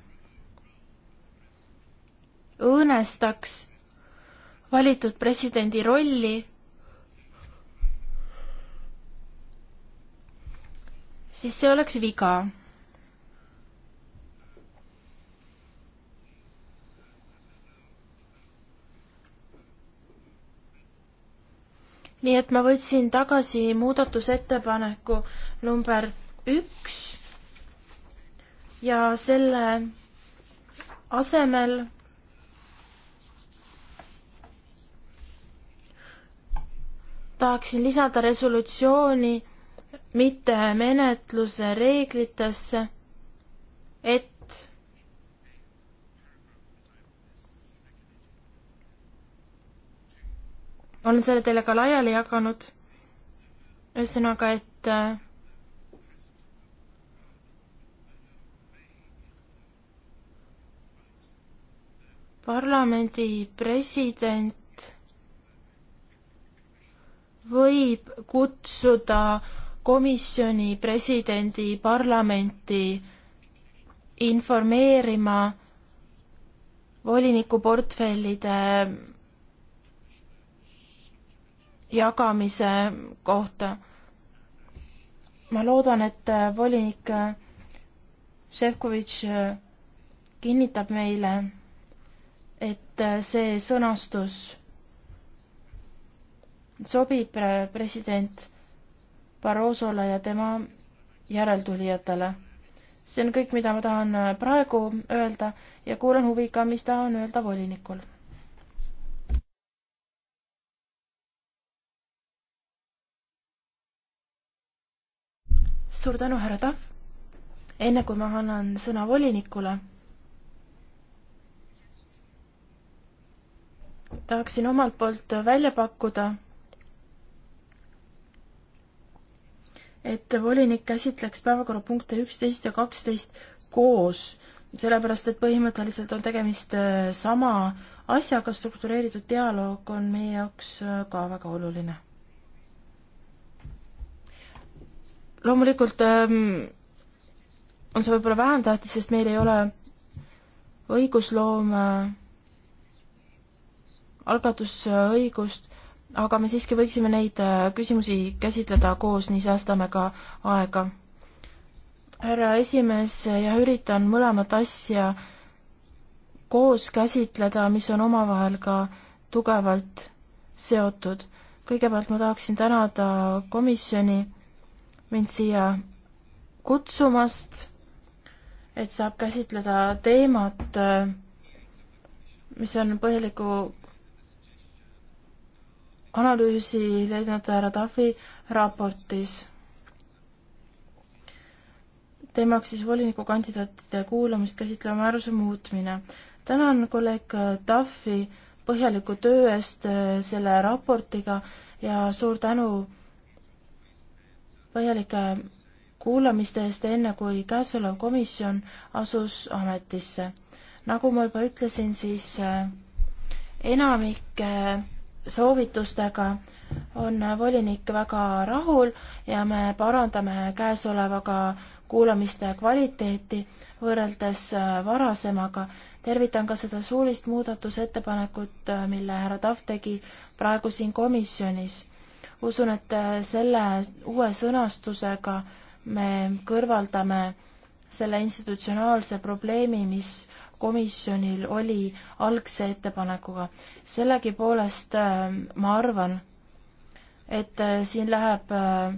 õõnestaks valitud presidendi rolli siis see oleks viga. nii et ma võtsin tagasi muudatusettepaneku number üks ja selle asemel tahaksin lisada resolutsiooni mitte menetluse reeglitesse, et olen selle teile ka laiali jaganud, ühesõnaga, et äh, parlamendi president võib kutsuda komisjoni, presidendi, parlamenti informeerima volinikuportfellide jagamise kohta. ma loodan, et volinik Šefkovitš kinnitab meile, et see sõnastus sobib president Barrosole ja tema järeltulijatele. see on kõik, mida ma tahan äh, praegu öelda ja kuulan huviga, mis ta on öelda volinikul. suur tänu, härra Tahv. enne kui ma annan sõna volinikule, tahaksin omalt poolt välja pakkuda et volinik käsitleks päevakorrapunkte üksteist ja kaksteist koos, sellepärast et põhimõtteliselt on tegemist äh, sama asjaga, struktureeritud dialoog on meie jaoks äh, ka väga oluline. loomulikult ähm, on see võib-olla vähem tähtis, sest meil ei ole õigusloome äh, algatusõigust, aga me siiski võiksime neid äh, küsimusi käsitleda koos, nii säästame ka aega. härra esimees, jah, üritan mõlemat asja koos käsitleda, mis on omavahel ka tugevalt seotud. kõigepealt ma tahaksin tänada komisjoni mind siia kutsumast, et saab käsitleda teemat, äh, mis on põhjaliku analüüsi leidnud härra Tahvi raportis. teemaks siis volinikukandidaatide kuulamist käsitleva määruse muutmine. tänan kolleeg Tahvi põhjaliku töö eest äh, selle raportiga ja suur tänu põhjalike kuulamiste eest, enne kui käesolev komisjon asus ametisse. nagu ma juba ütlesin, siis äh, enamike soovitustega on volinik väga rahul ja me parandame käesolevaga kuulamiste kvaliteeti võrreldes äh, varasemaga. tervitan ka seda suulist muudatusettepanekut, äh, mille härra Tahv tegi praegu siin komisjonis. usun, et äh, selle uue sõnastusega me kõrvaldame selle institutsionaalse probleemi, mis komisjonil oli algse ettepanekuga. sellegipoolest äh, ma arvan, et äh, siin läheb äh,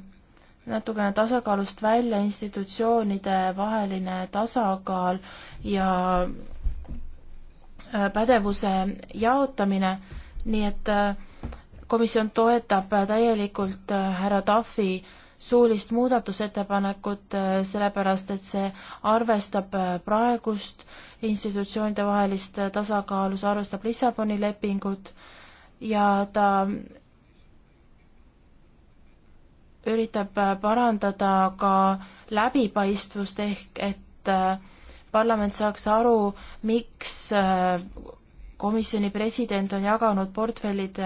natukene tasakaalust välja institutsioonide vaheline tasakaal ja pädevuse jaotamine, nii et komisjon toetab täielikult härra Tafi äh, suulist muudatusettepanekut, äh, sellepärast et see arvestab äh, praegust institutsioonide vahelist äh, tasakaalu, see arvestab Lissaboni lepingut ja ta üritab parandada ka läbipaistvust ehk et parlament saaks aru, miks komisjoni president on jaganud portfellid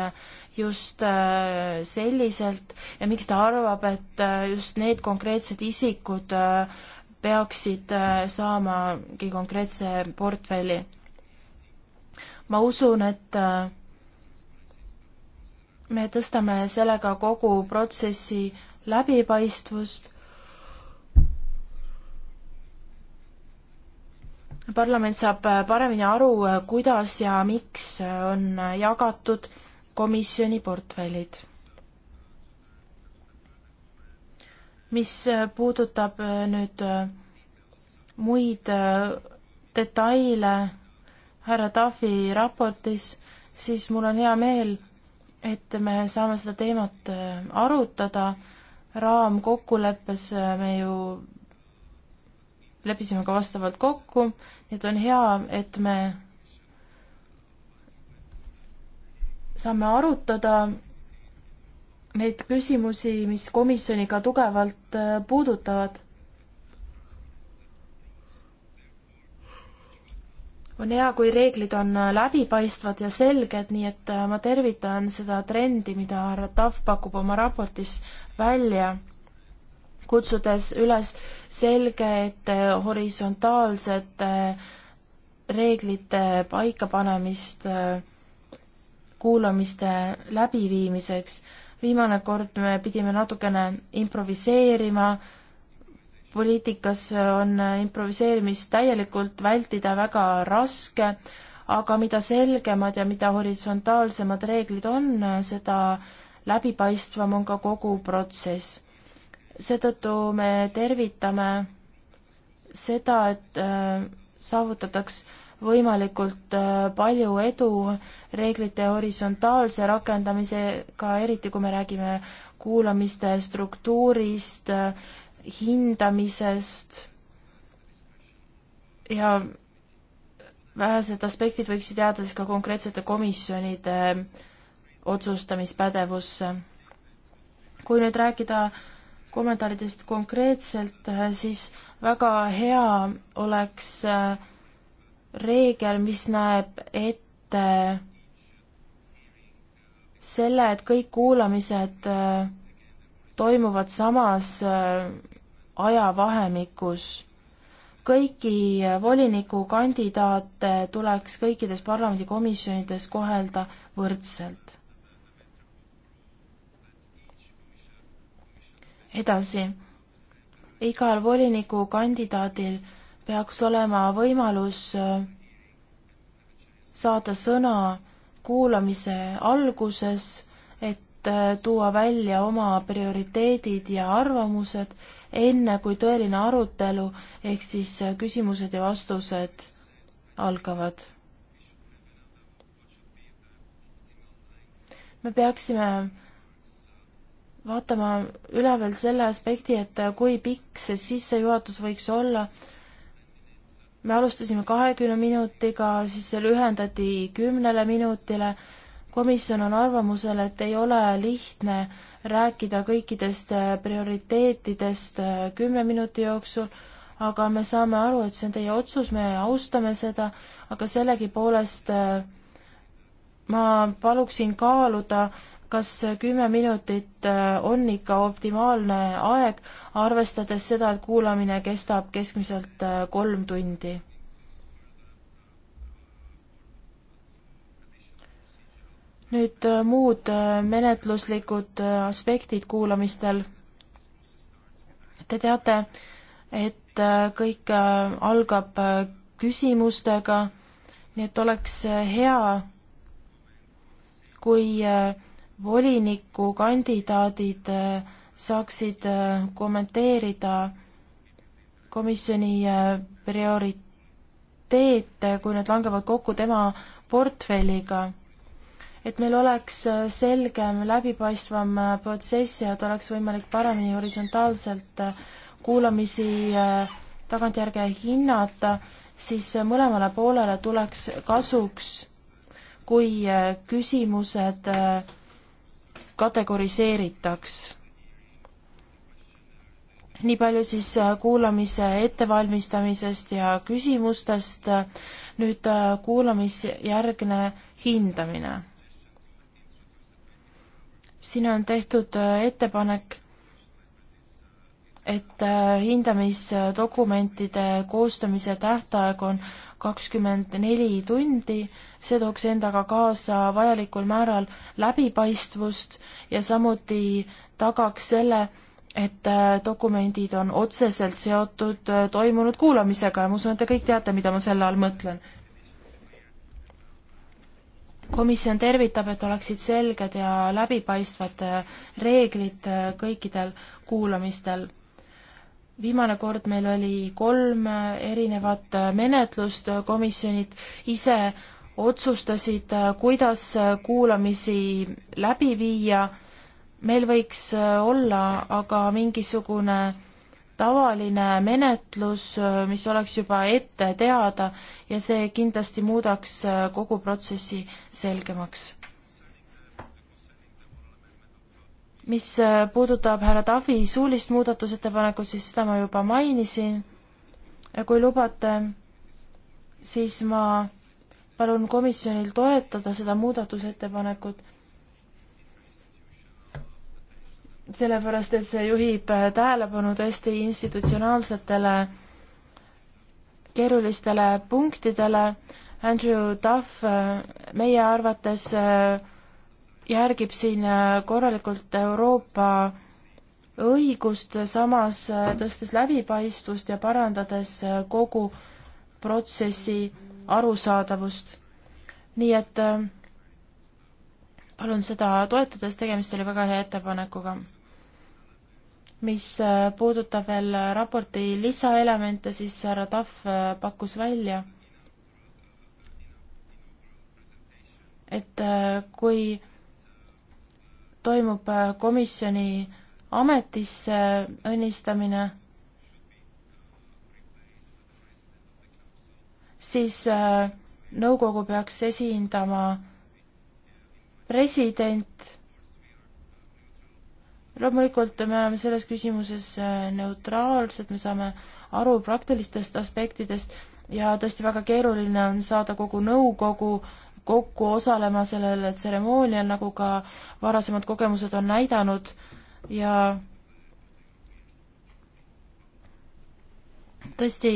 just äh, selliselt ja miks ta arvab, et äh, just need konkreetsed isikud äh, peaksid saama mingi konkreetse portfelli. ma usun, et me tõstame sellega kogu protsessi läbipaistvust parlament saab paremini aru, kuidas ja miks on jagatud komisjoni portfellid. mis puudutab äh, nüüd äh, muid äh, detaile härra Tafi raportis, siis mul on hea meel, et me saame seda teemat arutada. raamkokkuleppes me ju leppisime ka vastavalt kokku, nii et on hea, et me saame arutada neid küsimusi, mis komisjoniga tugevalt äh, puudutavad. on hea, kui reeglid on äh, läbipaistvad ja selged, nii et äh, ma tervitan seda trendi, mida härra Tahv pakub oma raportis välja, kutsudes üles selgete horisontaalsete reeglite paikapanemist äh, kuulamiste läbiviimiseks. viimane kord me pidime natukene improviseerima, poliitikas on improviseerimist täielikult vältida väga raske, aga mida selgemad ja mida horisontaalsemad reeglid on, seda läbipaistvam on ka kogu protsess. seetõttu me tervitame seda, et äh, saavutataks võimalikult äh, palju edu reeglite horisontaalse rakendamisega, eriti kui me räägime kuulamiste struktuurist, äh, hindamisest ja vähesed aspektid võiksid jääda siis ka konkreetsete komisjonide äh, otsustamispädevusse. kui nüüd rääkida kommentaaridest konkreetselt, siis väga hea oleks äh, reegel, mis näeb ette selle, et kõik kuulamised äh, toimuvad samas äh, ajavahemikus. kõiki äh, volinikukandidaate tuleks kõikides parlamendikomisjonides kohelda võrdselt. edasi, igal volinikukandidaadil peaks olema võimalus äh, saada sõna kuulamise alguses, et äh, tuua välja oma prioriteedid ja arvamused, enne kui tõeline arutelu ehk siis äh, küsimused ja vastused algavad. me peaksime vaatama üle veel selle aspekti, et kui pikk see sissejuhatus võiks olla me alustasime kahekümne minutiga, siis see lühendati kümnele minutile. komisjon on arvamusel, et ei ole lihtne rääkida kõikidest prioriteetidest kümne minuti jooksul, aga me saame aru, et see on teie otsus, me austame seda, aga sellegipoolest äh, ma paluksin kaaluda kas kümme minutit äh, on ikka optimaalne aeg, arvestades seda, et kuulamine kestab keskmiselt äh, kolm tundi? nüüd äh, muud menetluslikud aspektid kuulamistel. Te teate, et kõik algab küsimustega, nii et oleks hea, kui äh, volinikukandidaadid äh, saaksid äh, kommenteerida komisjoni äh, prioriteete, kui need langevad kokku tema portfelliga. et meil oleks selgem, läbipaistvam protsess ja et oleks võimalik paremini horisontaalselt kuulamisi tagantjärge hinnata, siis mõlemale poolele tuleks kasuks, kui küsimused äh, kategoriseeritaks. nii palju siis äh, kuulamise ettevalmistamisest ja küsimustest, nüüd äh, kuulamisjärgne hindamine. siin on tehtud äh, ettepanek et hindamisdokumentide koostamise tähtaeg on kakskümmend neli tundi, see tooks endaga kaasa vajalikul määral läbipaistvust ja samuti tagaks selle, et äh, dokumendid on otseselt seotud äh, toimunud kuulamisega ja ma usun, et te kõik teate, mida ma selle all mõtlen. komisjon tervitab, et oleksid selged ja läbipaistvad äh, reeglid kõikidel kuulamistel viimane kord meil oli kolm erinevat menetlust, komisjonid ise otsustasid, kuidas kuulamisi läbi viia. meil võiks olla aga mingisugune tavaline menetlus, mis oleks juba ette teada ja see kindlasti muudaks kogu protsessi selgemaks mis äh, puudutab härra Tavi suulist muudatusettepanekut, siis seda ma juba mainisin. kui lubate, siis ma palun komisjonil toetada seda muudatusettepanekut sellepärast, et see juhib äh, tähelepanu tõesti institutsionaalsetele keerulistele punktidele. Andrew Duff äh, meie arvates järgib siin äh, korralikult Euroopa õigust, samas äh, tõstes läbipaistvust ja parandades äh, kogu protsessi arusaadavust. nii et palun seda toetada, sest tegemist oli väga hea ettepanekuga. mis puudutab veel raporti lisaelemente, siis härra Tahv pakkus välja, et kui toimub äh, komisjoni ametisse õnnistamine, siis äh, nõukogu peaks esindama president. loomulikult me oleme selles küsimuses äh, neutraalsed, me saame aru praktilistest aspektidest ja tõesti väga keeruline on saada kogu nõukogu kokku osalema sellel tseremoonial, nagu ka varasemad kogemused on näidanud ja tõesti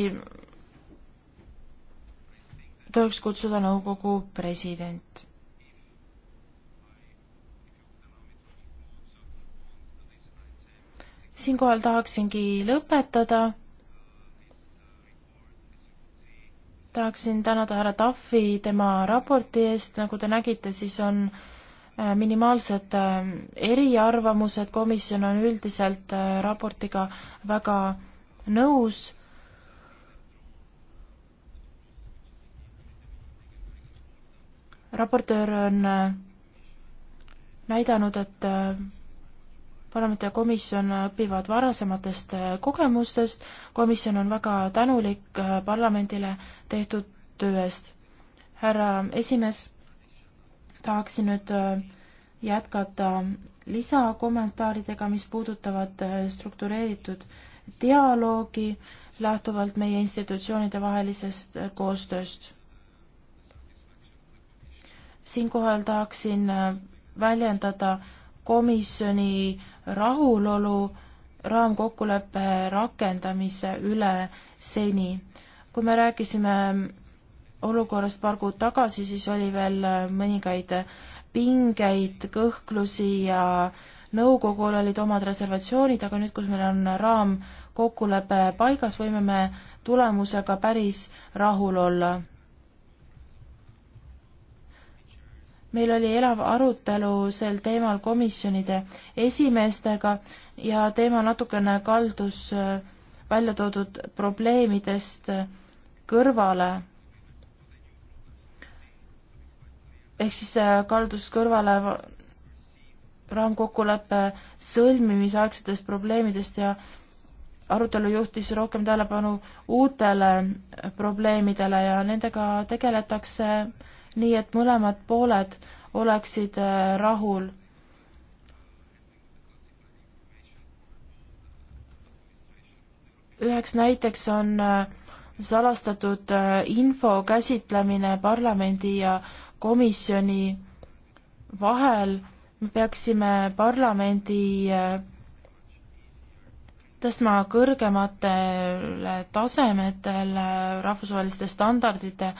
tuleks kutsuda nõukogu president. siinkohal tahaksingi lõpetada tahaksin tänada härra Taffi tema raporti eest, nagu te nägite, siis on äh, minimaalsed äh, eriarvamused, komisjon on üldiselt äh, raportiga väga nõus. raportöör on näidanud, et parlament ja komisjon õpivad varasematest äh, kogemustest, komisjon on väga tänulik äh, parlamendile tehtud töö eest. härra esimees, tahaksin nüüd äh, jätkata lisakommentaaridega, mis puudutavad struktureeritud dialoogi lähtuvalt meie institutsioonide vahelisest koostööst. siinkohal tahaksin väljendada komisjoni äh, rahulolu raamkokkuleppe rakendamise üle seni. kui me rääkisime olukorrast paar kuud tagasi, siis oli veel mõningaid pingeid, kõhklusi ja nõukogul olid omad reservatsioonid, aga nüüd, kus meil on raamkokkulepe paigas, võime me tulemusega päris rahul olla meil oli elav arutelu sel teemal komisjonide esimeestega ja teema natukene kaldus äh, välja toodud probleemidest äh, kõrvale. ehk siis äh, kaldus kõrvale raamkokkuleppe sõlmimisaegsetest probleemidest ja arutelu juhtis rohkem tähelepanu uutele probleemidele ja nendega tegeletakse äh, nii et mõlemad pooled oleksid äh, rahul. üheks näiteks on äh, salastatud äh, info käsitlemine parlamendi ja komisjoni vahel. me peaksime parlamendi tõstma kõrgematele tasemetele rahvusvaheliste standardite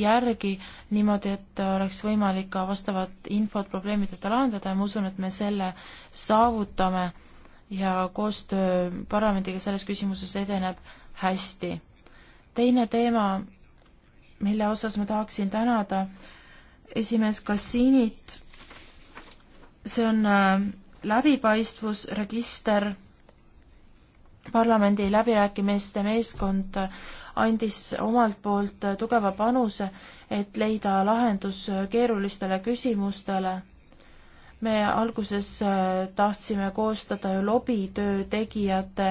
järgi, niimoodi, et oleks võimalik ka vastavat infot probleemideta lahendada ja ma usun, et me selle saavutame ja koostöö parlamendiga selles küsimuses edeneb hästi. teine teema, mille osas ma tahaksin tänada esimees Kassiinit, see on äh, läbipaistvusregister parlamendi läbirääkimiste meeskond andis omalt poolt tugeva panuse, et leida lahendus keerulistele küsimustele. me alguses äh, tahtsime koostada ju lobitöö tegijate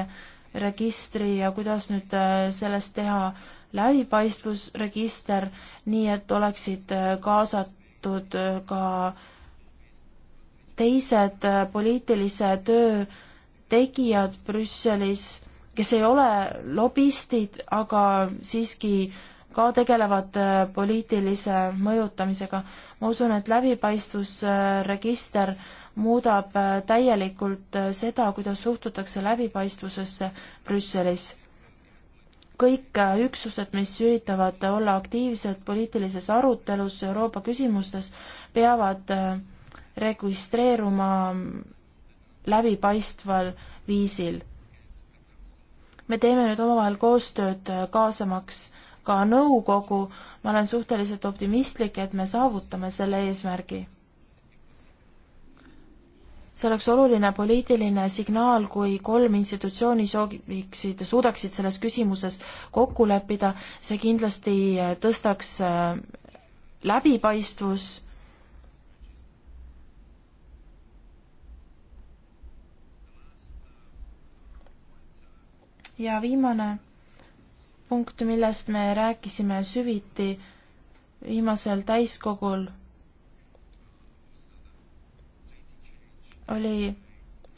registri ja kuidas nüüd äh, sellest teha läbipaistvusregister, nii et oleksid äh, kaasatud ka teised poliitilise töö tegijad Brüsselis, kes ei ole lobistid, aga siiski ka tegelevad äh, poliitilise mõjutamisega. ma usun, et läbipaistvusregister muudab äh, täielikult äh, seda, kuidas suhtutakse läbipaistvusesse Brüsselis. kõik üksused, mis üritavad olla aktiivsed poliitilises arutelus Euroopa küsimustes, peavad registreeruma läbipaistval viisil. me teeme nüüd omavahel koostööd, äh, kaasamaks ka nõukogu, ma olen suhteliselt optimistlik, et me saavutame selle eesmärgi. see oleks oluline poliitiline signaal, kui kolm institutsiooni sooviksid, suudaksid selles küsimuses kokku leppida, see kindlasti äh, tõstaks äh, läbipaistvus ja viimane punkt, millest me rääkisime süviti viimasel täiskogul, oli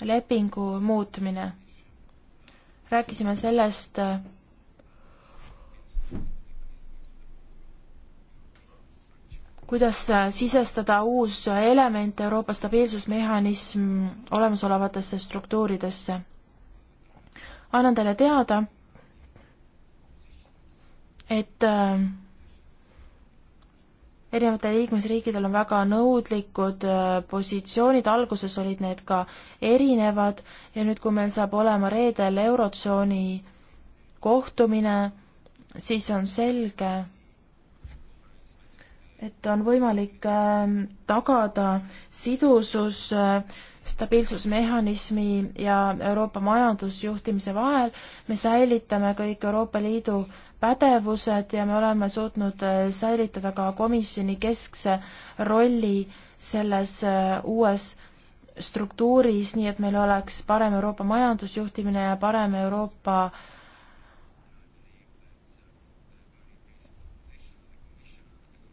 lepingu muutmine. rääkisime sellest, kuidas sisestada uus element Euroopa stabiilsusmehhanism olemasolevatesse struktuuridesse annan teile teada, et äh, erinevatel liikmesriikidel on väga nõudlikud äh, positsioonid, alguses olid need ka erinevad ja nüüd, kui meil saab olema reedel Eurotsooni kohtumine, siis on selge, et on võimalik äh, tagada sidusus äh, stabiilsusmehhanismi ja Euroopa majandusjuhtimise vahel. me säilitame kõik Euroopa Liidu pädevused ja me oleme suutnud äh, säilitada ka komisjoni keskse rolli selles äh, uues struktuuris, nii et meil oleks parem Euroopa majandusjuhtimine ja parem Euroopa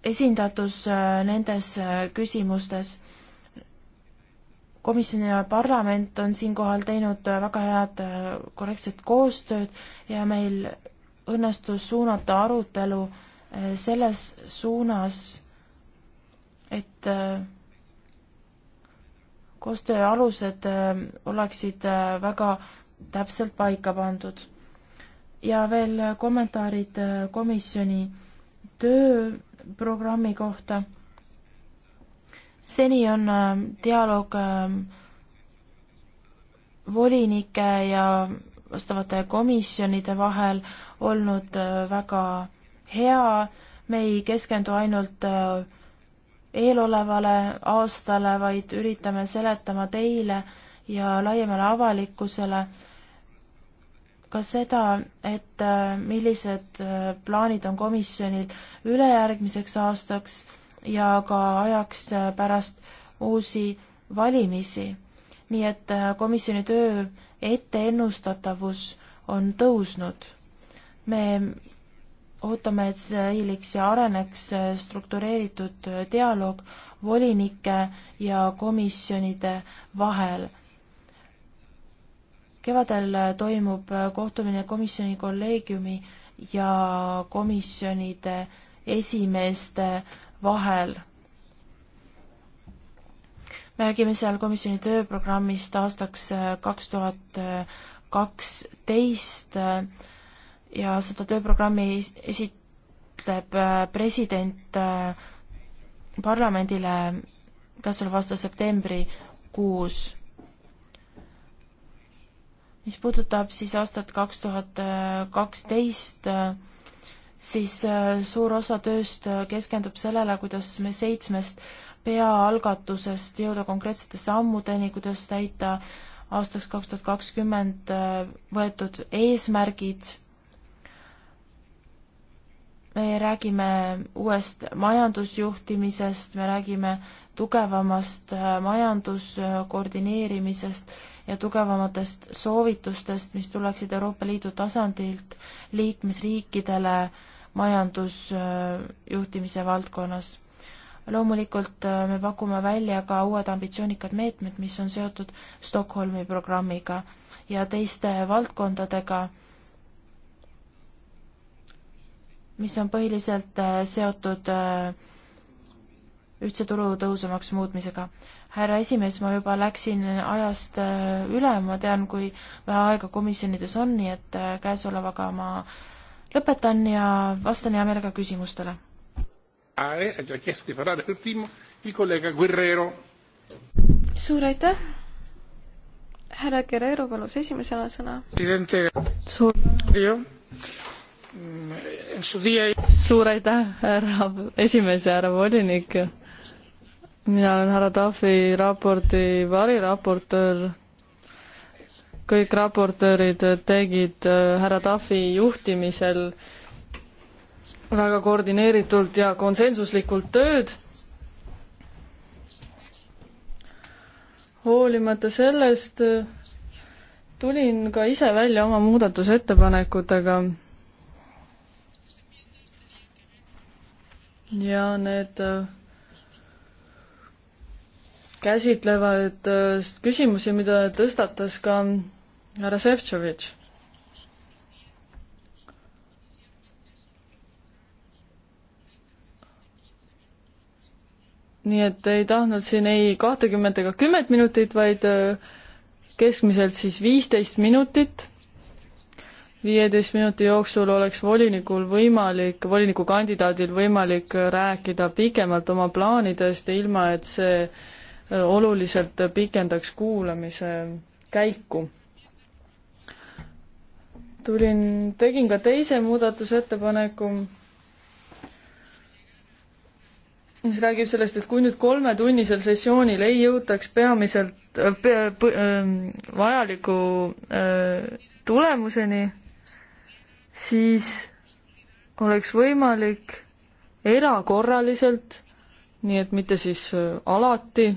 esindatus äh, nendes küsimustes komisjon ja parlament on siinkohal teinud äh, väga head äh, korrektset koostööd ja meil õnnestus suunata arutelu äh, selles suunas, et koostöö alused oleksid väga täpselt paika pandud. ja veel kommentaarid komisjoni tööprogrammi kohta seni on ähm, dialoog ähm, volinike ja vastavate komisjonide vahel olnud äh, väga hea, me ei keskendu ainult äh, eelolevale aastale, vaid üritame seletama teile ja laiemale avalikkusele ka seda, et äh, millised plaanid on komisjonil ülejärgmiseks aastaks ja ka ajaks pärast uusi valimisi. nii et äh, komisjoni töö etteennustatavus on tõusnud. me ootame, et säiliks ja areneks äh, struktureeritud äh, dialoog volinike ja komisjonide vahel. kevadel toimub kohtumine komisjoni kolleegiumi ja komisjonide esimeeste vahel. me räägime seal komisjoni tööprogrammist aastaks äh, kaks tuhat kaksteist äh, ja seda tööprogrammi esitleb äh, president parlamendile käesoleva aasta septembrikuus. mis puudutab siis aastat kaks tuhat kaksteist, siis äh, suur osa tööst äh, keskendub sellele, kuidas me seitsmest peaalgatusest jõuda konkreetsete sammudeni, kuidas täita aastaks kaks tuhat kakskümmend äh, võetud eesmärgid. me räägime uuest majandusjuhtimisest, me räägime tugevamast majanduskoordineerimisest ja tugevamatest soovitustest, mis tuleksid Euroopa Liidu tasandilt liikmesriikidele majandusjuhtimise valdkonnas. loomulikult äh, me pakume välja ka uued ambitsioonikad meetmed, mis on seotud Stockholmi programmiga ja teiste valdkondadega, mis on põhiliselt äh, seotud äh, ühtse turu tõhusamaks muutmisega härra esimees, ma juba läksin ajast äh, üle, ma tean, kui vähe aega komisjonides on, nii et äh, käesolevaga ma lõpetan ja vastan hea meelega küsimustele. suur aitäh! härra Guerrero palus esimesena sõna. suur mm, suur aitäh, härra esimees ja härra volinik mina olen härra Tafi raporti variraportöör. kõik raportöörid tegid äh, härra Tafi juhtimisel väga koordineeritult ja konsensuslikult tööd. hoolimata sellest äh, tulin ka ise välja oma muudatusettepanekutega. ja need äh, käsitlevad äh, küsimusi, mida tõstatas ka härra Šefčovitš. nii et ei tahtnud siin ei kahtekümmet ega kümmet minutit, vaid äh, keskmiselt siis viisteist minutit. viieteist minuti jooksul oleks volinikul võimalik, volinikukandidaadil võimalik rääkida pikemalt oma plaanidest, ilma et see äh, oluliselt pikendaks kuulamise käiku. tulin, tegin ka teise muudatusettepaneku, mis räägib sellest, et kui nüüd kolmetunnisel sessioonil ei jõutaks peamiselt pe, pe, ähm, vajaliku äh, tulemuseni, siis oleks võimalik erakorraliselt, nii et mitte siis äh, alati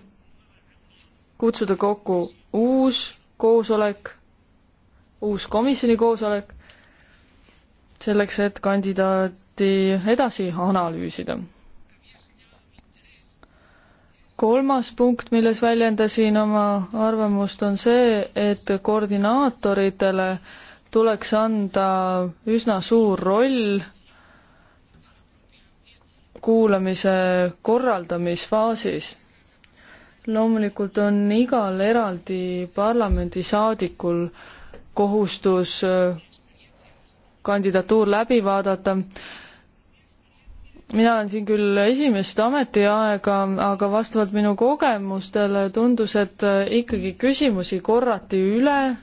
kutsuda kokku uus koosolek, uus komisjoni koosolek, selleks, et kandidaati edasi analüüsida. kolmas punkt, milles väljendasin oma arvamust, on see, et koordinaatoritele tuleks anda üsna suur roll kuulamise korraldamisfaasis loomulikult on igal eraldi parlamendisaadikul kohustus äh, kandidatuur läbi vaadata. mina olen siin küll esimest ametiaega, aga vastavalt minu kogemustele tundus, et äh, ikkagi küsimusi korrati üle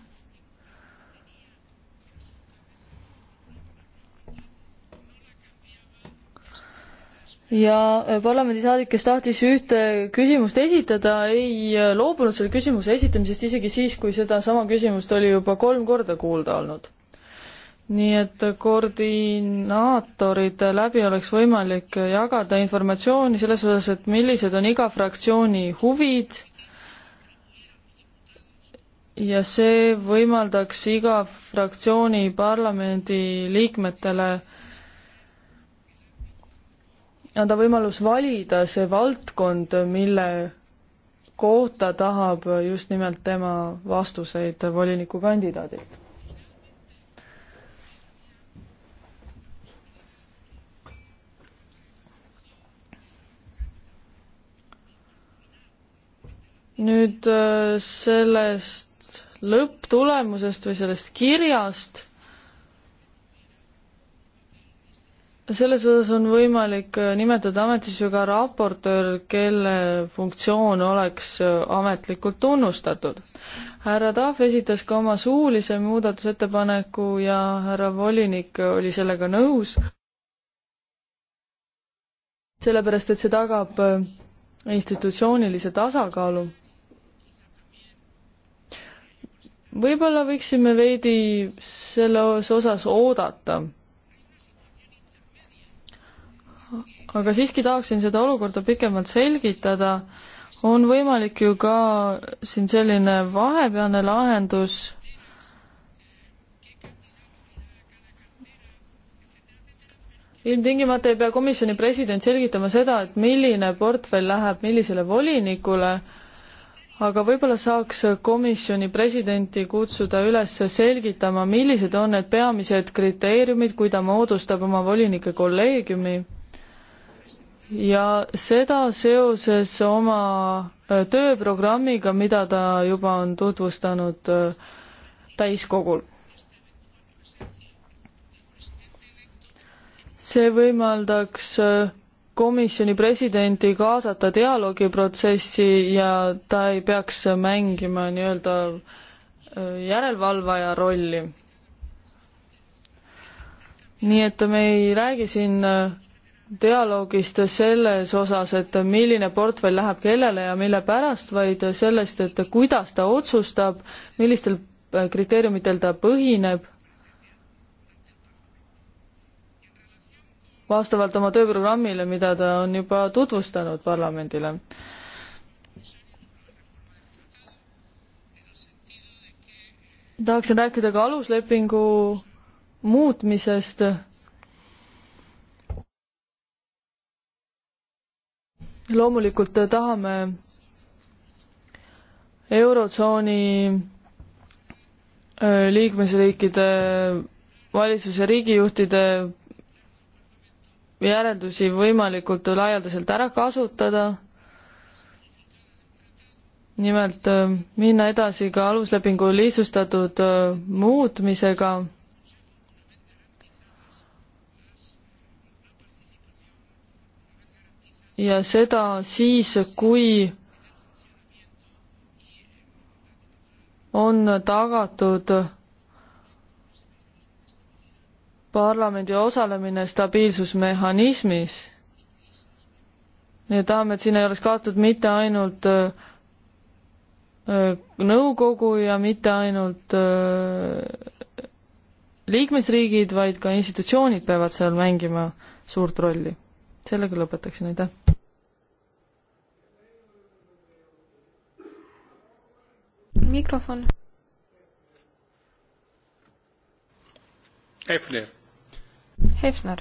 ja äh, parlamendisaadik, kes tahtis ühte küsimust esitada, ei äh, loobunud selle küsimuse esitamisest isegi siis, kui sedasama küsimust oli juba kolm korda kuulda olnud. nii et koordinaatorite äh, läbi oleks võimalik jagada informatsiooni selles osas, et millised on iga fraktsiooni huvid ja see võimaldaks iga fraktsiooni parlamendi liikmetele anda võimalus valida see valdkond, mille kohta tahab just nimelt tema vastuseid volinikukandidaadilt. nüüd äh, sellest lõpptulemusest või sellest kirjast selles osas on võimalik äh, nimetada ametisse ka raportöör, kelle funktsioon oleks äh, ametlikult tunnustatud. härra Tahv esitas ka oma suulise muudatusettepaneku ja härra volinik oli sellega nõus, sellepärast et see tagab äh, institutsioonilise tasakaalu. võib-olla võiksime veidi selles osas oodata aga siiski tahaksin seda olukorda pikemalt selgitada. on võimalik ju ka siin selline vahepealne lahendus, ilmtingimata ei pea komisjoni president selgitama seda, et milline portfell läheb millisele volinikule, aga võib-olla saaks komisjoni presidenti kutsuda üles selgitama, millised on need peamised kriteeriumid, kui ta moodustab oma volinike kolleegiumi ja seda seoses oma äh, tööprogrammiga, mida ta juba on tutvustanud äh, täiskogul. see võimaldaks äh, komisjoni presidenti kaasata dialoogiprotsessi ja ta ei peaks mängima nii-öelda järelevalvaja rolli. nii et me ei räägi siin dialoogist selles osas, et milline portfell läheb kellele ja mille pärast, vaid sellest, et kuidas ta otsustab, millistel äh, kriteeriumitel ta põhineb, vastavalt oma tööprogrammile, mida ta on juba tutvustanud parlamendile. tahaksin rääkida ka aluslepingu muutmisest loomulikult äh, tahame eurotsooni äh, liikmesriikide valitsus- ja riigijuhtide järeldusi võimalikult laialdaselt ära kasutada, nimelt äh, minna edasi ka aluslepingu lihtsustatud muutmisega ja seda siis, kui on tagatud parlamendi osalemine stabiilsusmehhanismis. me tahame, et siin ei oleks kaotatud mitte ainult äh, nõukogu ja mitte ainult äh, liikmesriigid, vaid ka institutsioonid peavad seal mängima suurt rolli. sellega lõpetaksin, aitäh! mikrofon. Hefner. Hefner.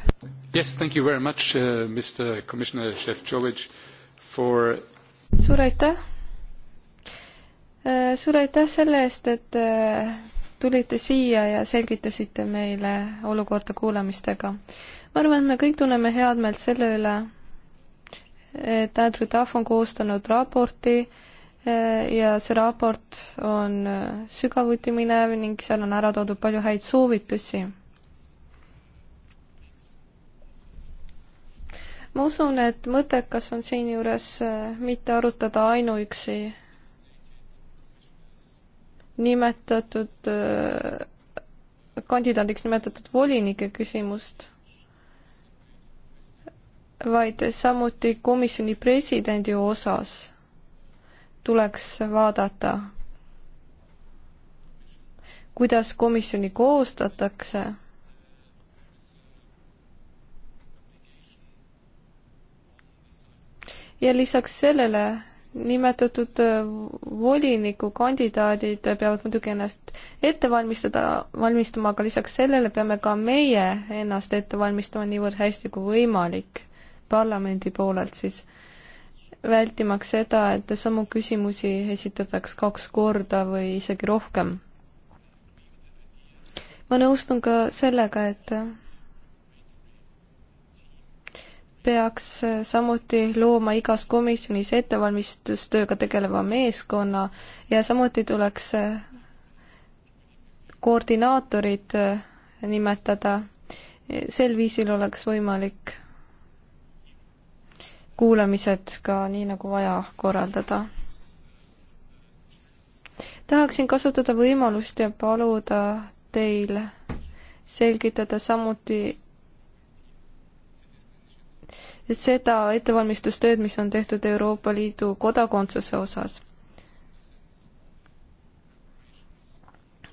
Yes, thank you very much uh,, Mr Commissioner Šefčovič for. suur aitäh. Äh, suur aitäh selle eest, et äh, tulite siia ja selgitasite meile olukorda kuulamistega. ma arvan, et me kõik tunneme head meelt selle üle, et Andrew Duff on koostanud raporti, Äh, ja see raport on äh, sügavuti minev ning seal on ära toodud palju häid soovitusi. ma usun, et mõttekas on siinjuures äh, mitte arutada ainuüksi nimetatud, kandidaadiks nimetatud volinike küsimust, vaid samuti komisjoni presidendi osas tuleks vaadata, kuidas komisjoni koostatakse ja lisaks sellele nimetatud äh, volinikukandidaadid peavad muidugi ennast ette valmistada, valmistama, aga lisaks sellele peame ka meie ennast ette valmistama niivõrd hästi kui võimalik parlamendi poolelt siis vältimaks seda, et samu küsimusi esitataks kaks korda või isegi rohkem. ma nõustun ka sellega, et peaks samuti looma igas komisjonis ettevalmistustööga tegeleva meeskonna ja samuti tuleks koordinaatorid nimetada, sel viisil oleks võimalik kuulamised ka nii nagu vaja korraldada. tahaksin kasutada võimalust ja paluda teil selgitada samuti seda ettevalmistustööd, mis on tehtud Euroopa Liidu kodakondsuse osas.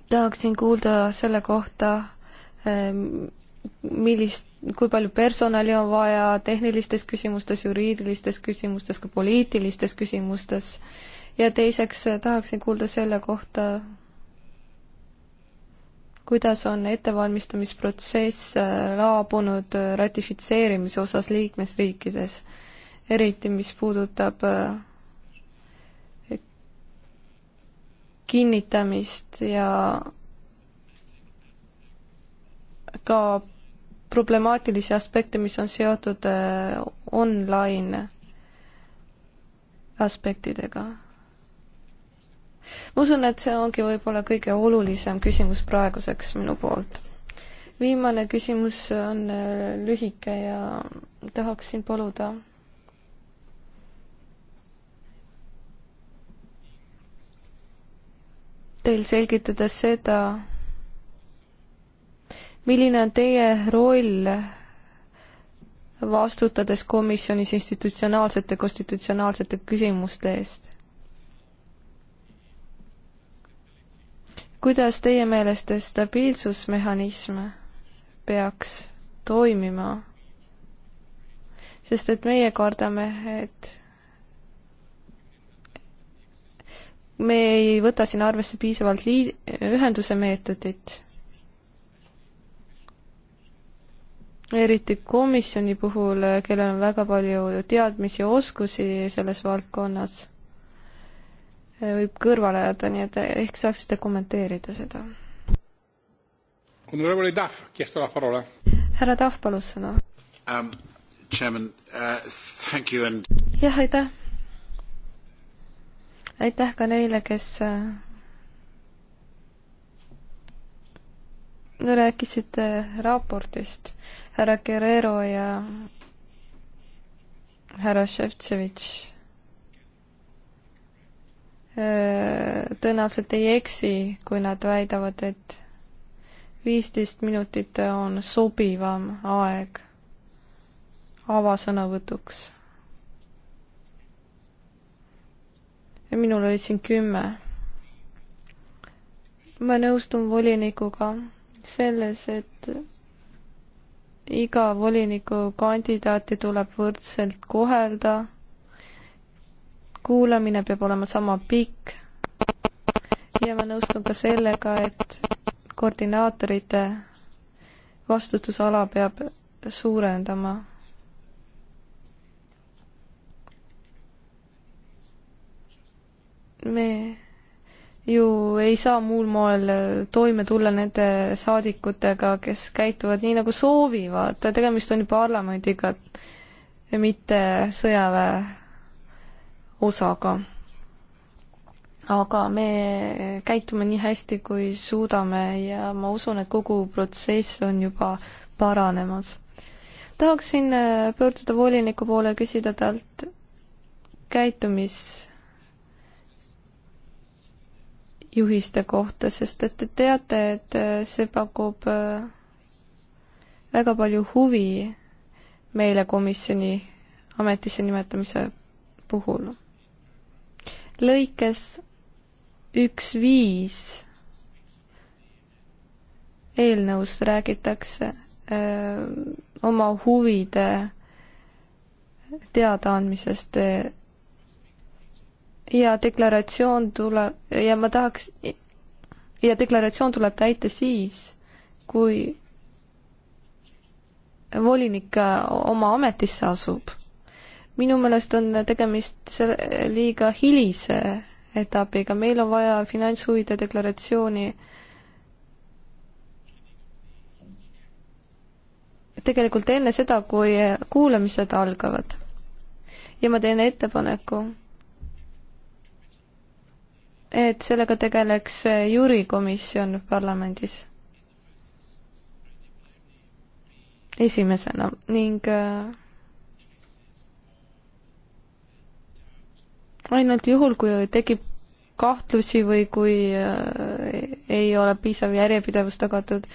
tahaksin kuulda selle kohta, eh, millist kui palju personali on vaja tehnilistes küsimustes, juriidilistes küsimustes, ka poliitilistes küsimustes ja teiseks eh, tahaksin kuulda selle kohta, kuidas on ettevalmistamisprotsess eh, laabunud eh, ratifitseerimise osas liikmesriikides, eriti mis puudutab kinnitamist ja ka problemaatilisi aspekte, mis on seotud äh, online aspektidega. ma usun, et see ongi võib-olla kõige olulisem küsimus praeguseks minu poolt. viimane küsimus on äh, lühike ja tahaksin paluda teil selgitada seda, milline on teie roll vastutades komisjonis institutsionaalsete, konstitutsionaalsete küsimuste eest? kuidas teie meelest stabiilsusmehhanism peaks toimima? sest et meie kardame, et me ei võta siin arvesse piisavalt lii-, ühenduse meetodit eriti komisjoni puhul, kellel on väga palju teadmisi ja oskusi selles valdkonnas, võib kõrvale jääda, nii et ehk saaksite kommenteerida seda. härra Tahv palus sõna um,. Uh, and... jah, aitäh. aitäh ka neile, kes rääkisite raportist härra Guerrero ja härra Šefčevitš äh, tõenäoliselt ei eksi, kui nad väidavad, et viisteist minutit on sobivam aeg avasõnavõtuks. ja minul oli siin kümme. ma nõustun volinikuga selles, et iga voliniku kandidaati tuleb võrdselt kohelda. kuulamine peab olema sama pikk. ja ma nõustun ka sellega, et koordinaatorite vastutusala peab suurendama me ju ei saa muul moel äh, toime tulla nende saadikutega, kes käituvad nii, nagu soovivad, tegemist on ju parlamendiga, mitte sõjaväe osaga. aga me käitume nii hästi, kui suudame ja ma usun, et kogu protsess on juba paranemas. tahaksin äh, pöörduda voliniku poole ja küsida talt käitumis juhiste kohta, sest et te teate, et äh, see pakub äh, väga palju huvi meile komisjoni ametisse nimetamise puhul. lõikes üks viis eelnõus räägitakse öö, äh, oma huvide teadaandmisest ja deklaratsioon tule- ja ma tahaks ja deklaratsioon tuleb täita siis, kui volinik oma ametisse asub. minu meelest on tegemist liiga hilise etapiga, meil on vaja finantshuvide deklaratsiooni tegelikult enne seda, kui kuulamised algavad. ja ma teen ettepaneku et sellega tegeleks juurikomisjon parlamendis esimesena ning äh, ainult juhul, kui tekib kahtlusi või kui äh, ei ole piisav järjepidevus tagatud,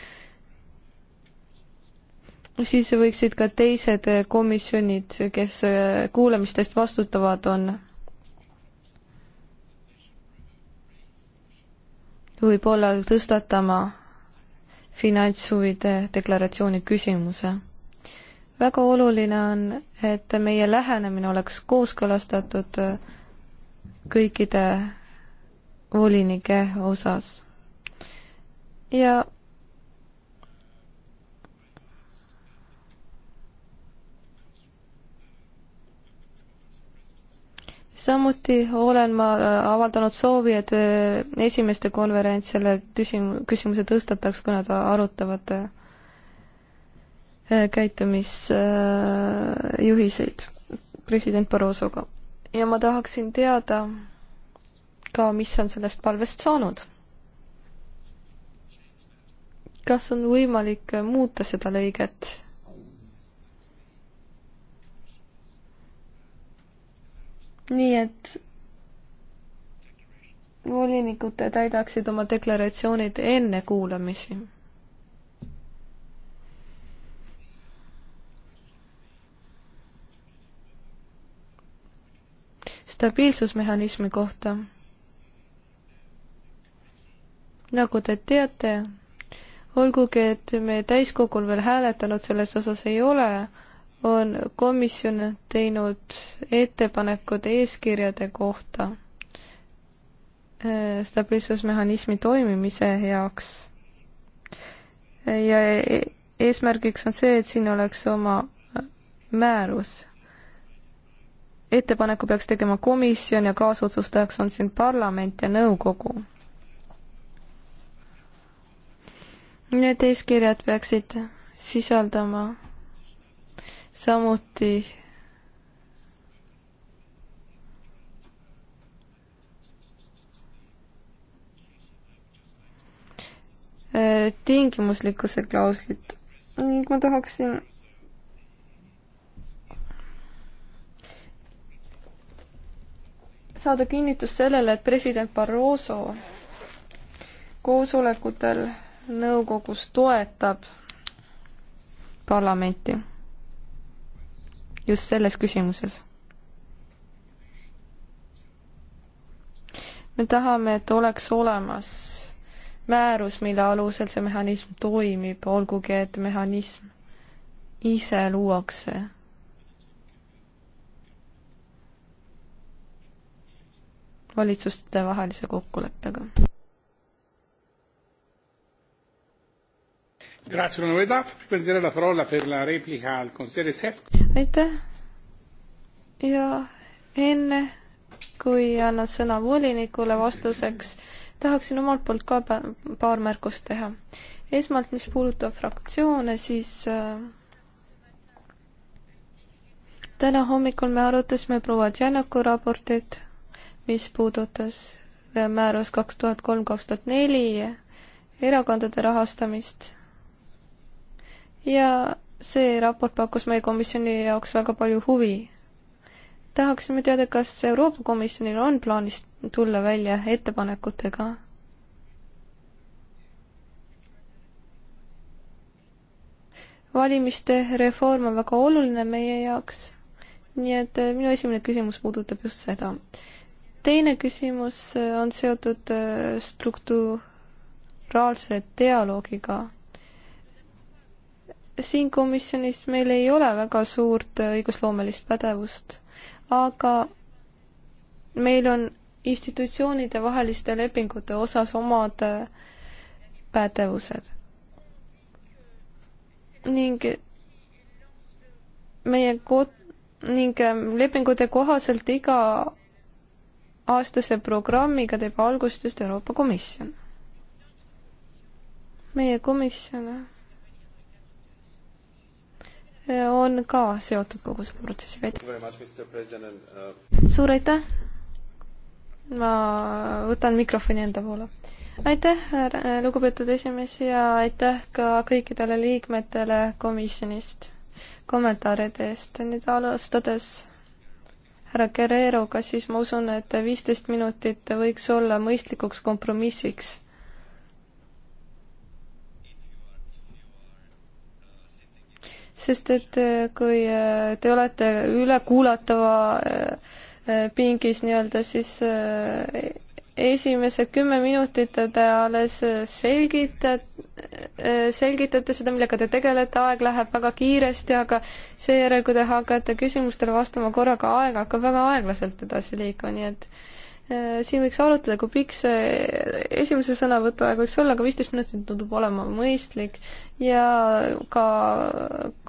siis võiksid ka teised komisjonid, kes äh, kuulamistest vastutavad on, võib-olla tõstatama finantshuvide deklaratsiooni küsimuse. väga oluline on, et meie lähenemine oleks kooskõlastatud kõikide volinike osas. ja samuti olen ma äh, avaldanud soovi, et äh, esimeste konverents selle küsim-, küsimuse tõstataks, kui nad arutavad äh, käitumisjuhiseid president Barrosoga. ja ma tahaksin teada ka, mis on sellest palvest saanud. kas on võimalik muuta seda lõiget? nii et volinikud täidaksid oma deklaratsioonid enne kuulamisi. stabiilsusmehhanismi kohta. nagu te teate, olgugi et me täiskogul veel hääletanud selles osas ei ole, on komisjon teinud ettepanekud eeskirjade kohta äh, stabiilsusmehhanismi toimimise heaks. ja e-, eesmärgiks on see, et siin oleks oma äh, määrus. ettepaneku peaks tegema komisjon ja kaasotsustajaks on siin parlament ja nõukogu. Need eeskirjad peaksid sisaldama samuti eh, tingimuslikkuse klauslit ning ma tahaksin saada kinnitust sellele, et president Barroso koosolekutel nõukogus toetab parlamenti just selles küsimuses. me tahame, et oleks olemas määrus, mille alusel see mehhanism toimib, olgugi et mehhanism ise luuakse. valitsuste vahelise kokkuleppega. aitäh ja enne kui annan sõna volinikule vastuseks, tahaksin omalt poolt ka paar märkust teha. esmalt, mis puudutab fraktsioone, siis äh, täna hommikul me arutasime proua Tšennaku raportit, mis puudutas äh, määrus kaks tuhat kolm, kaks tuhat neli erakondade rahastamist ja see raport pakkus meie komisjoni jaoks väga palju huvi. tahaksime teada, kas Euroopa Komisjonil on plaanis tulla välja ettepanekutega valimiste reform on väga oluline meie jaoks. nii et eh, minu esimene küsimus puudutab just seda. teine küsimus eh, on seotud eh, strukturaalse dialoogiga siin komisjonis meil ei ole väga suurt õigusloomelist pädevust, aga meil on institutsioonide vaheliste lepingute osas omad äh, pädevused. ning meie ko-, ning ähm, lepingute kohaselt iga aastase programmiga teeb algust just Euroopa Komisjon. meie komisjon äh, on ka seotud kogu selle protsessiga. Uh, suur aitäh! ma võtan mikrofoni enda poole. aitäh, lugupeetud esimees ja aitäh ka kõikidele liikmetele komisjonist kommentaaride eest. nüüd alustades härra Guerreroga, siis ma usun, et viisteist minutit võiks olla mõistlikuks kompromissiks sest et äh, kui äh, te olete ülekuulatava äh, pingis nii-öelda, siis esimesed kümme minutit te alles selgitate, selgitate seda, millega te tegelete, aeg läheb väga kiiresti, aga seejärel, kui te hakkate küsimustele vastama korraga, aeg hakkab väga aeglaselt edasi liikuma, nii et äh, Äh, siin võiks arutleda, kui pikk see esimese sõnavõtu aeg võiks olla, aga viisteist minutit tundub olema mõistlik ja ka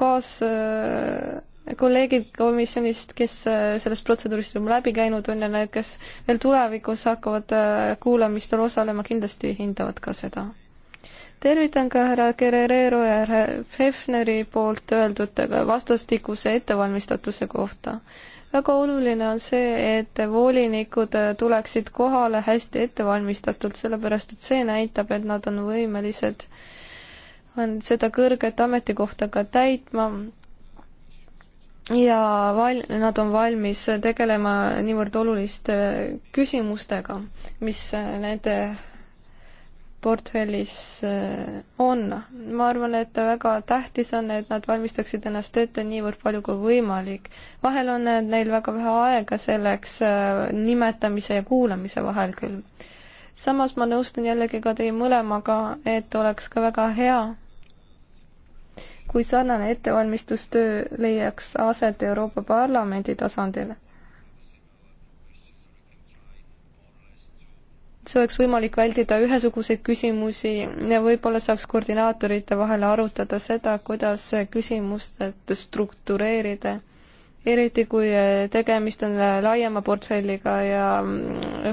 kaas äh, kolleegid komisjonist, kes äh, sellest protseduurist on läbi käinud, on ja need, kes veel tulevikus hakkavad kuulamistel osalema, kindlasti hindavad ka seda. tervitan ka härra Guerrero ja härra Hefneri poolt öeldud vastastikuse ettevalmistatuse kohta väga oluline on see, et voolinikud äh, tuleksid kohale hästi ettevalmistatult, sellepärast et see näitab, et nad on võimelised on seda kõrget ametikohta ka täitma ja val-, nad on valmis tegelema niivõrd oluliste äh, küsimustega, mis äh, nende portfellis äh, on. ma arvan, et väga tähtis on, et nad valmistaksid ennast ette niivõrd palju kui võimalik. vahel on äh, neil väga vähe aega selleks äh, nimetamise ja kuulamise vahel küll. samas ma nõustun jällegi ka teie mõlemaga, et oleks ka väga hea, kui sarnane ettevalmistustöö leiaks aset Euroopa Parlamendi tasandil see oleks võimalik vältida ühesuguseid küsimusi ja võib-olla saaks koordinaatorite vahel arutada seda, kuidas küsimust struktureerida, eriti kui tegemist on laiema portfelliga ja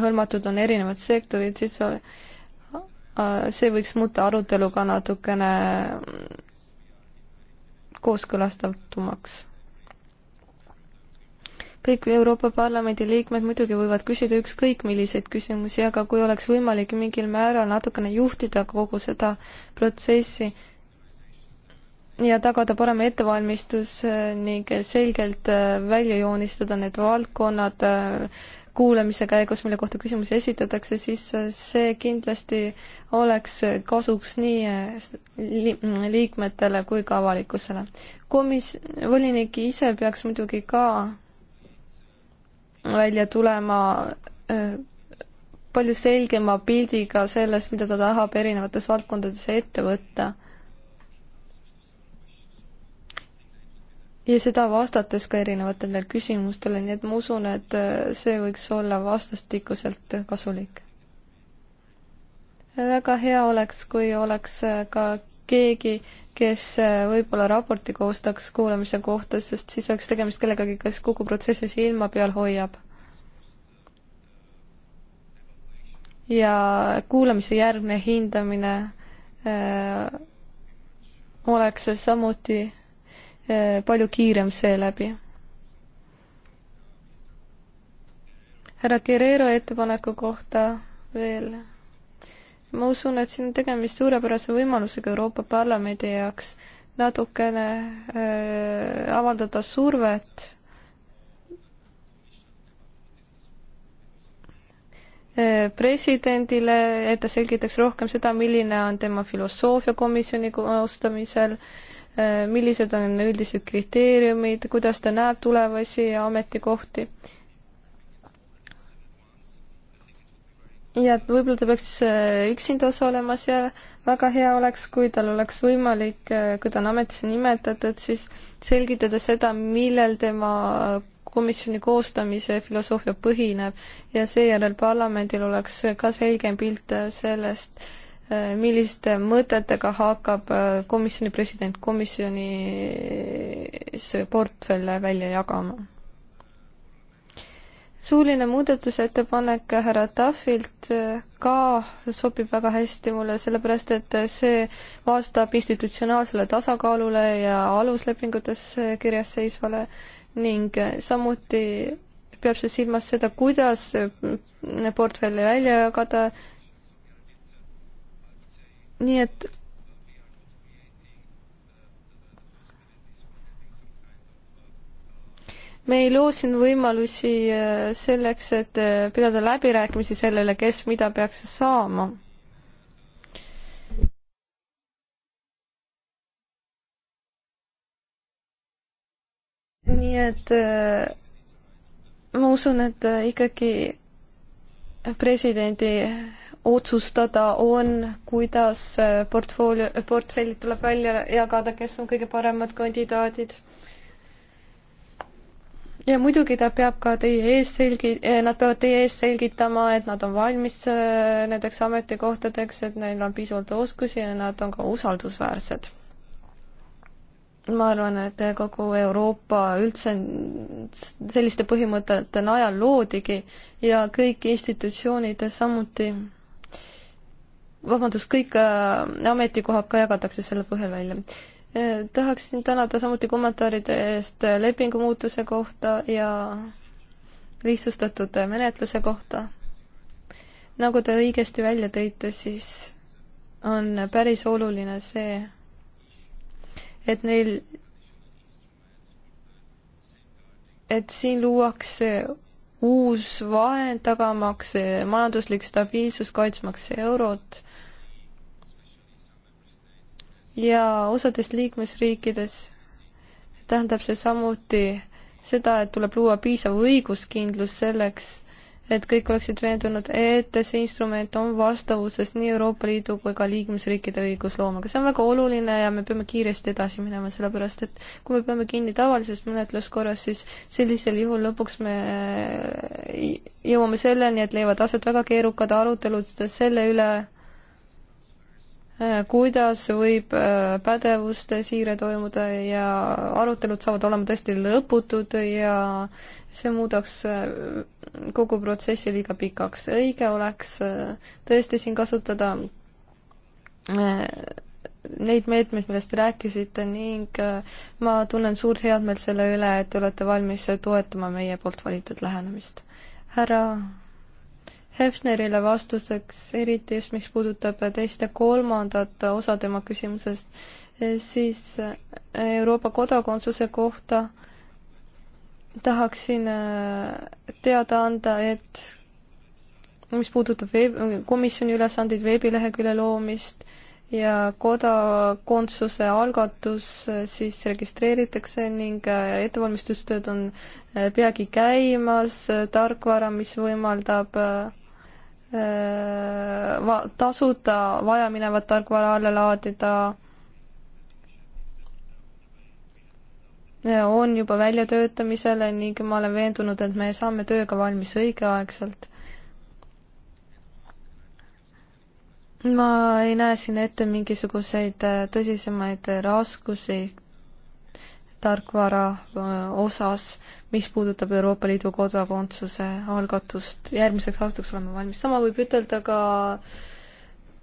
hõlmatud on erinevad sektorid, siis see võiks muuta arutelu ka natukene kooskõlastatumaks kõik Euroopa Parlamendi liikmed muidugi võivad küsida ükskõik milliseid küsimusi, aga kui oleks võimalik mingil määral natukene juhtida kogu seda protsessi ja tagada parem ettevalmistus ning selgelt äh, välja joonistada need valdkonnad äh, kuulamise käigus, mille kohta küsimusi esitatakse, siis äh, see kindlasti oleks kasuks nii liikmetele kui ka avalikkusele. komis-, volinik ise peaks muidugi ka välja tulema palju selgema pildiga sellest, mida ta tahab erinevates valdkondades ette võtta. ja seda vastates ka erinevatele küsimustele, nii et ma usun, et see võiks olla vastastikuselt kasulik. väga hea oleks, kui oleks ka keegi, kes äh, võib-olla raporti koostaks kuulamise kohta, sest siis oleks tegemist kellegagi, kes kogu protsessi silma peal hoiab. ja kuulamise järgne hindamine öö, äh, oleks samuti öö, äh, palju kiirem seeläbi. härra Guerrero ettepaneku kohta veel ma usun, et siin on tegemist suurepärase võimalusega Euroopa Parlamendi jaoks natukene äh, avaldada survet äh, presidendile, et ta selgitaks rohkem seda, milline on tema filosoofia komisjoni koostamisel, äh, millised on üldised kriteeriumid, kuidas ta näeb tulevasi ametikohti ja võib-olla ta peaks äh, üksinda osalemas ja väga hea oleks, kui tal oleks võimalik, äh, kui ta on ametisse nimetatud, siis selgitada seda, millel tema komisjoni koostamise filosoofia põhineb ja seejärel parlamendil oleks ka selgem pilt äh, sellest, milliste mõtetega hakkab komisjoni president komisjonis portfelle välja jagama suuline muudatusettepanek härra Tahvilt äh, ka sobib väga hästi mulle, sellepärast et see vastab institutsionaalsele tasakaalule ja aluslepingutes äh, kirjas seisvale ning äh, samuti peab see silmas seda, kuidas portfelli välja jagada. nii et me ei loo siin võimalusi äh, selleks, et äh, pidada läbirääkimisi sellele, kes mida peaks saama. nii et äh, ma usun, et ikkagi presidendi otsustada on, kuidas portfoolio, portfellid tuleb välja jagada, kes on kõige paremad kandidaadid ja muidugi ta peab ka teie ees selgi-, eh, nad peavad teie ees selgitama, et nad on valmis eh, nendeks ametikohtadeks, et neil on piisavalt oskusi ja nad on ka usaldusväärsed. ma arvan, et kogu Euroopa üldse selliste põhimõtete najal loodigi ja kõik institutsioonid samuti, vabandust, kõik eh, ametikohad ka jagatakse selle põhjal välja Eh, tahaksin tänada samuti kommentaaride eest lepingu muutuse kohta ja lihtsustatud menetluse kohta. nagu te õigesti välja tõite, siis on päris oluline see, et neil, et siin luuakse uus vahend, tagamaks majanduslik stabiilsus, kaitsmaks eurot ja osades liikmesriikides tähendab see samuti seda, et tuleb luua piisav õiguskindlus selleks, et kõik oleksid veendunud, et see instrument on vastavuses nii Euroopa Liidu kui ka liikmesriikide õigusloomega. see on väga oluline ja me peame kiiresti edasi minema, sellepärast et kui me peame kinni tavalisest menetluskorras, siis sellisel juhul lõpuks me eh, jõuame selleni, et leiavad aset väga keerukad arutelud selle üle, Äh, kuidas võib äh, pädevuste siire toimuda ja arutelud saavad olema tõesti lõputud ja see muudaks äh, kogu protsessi liiga pikaks. õige oleks tõesti siin kasutada neid meetmeid, millest te rääkisite ning ma tunnen suurt headmeelt selle üle, et te olete valmis toetama meie poolt valitud lähenemist. härra Hefnerile vastuseks, eriti just mis puudutab teist ja kolmandat osa tema küsimusest, siis Euroopa kodakondsuse kohta tahaksin äh, teada anda, et mis puudutab veeb-, komisjoni ülesandeid, veebilehekülje loomist ja kodakondsuse algatus äh, siis registreeritakse ning äh, ettevalmistustööd on peagi käimas, tarkvara, mis võimaldab äh, va-, tasuta vajaminevat tarkvara alla laadida, on juba väljatöötamisele ning ma olen veendunud, et me saame tööga valmis õigeaegselt. ma ei näe siin ette mingisuguseid äh, tõsisemaid raskusi tarkvara äh, osas mis puudutab Euroopa Liidu kodakondsuse algatust, järgmiseks aastaks oleme valmis, sama võib ütelda ka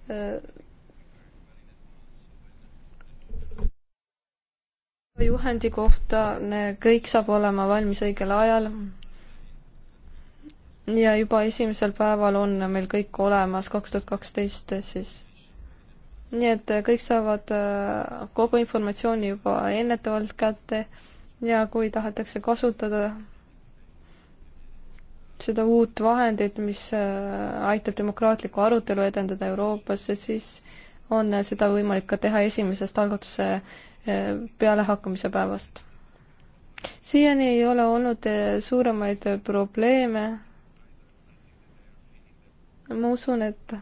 äh, juhendi kohta, kõik saab olema valmis õigel ajal. ja juba esimesel päeval on meil kõik olemas, kaks tuhat kaksteist siis nii et kõik saavad äh, kogu informatsiooni juba ennetavalt kätte ja kui tahetakse kasutada seda uut vahendit, mis äh, aitab demokraatlikku arutelu edendada Euroopasse, siis on äh, seda võimalik ka teha esimesest algatuse äh, pealehakkamise päevast. siiani ei ole olnud suuremaid probleeme. ma usun, et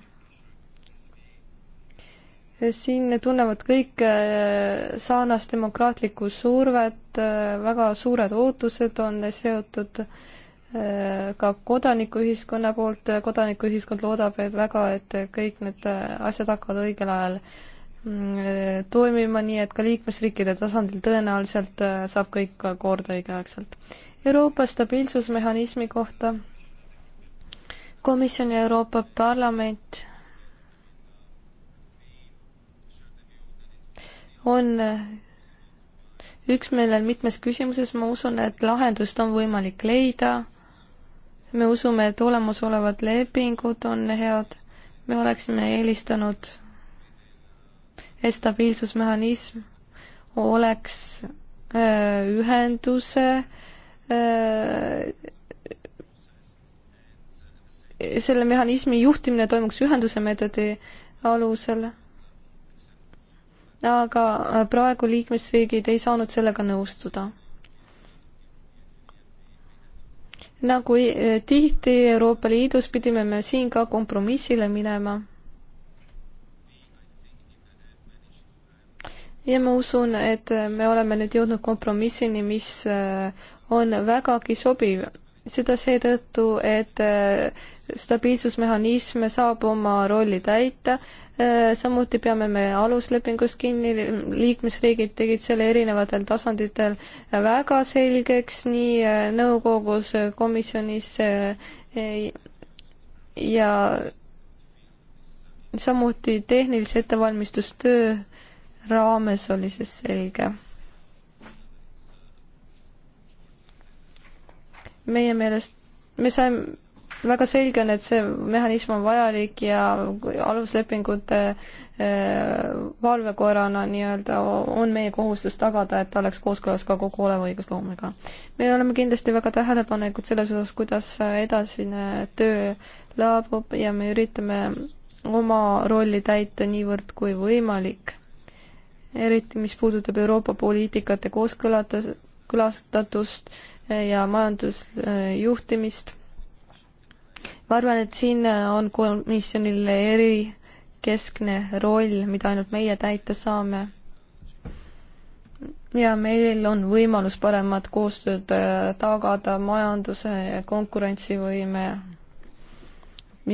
siin tunnevad kõik äh, saanast demokraatlikku survet, äh, väga suured ootused on seotud äh, ka kodanikuühiskonna poolt, kodanikuühiskond loodab et väga, et kõik need asjad hakkavad õigel ajal mm, toimima, nii et ka liikmesriikide tasandil tõenäoliselt saab kõik korda õigeaegselt. Euroopa stabiilsusmehhanismi kohta komisjon ja Euroopa Parlament on üksmeelel mitmes küsimuses, ma usun, et lahendust on võimalik leida. me usume, et olemasolevad lepingud on head. me oleksime eelistanud, et stabiilsusmehhanism oleks öö, äh, ühenduse öö, äh, selle mehhanismi juhtimine toimuks ühenduse meetodi alusel aga äh, praegu liikmesriigid ei saanud sellega nõustuda. nagu äh, tihti Euroopa Liidus pidime me siin ka kompromissile minema. ja ma usun, et äh, me oleme nüüd jõudnud kompromissini, mis on vägagi sobiv. seda seetõttu, et stabiilsusmehhanism saab oma rolli täita Äh, samuti peame me aluslepingust kinni, liikmesriigid tegid selle erinevatel tasanditel väga selgeks, nii äh, nõukogus, äh, komisjonis ja samuti tehnilise ettevalmistustöö raames oli see selge meie meelest, me saime, väga selge on, et see mehhanism on vajalik ja aluslepingute eh, valvekoerana nii-öelda on meie kohustus tagada, et ta oleks kooskõlas ka kogu oleva õigusloomega. me oleme kindlasti väga tähelepanelikud selles osas, kuidas edasine töö laabub ja me üritame oma rolli täita niivõrd kui võimalik. eriti, mis puudutab Euroopa poliitikate kooskõlata-, kõlastatust ja majandusjuhtimist ma arvan, et siin on komisjonil eri keskne roll, mida ainult meie täita saame. ja meil on võimalus paremat koostööd äh, tagada majanduse konkurentsivõime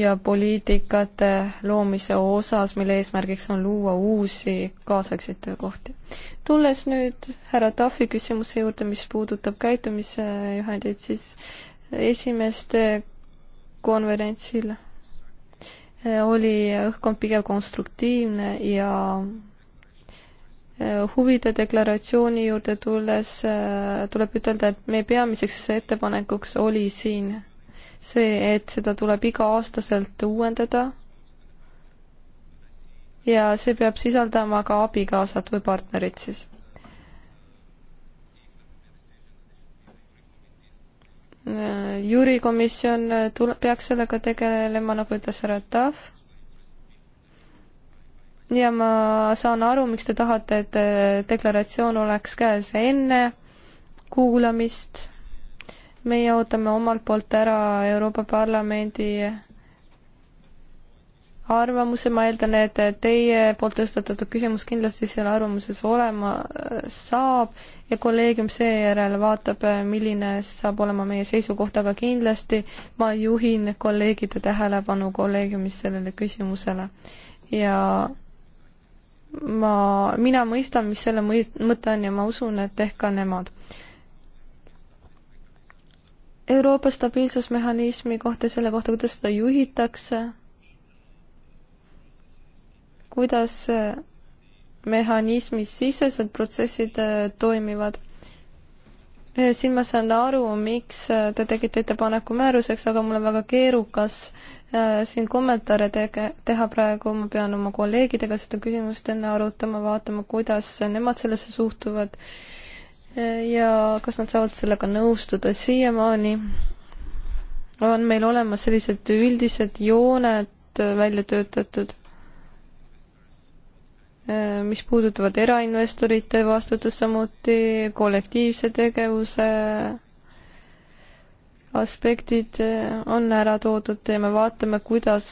ja poliitikate loomise osas, mille eesmärgiks on luua uusi kaasaegseid töökohti. tulles nüüd härra Tafi küsimuse juurde, mis puudutab käitumisjuhendeid, siis esimeste konverentsil eh, oli õhkkond pigem konstruktiivne ja eh, huvide deklaratsiooni juurde tulles eh, tuleb ütelda, et meie peamiseks ettepanekuks oli siin see, et seda tuleb iga-aastaselt uuendada ja see peab sisaldama ka abikaasat või partnerit siis juurikomisjon äh, tule-, peaks sellega tegelema, nagu ütles härra Tahv. ja ma saan aru, miks te tahate, et äh, deklaratsioon oleks käes enne kuulamist. meie ootame omalt poolt ära Euroopa Parlamendi arvamuse, ma eeldan, et teie poolt tõstatatud küsimus kindlasti seal arvamuses olema äh, saab ja kolleegium seejärel vaatab, äh, milline saab olema meie seisukoht, aga kindlasti ma juhin kolleegide tähelepanu kolleegiumis sellele küsimusele. ja ma, mina mõistan, mis selle mõte on ja ma usun, et ehk ka nemad. Euroopa stabiilsusmehhanismi kohta ja selle kohta, kuidas seda juhitakse kuidas äh, mehhanismi sisesed protsessid äh, toimivad. Äh, siin ma saan aru, miks te tegite ettepaneku määruseks, aga mul on väga keerukas siin kommentaare tege-, teha praegu, ma pean oma kolleegidega seda küsimust enne arutama, vaatama, kuidas nemad sellesse suhtuvad ja kas nad saavad sellega nõustuda, siiamaani on meil olemas sellised üldised jooned välja töötatud Äh, mis puudutavad erainvestorite vastutust, samuti kollektiivse tegevuse aspektid äh, on ära toodud ja me vaatame, kuidas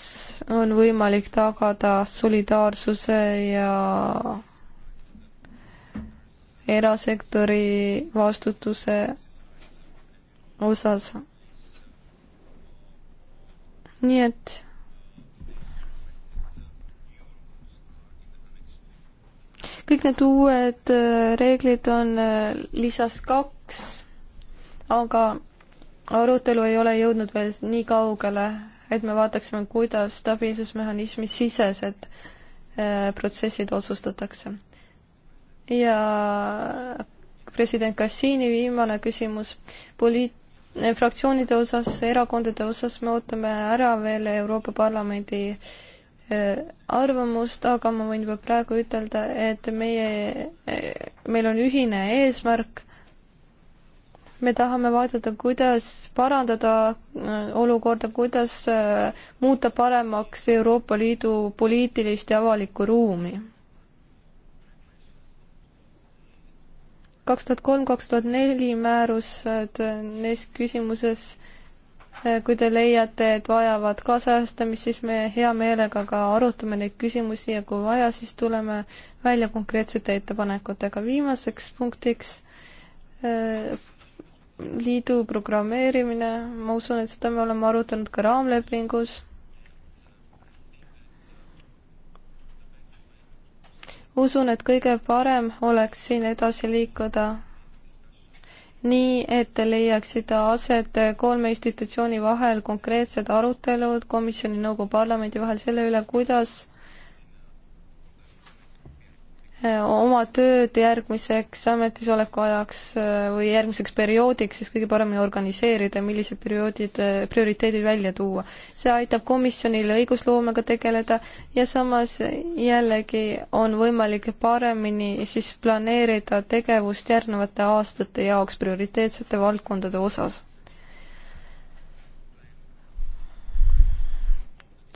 on võimalik tagada solidaarsuse ja erasektori vastutuse osas. nii et kõik need uued äh, reeglid on äh, lisas kaks, aga arutelu ei ole jõudnud veel nii kaugele, et me vaataksime, kuidas stabiilsusmehhanismi sisesed äh, protsessid otsustatakse. ja president Kassiini viimane küsimus poliit-, fraktsioonide osas, erakondade osas me ootame ära veel Euroopa Parlamendi äh, Äh, arvamust, aga ma võin juba praegu ütelda, et meie, äh, meil on ühine eesmärk. me tahame vaadata, kuidas parandada äh, olukorda, kuidas muuta paremaks Euroopa Liidu poliitilist ja avalikku ruumi. kaks tuhat kolm, kaks tuhat neli määrused neis küsimuses Äh, kui te leiate, et vajavad kaasajastamist, siis me hea meelega ka arutame neid küsimusi ja kui vaja, siis tuleme välja konkreetsete ettepanekutega. viimaseks punktiks äh, liidu programmeerimine, ma usun, et seda me oleme arutanud ka raamlepingus. usun, et kõige parem oleks siin edasi liikuda nii, et leiaksid aset kolme institutsiooni vahel konkreetsed arutelud komisjoni, nõukogu, parlamendi vahel selle üle, kuidas oma tööd järgmiseks ametisoleku ajaks äh, või järgmiseks perioodiks siis kõige paremini organiseerida, millised perioodid, äh, prioriteedid välja tuua. see aitab komisjonil õigusloomega tegeleda ja samas jällegi on võimalik paremini siis planeerida tegevust järgnevate aastate jaoks prioriteetsete valdkondade osas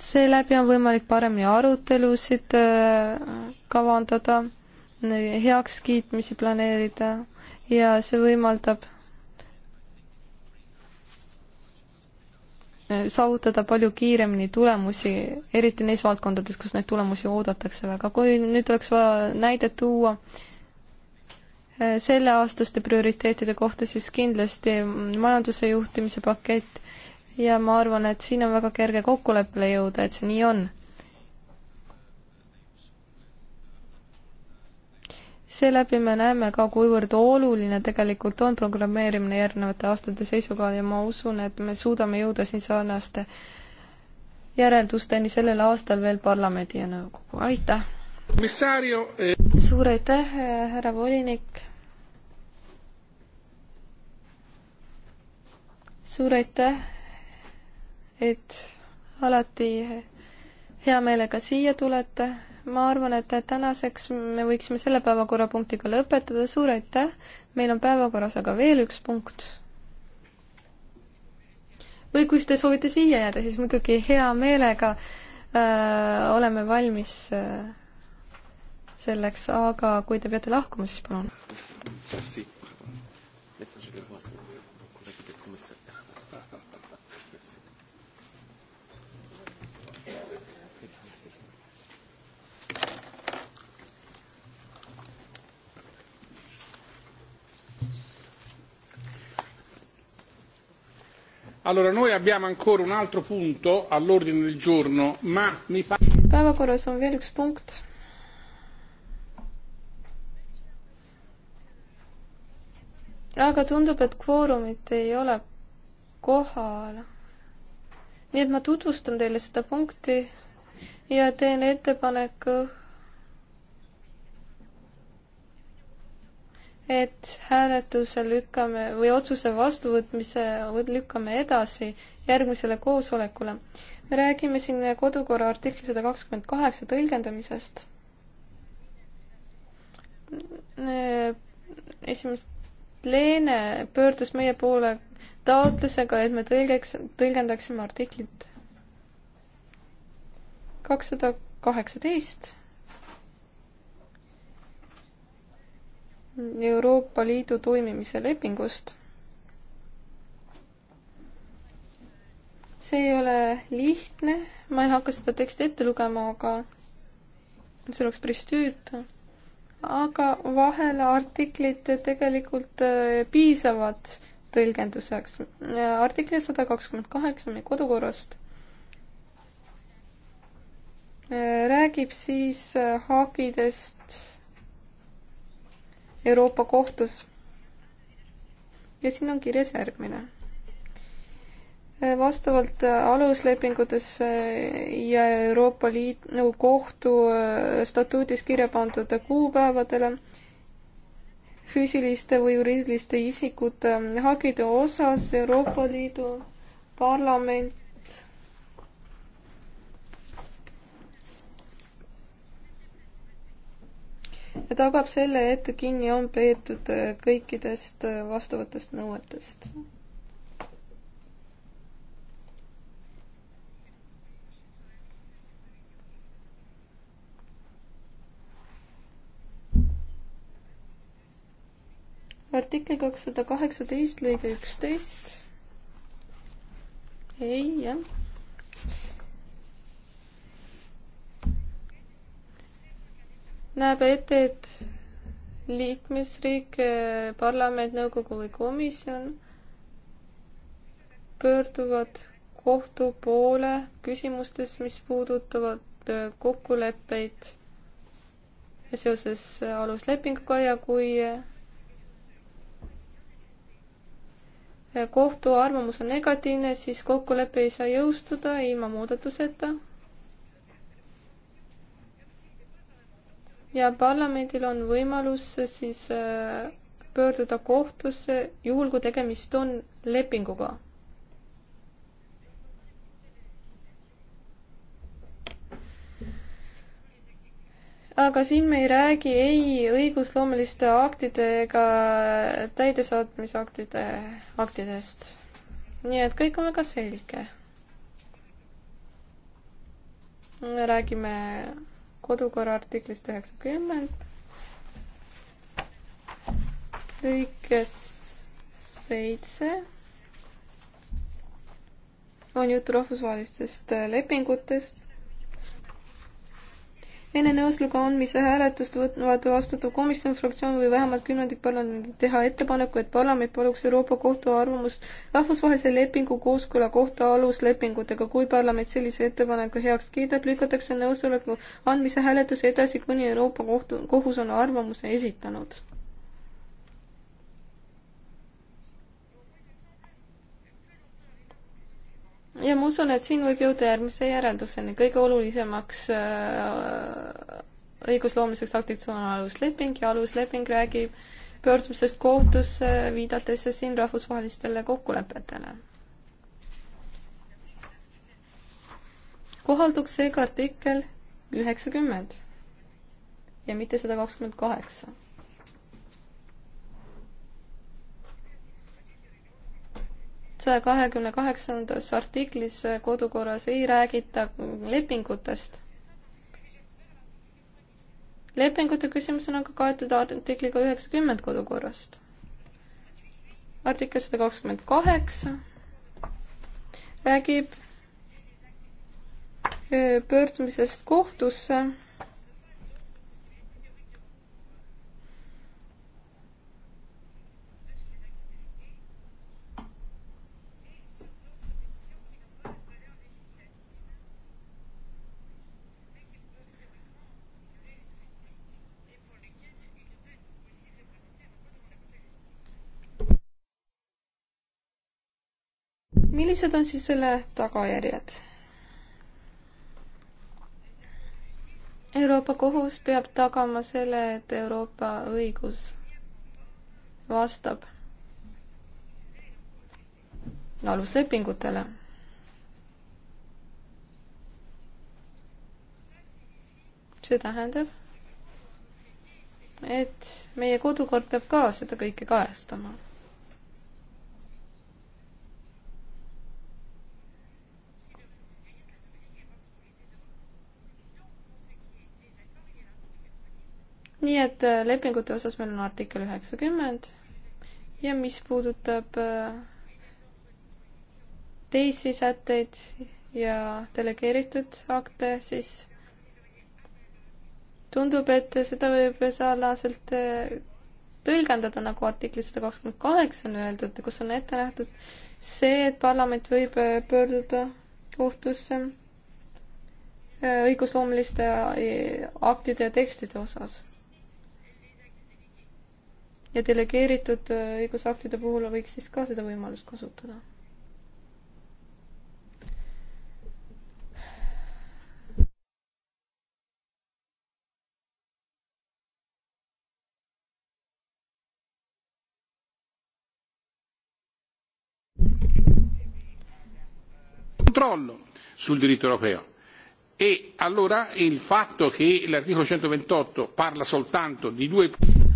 seeläbi on võimalik paremini arutelusid äh, kavandada, heakskiitmisi planeerida ja see võimaldab äh, saavutada palju kiiremini tulemusi, eriti neis valdkondades, kus neid tulemusi oodatakse väga. kui nüüd oleks vaja näidet tuua äh, selleaastaste prioriteetide kohta, siis kindlasti majanduse juhtimise pakett ja ma arvan, et siin on väga kerge kokkuleppele jõuda, et see nii on. seeläbi me näeme ka, kuivõrd oluline tegelikult on programmeerimine järgnevate aastate seisuga ja ma usun, et me suudame jõuda siin sarnaste järeldusteni sellel aastal veel parlamendi ja nõukogu, aitäh! Eh, suur aitäh, eh, härra volinik! suur aitäh et alati hea meelega siia tulete. ma arvan, et tänaseks me võiksime selle päevakorrapunktiga lõpetada, suur aitäh. meil on päevakorras aga veel üks punkt. või kui te soovite siia jääda, siis muidugi hea meelega äh, oleme valmis äh, selleks, aga kui te peate lahkuma, siis palun. Allora, noi abbiamo ancora un altro punto all'ordine del giorno, ma mi pa- päevakorras on veel üks punkt. aga tundub, et kvoorumit ei ole kohal. nii et ma tutvustan teile seda punkti ja teen ettepaneku et hääletuse lükkame või otsuse vastuvõtmise lükkame edasi järgmisele koosolekule. me räägime siin kodukorra artikli sada kakskümmend kaheksa tõlgendamisest. esimest Leene pöördus meie poole taotlusega, et me tõlgeks, tõlgendaksime artiklit kakssada kaheksateist Euroopa Liidu toimimise lepingust. see ei ole lihtne, ma ei hakka seda teksti ette lugema, aga see oleks päris tüütu. aga vahel artiklid tegelikult äh, piisavad tõlgenduseks. artikli sada kakskümmend kaheksa meie kodukorrast äh, räägib siis äh, haagidest Euroopa kohtus. ja siin on kirjas järgmine. Äh, vastavalt äh, aluslepingutes äh, ja Euroopa Liidu kohtu statuudis kirja pandud kuupäevadele füüsiliste või juriidiliste isikute hagide osas Euroopa Liidu parlament ja tagab selle, et kinni on peetud äh, kõikidest äh, vastavatest nõuetest. artikkel kakssada kaheksateist lõige üksteist. ei, jah näeb ette, et liikmesriik, parlament, nõukogu või komisjon pöörduvad kohtu poole küsimustes, mis puudutavad äh, kokkuleppeid seoses äh, aluslepinguga ja kui äh, kohtu arvamus on negatiivne, siis kokkulepe ei saa jõustuda ilma muudatuseta ja parlamendil on võimalus siis äh, pöörduda kohtusse, juhul kui tegemist on lepinguga. aga siin me ei räägi ei õigusloomeliste aktide ega täidesaatmisaktide, aktidest. nii et kõik on väga selge. me räägime kodukorra artiklist üheksakümmend lõikes seitse on juttu rahvusvahelistest lepingutest enne nõusoleku andmise hääletust võtavad vastutav komisjon, fraktsioon või vähemalt kümnendik parlamendi teha ettepaneku, et parlament paluks Euroopa Kohtu arvamust rahvusvahelise lepingu kooskõla kohta aluslepingutega. kui parlament sellise ettepaneku heaks kiidab, lükatakse nõusoleku andmise hääletus edasi, kuni Euroopa Kohtu, kohus on arvamuse esitanud ja ma usun, et siin võib jõuda järgmise järelduseni. kõige olulisemaks äh, õigusloomiseks aktiks on alusleping ja alusleping räägib pöördumisest kohtusse, viidates siin rahvusvahelistele kokkulepetele. kohalduks seega artikkel üheksakümmend ja mitte sada kakskümmend kaheksa saja kahekümne kaheksandas artiklis kodukorras ei räägita lepingutest. lepingute küsimus on aga kaetud artikliga üheksakümmend kodukorrast. artikkel sada kakskümmend kaheksa räägib äh, pöördumisest kohtusse millised on siis selle tagajärjed? Euroopa Kohus peab tagama selle, et Euroopa õigus vastab aluslepingutele. see tähendab, et meie kodukord peab ka seda kõike kajastama nii et äh, lepingute osas meil on artikkel üheksakümmend ja mis puudutab äh, teisi sätteid ja delegeeritud akte, siis tundub, et seda võib sarnaselt äh, tõlgendada, nagu artikli sada kakskümmend kaheksa on öeldud, kus on ette nähtud see, et parlament võib pöörduda kohtusse õigusloomeliste aktide ja tekstide osas ja delegeeritud äh, õigusaktide puhul võiks siis ka seda võimalust kasutada. controllo sul diritto europeo e allora il fatto che l'articolo centoventotto parla soltanto di due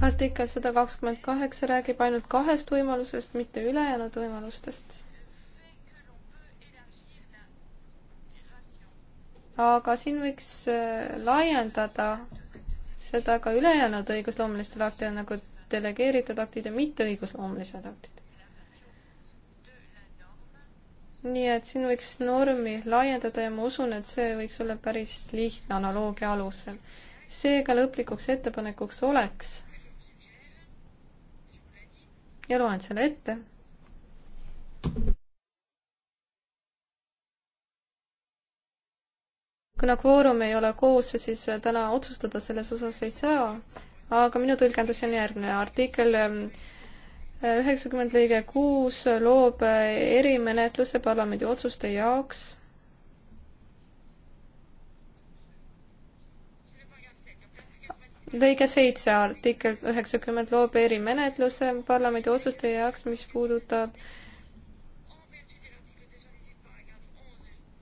artikkel sada kakskümmend kaheksa räägib ainult kahest võimalusest, mitte ülejäänud võimalustest. aga siin võiks äh, laiendada seda ka ülejäänud õigusloomulistele aktidele nagu delegeeritud aktid ja mitteõigusloomulised aktid. nii et siin võiks normi laiendada ja ma usun, et see võiks olla päris lihtne analoogia alusel seega lõplikuks ettepanekuks oleks ja loen selle ette. kuna kvoorum ei ole koos, siis äh, täna otsustada selles osas ei saa, aga minu tõlgendus on järgmine. artikkel ähm, üheksakümmend lõige kuus loob äh, erimenetluse parlamendi otsuste jaoks lõige seitse artikkel üheksakümmend loob erimenetluse parlamendi otsuste jaoks, mis puudutab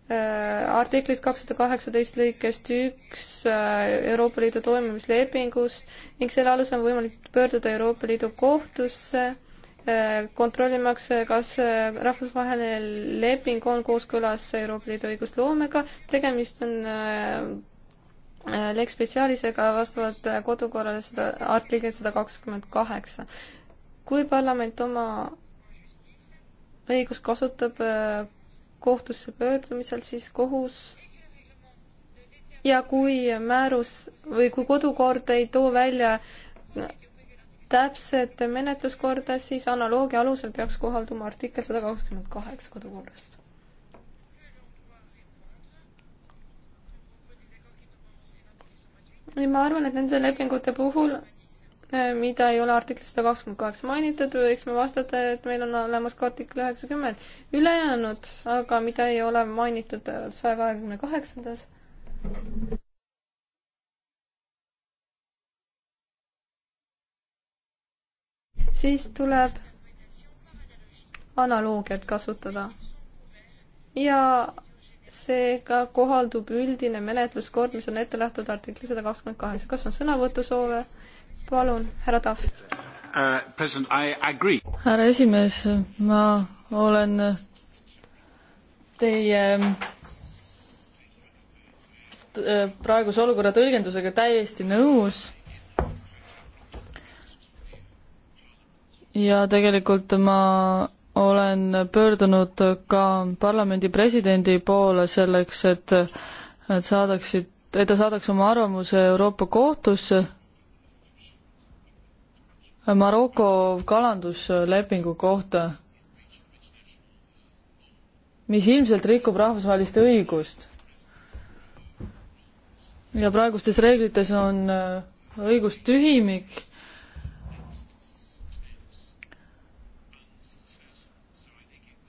äh, artiklis kakssada kaheksateist lõikest üks äh, Euroopa Liidu toimimislepingust ning selle alusel on võimalik pöörduda Euroopa Liidu kohtusse äh, kontrollimaks, kas rahvusvaheline leping on kooskõlas Euroopa Liidu õigusloomega. tegemist on Äh, Lex Specialisega vastavalt äh, kodukorrale seda artikkel sada kakskümmend kaheksa. kui parlament oma õigust kasutab äh, kohtusse pöördumisel, siis kohus ja kui määrus või kui kodukord ei too välja täpset menetluskorda, siis analoogia alusel peaks kohalduma artikkel sada kakskümmend kaheksa kodukorrast ma arvan, et nende lepingute puhul, eh, mida ei ole artiklis sada kakskümmend kaheksa mainitud, võiks me vastata, et meil on olemas ka artikkel üheksakümmend. ülejäänud, aga mida ei ole mainitud eh, saja kahekümne kaheksandas. siis tuleb analoogiat kasutada ja seega kohaldub üldine menetluskord, mis on ette nähtud artikli sada kakskümmend kaheksa. kas on sõnavõtusoove? palun, härra Tahv uh,. härra esimees, ma olen teie mm, äh, praeguse olukorra tõlgendusega täiesti nõus ja tegelikult ma olen pöördunud ka parlamendi presidendi poole selleks, et nad saadaksid, et ta saadaks oma arvamuse Euroopa kohtusse Maroko kalanduslepingu kohta, mis ilmselt rikub rahvusvahelist õigust. ja praegustes reeglites on äh, õigustühimik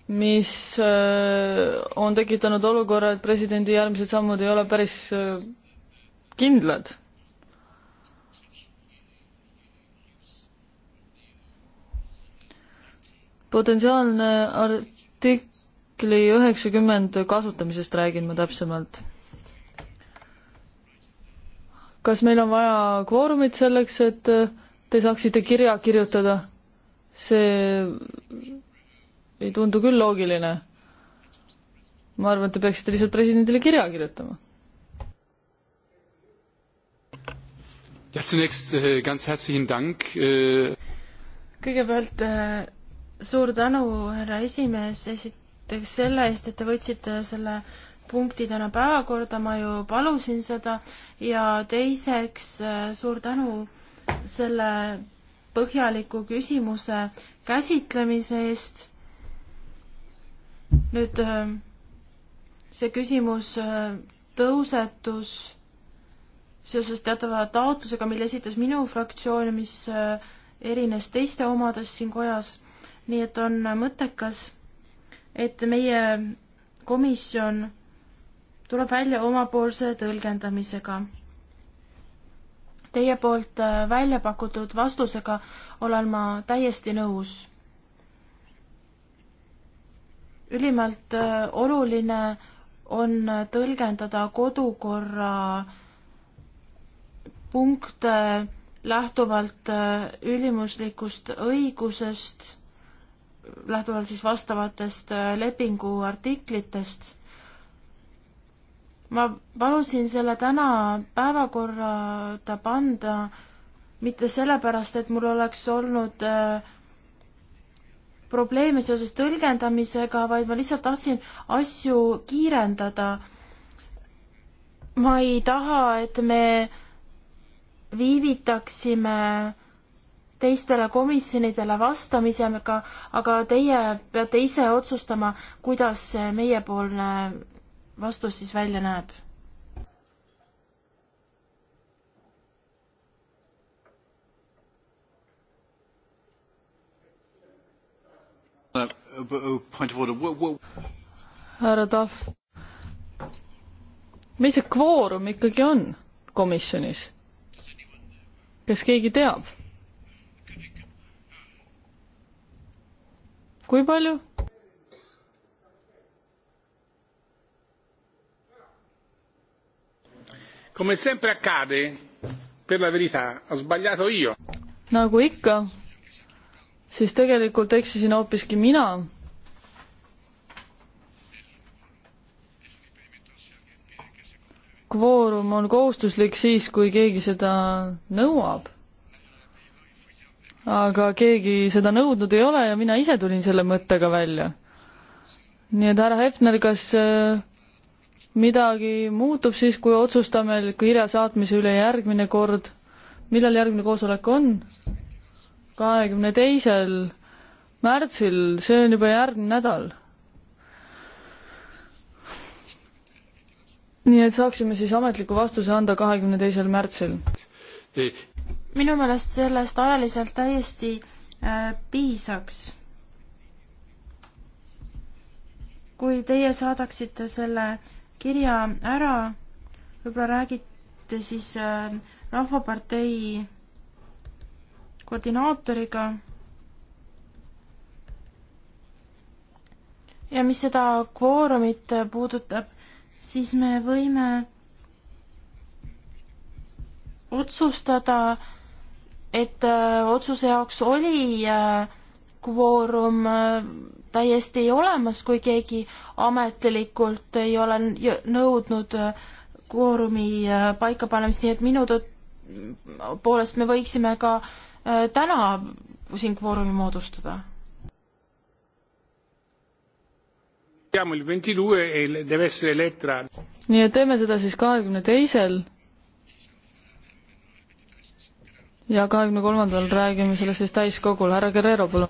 mis äh, on tekitanud olukorra, et presidendi järgmised sammud ei ole päris äh, kindlad. potentsiaalne artikli üheksakümmend kasutamisest räägin ma täpsemalt. kas meil on vaja kvoorumit selleks, et te saaksite kirja kirjutada? see ei tundu küll loogiline. ma arvan, et te peaksite lihtsalt presidendile kirja kirjutama. ja zunächst äh, ganz herzlichen Dank. Äh, kõigepealt äh, suur tänu, härra esimees, esiteks selle eest, et te võtsite selle punkti täna päevakorda, ma ju palusin seda ja teiseks suur tänu selle põhjaliku küsimuse käsitlemise eest nüüd äh, see küsimus äh, tõusetus seoses teatava taotlusega, mille esitas minu fraktsioon ja mis äh, erines teiste omadest siin kojas. nii et on mõttekas, et meie komisjon tuleb välja omapoolse tõlgendamisega. Teie poolt välja pakutud vastusega olen ma täiesti nõus ülimalt äh, oluline on tõlgendada kodukorra punkte lähtuvalt äh, ülimuslikust õigusest, lähtuvalt siis vastavatest äh, lepingu artiklitest. ma palusin selle täna päevakorda panda mitte sellepärast, et mul oleks olnud äh, probleeme seoses tõlgendamisega, vaid ma lihtsalt tahtsin asju kiirendada. ma ei taha, et me viivitaksime teistele komisjonidele vastamisega, aga teie peate ise otsustama, kuidas see meiepoolne vastus siis välja näeb Oh, härra Tahv, mis see kvoorum ikkagi on komisjonis? kas keegi teab? kui palju? come sempre accade per la verità ho sbagliato io nagu ikka siis tegelikult eksisin hoopiski mina. kvoorum on kohustuslik siis, kui keegi seda nõuab. aga keegi seda nõudnud ei ole ja mina ise tulin selle mõttega välja. nii et härra Hefner, kas äh, midagi muutub siis, kui otsustame kirja saatmise üle järgmine kord? millal järgmine koosolek on? kahekümne teisel märtsil, see on juba järgmine nädal. nii et saaksime siis ametliku vastuse anda kahekümne teisel märtsil. minu meelest sellest ajaliselt täiesti äh, piisaks. kui teie saadaksite selle kirja ära, võib-olla räägite siis äh, Rahvapartei koordinaatoriga. ja mis seda kvoorumit puudutab, siis me võime otsustada, et äh, otsuse jaoks oli äh, kvoorum äh, täiesti olemas, kui keegi ametlikult ei ole nõudnud äh, kvoorumi äh, paikapanemist, nii et minu tõttu poolest me võiksime ka äh, Äh, täna siin kvoorumi moodustada? E nii et teeme seda siis kahekümne teisel ja kahekümne kolmandal räägime sellest siis täiskogul, härra Guerrero, palun.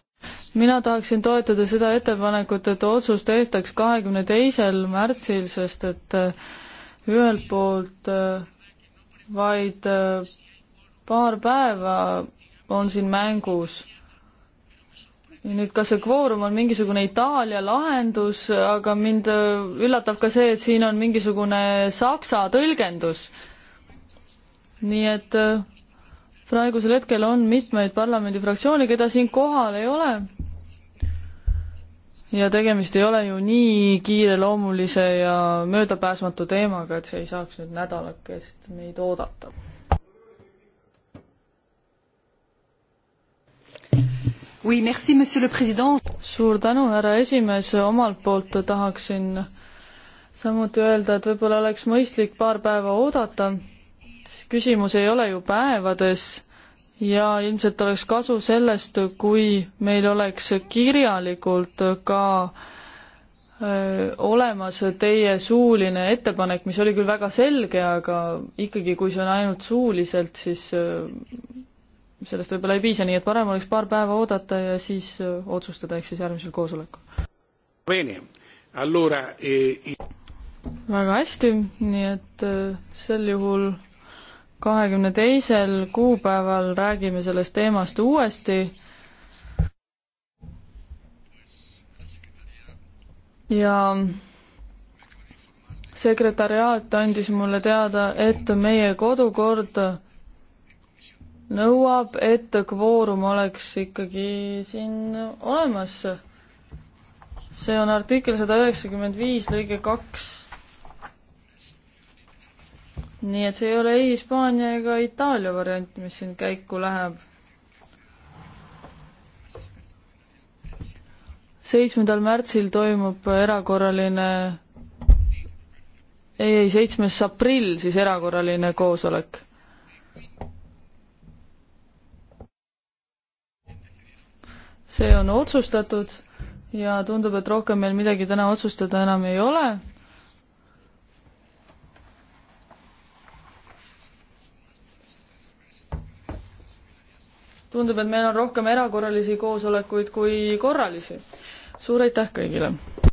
mina tahaksin toetada seda ettepanekut, et otsus tehtaks kahekümne teisel märtsil, sest et äh, ühelt poolt äh, vaid paar päeva on siin mängus. nüüd, kas see kvoorum on mingisugune Itaalia lahendus, aga mind üllatab ka see, et siin on mingisugune saksa tõlgendus. nii et äh, praegusel hetkel on mitmeid parlamendifraktsioone, keda siin kohal ei ole. ja tegemist ei ole ju nii kiireloomulise ja möödapääsmatu teemaga, et see ei saaks nüüd nädalakest meid oodata Oui, merci, monsieur le president. suur tänu, härra esimees, omalt poolt tahaksin samuti öelda, et võib-olla oleks mõistlik paar päeva oodata. küsimus ei ole ju päevades ja ilmselt oleks kasu sellest, kui meil oleks kirjalikult ka öö, olemas teie suuline ettepanek, mis oli küll väga selge, aga ikkagi, kui see on ainult suuliselt, siis öö, sellest võib-olla ei piisa, nii et parem oleks paar päeva oodata ja siis äh, otsustada, ehk siis järgmisel koosolekul. Allora, e... väga hästi, nii et äh, sel juhul kahekümne teisel kuupäeval räägime sellest teemast uuesti ja sekretariaat andis mulle teada, et meie kodukord nõuab, et kvoorum oleks ikkagi siin olemas. see on artikkel sada üheksakümmend viis lõige kaks. nii et see ei ole ei Hispaania ega Itaalia variant, mis siin käiku läheb. seitsmendal märtsil toimub erakorraline ei, ei, seitsmes aprill siis erakorraline koosolek see on otsustatud ja tundub, et rohkem meil midagi täna otsustada enam ei ole. tundub, et meil on rohkem erakorralisi koosolekuid kui korralisi. suur aitäh kõigile!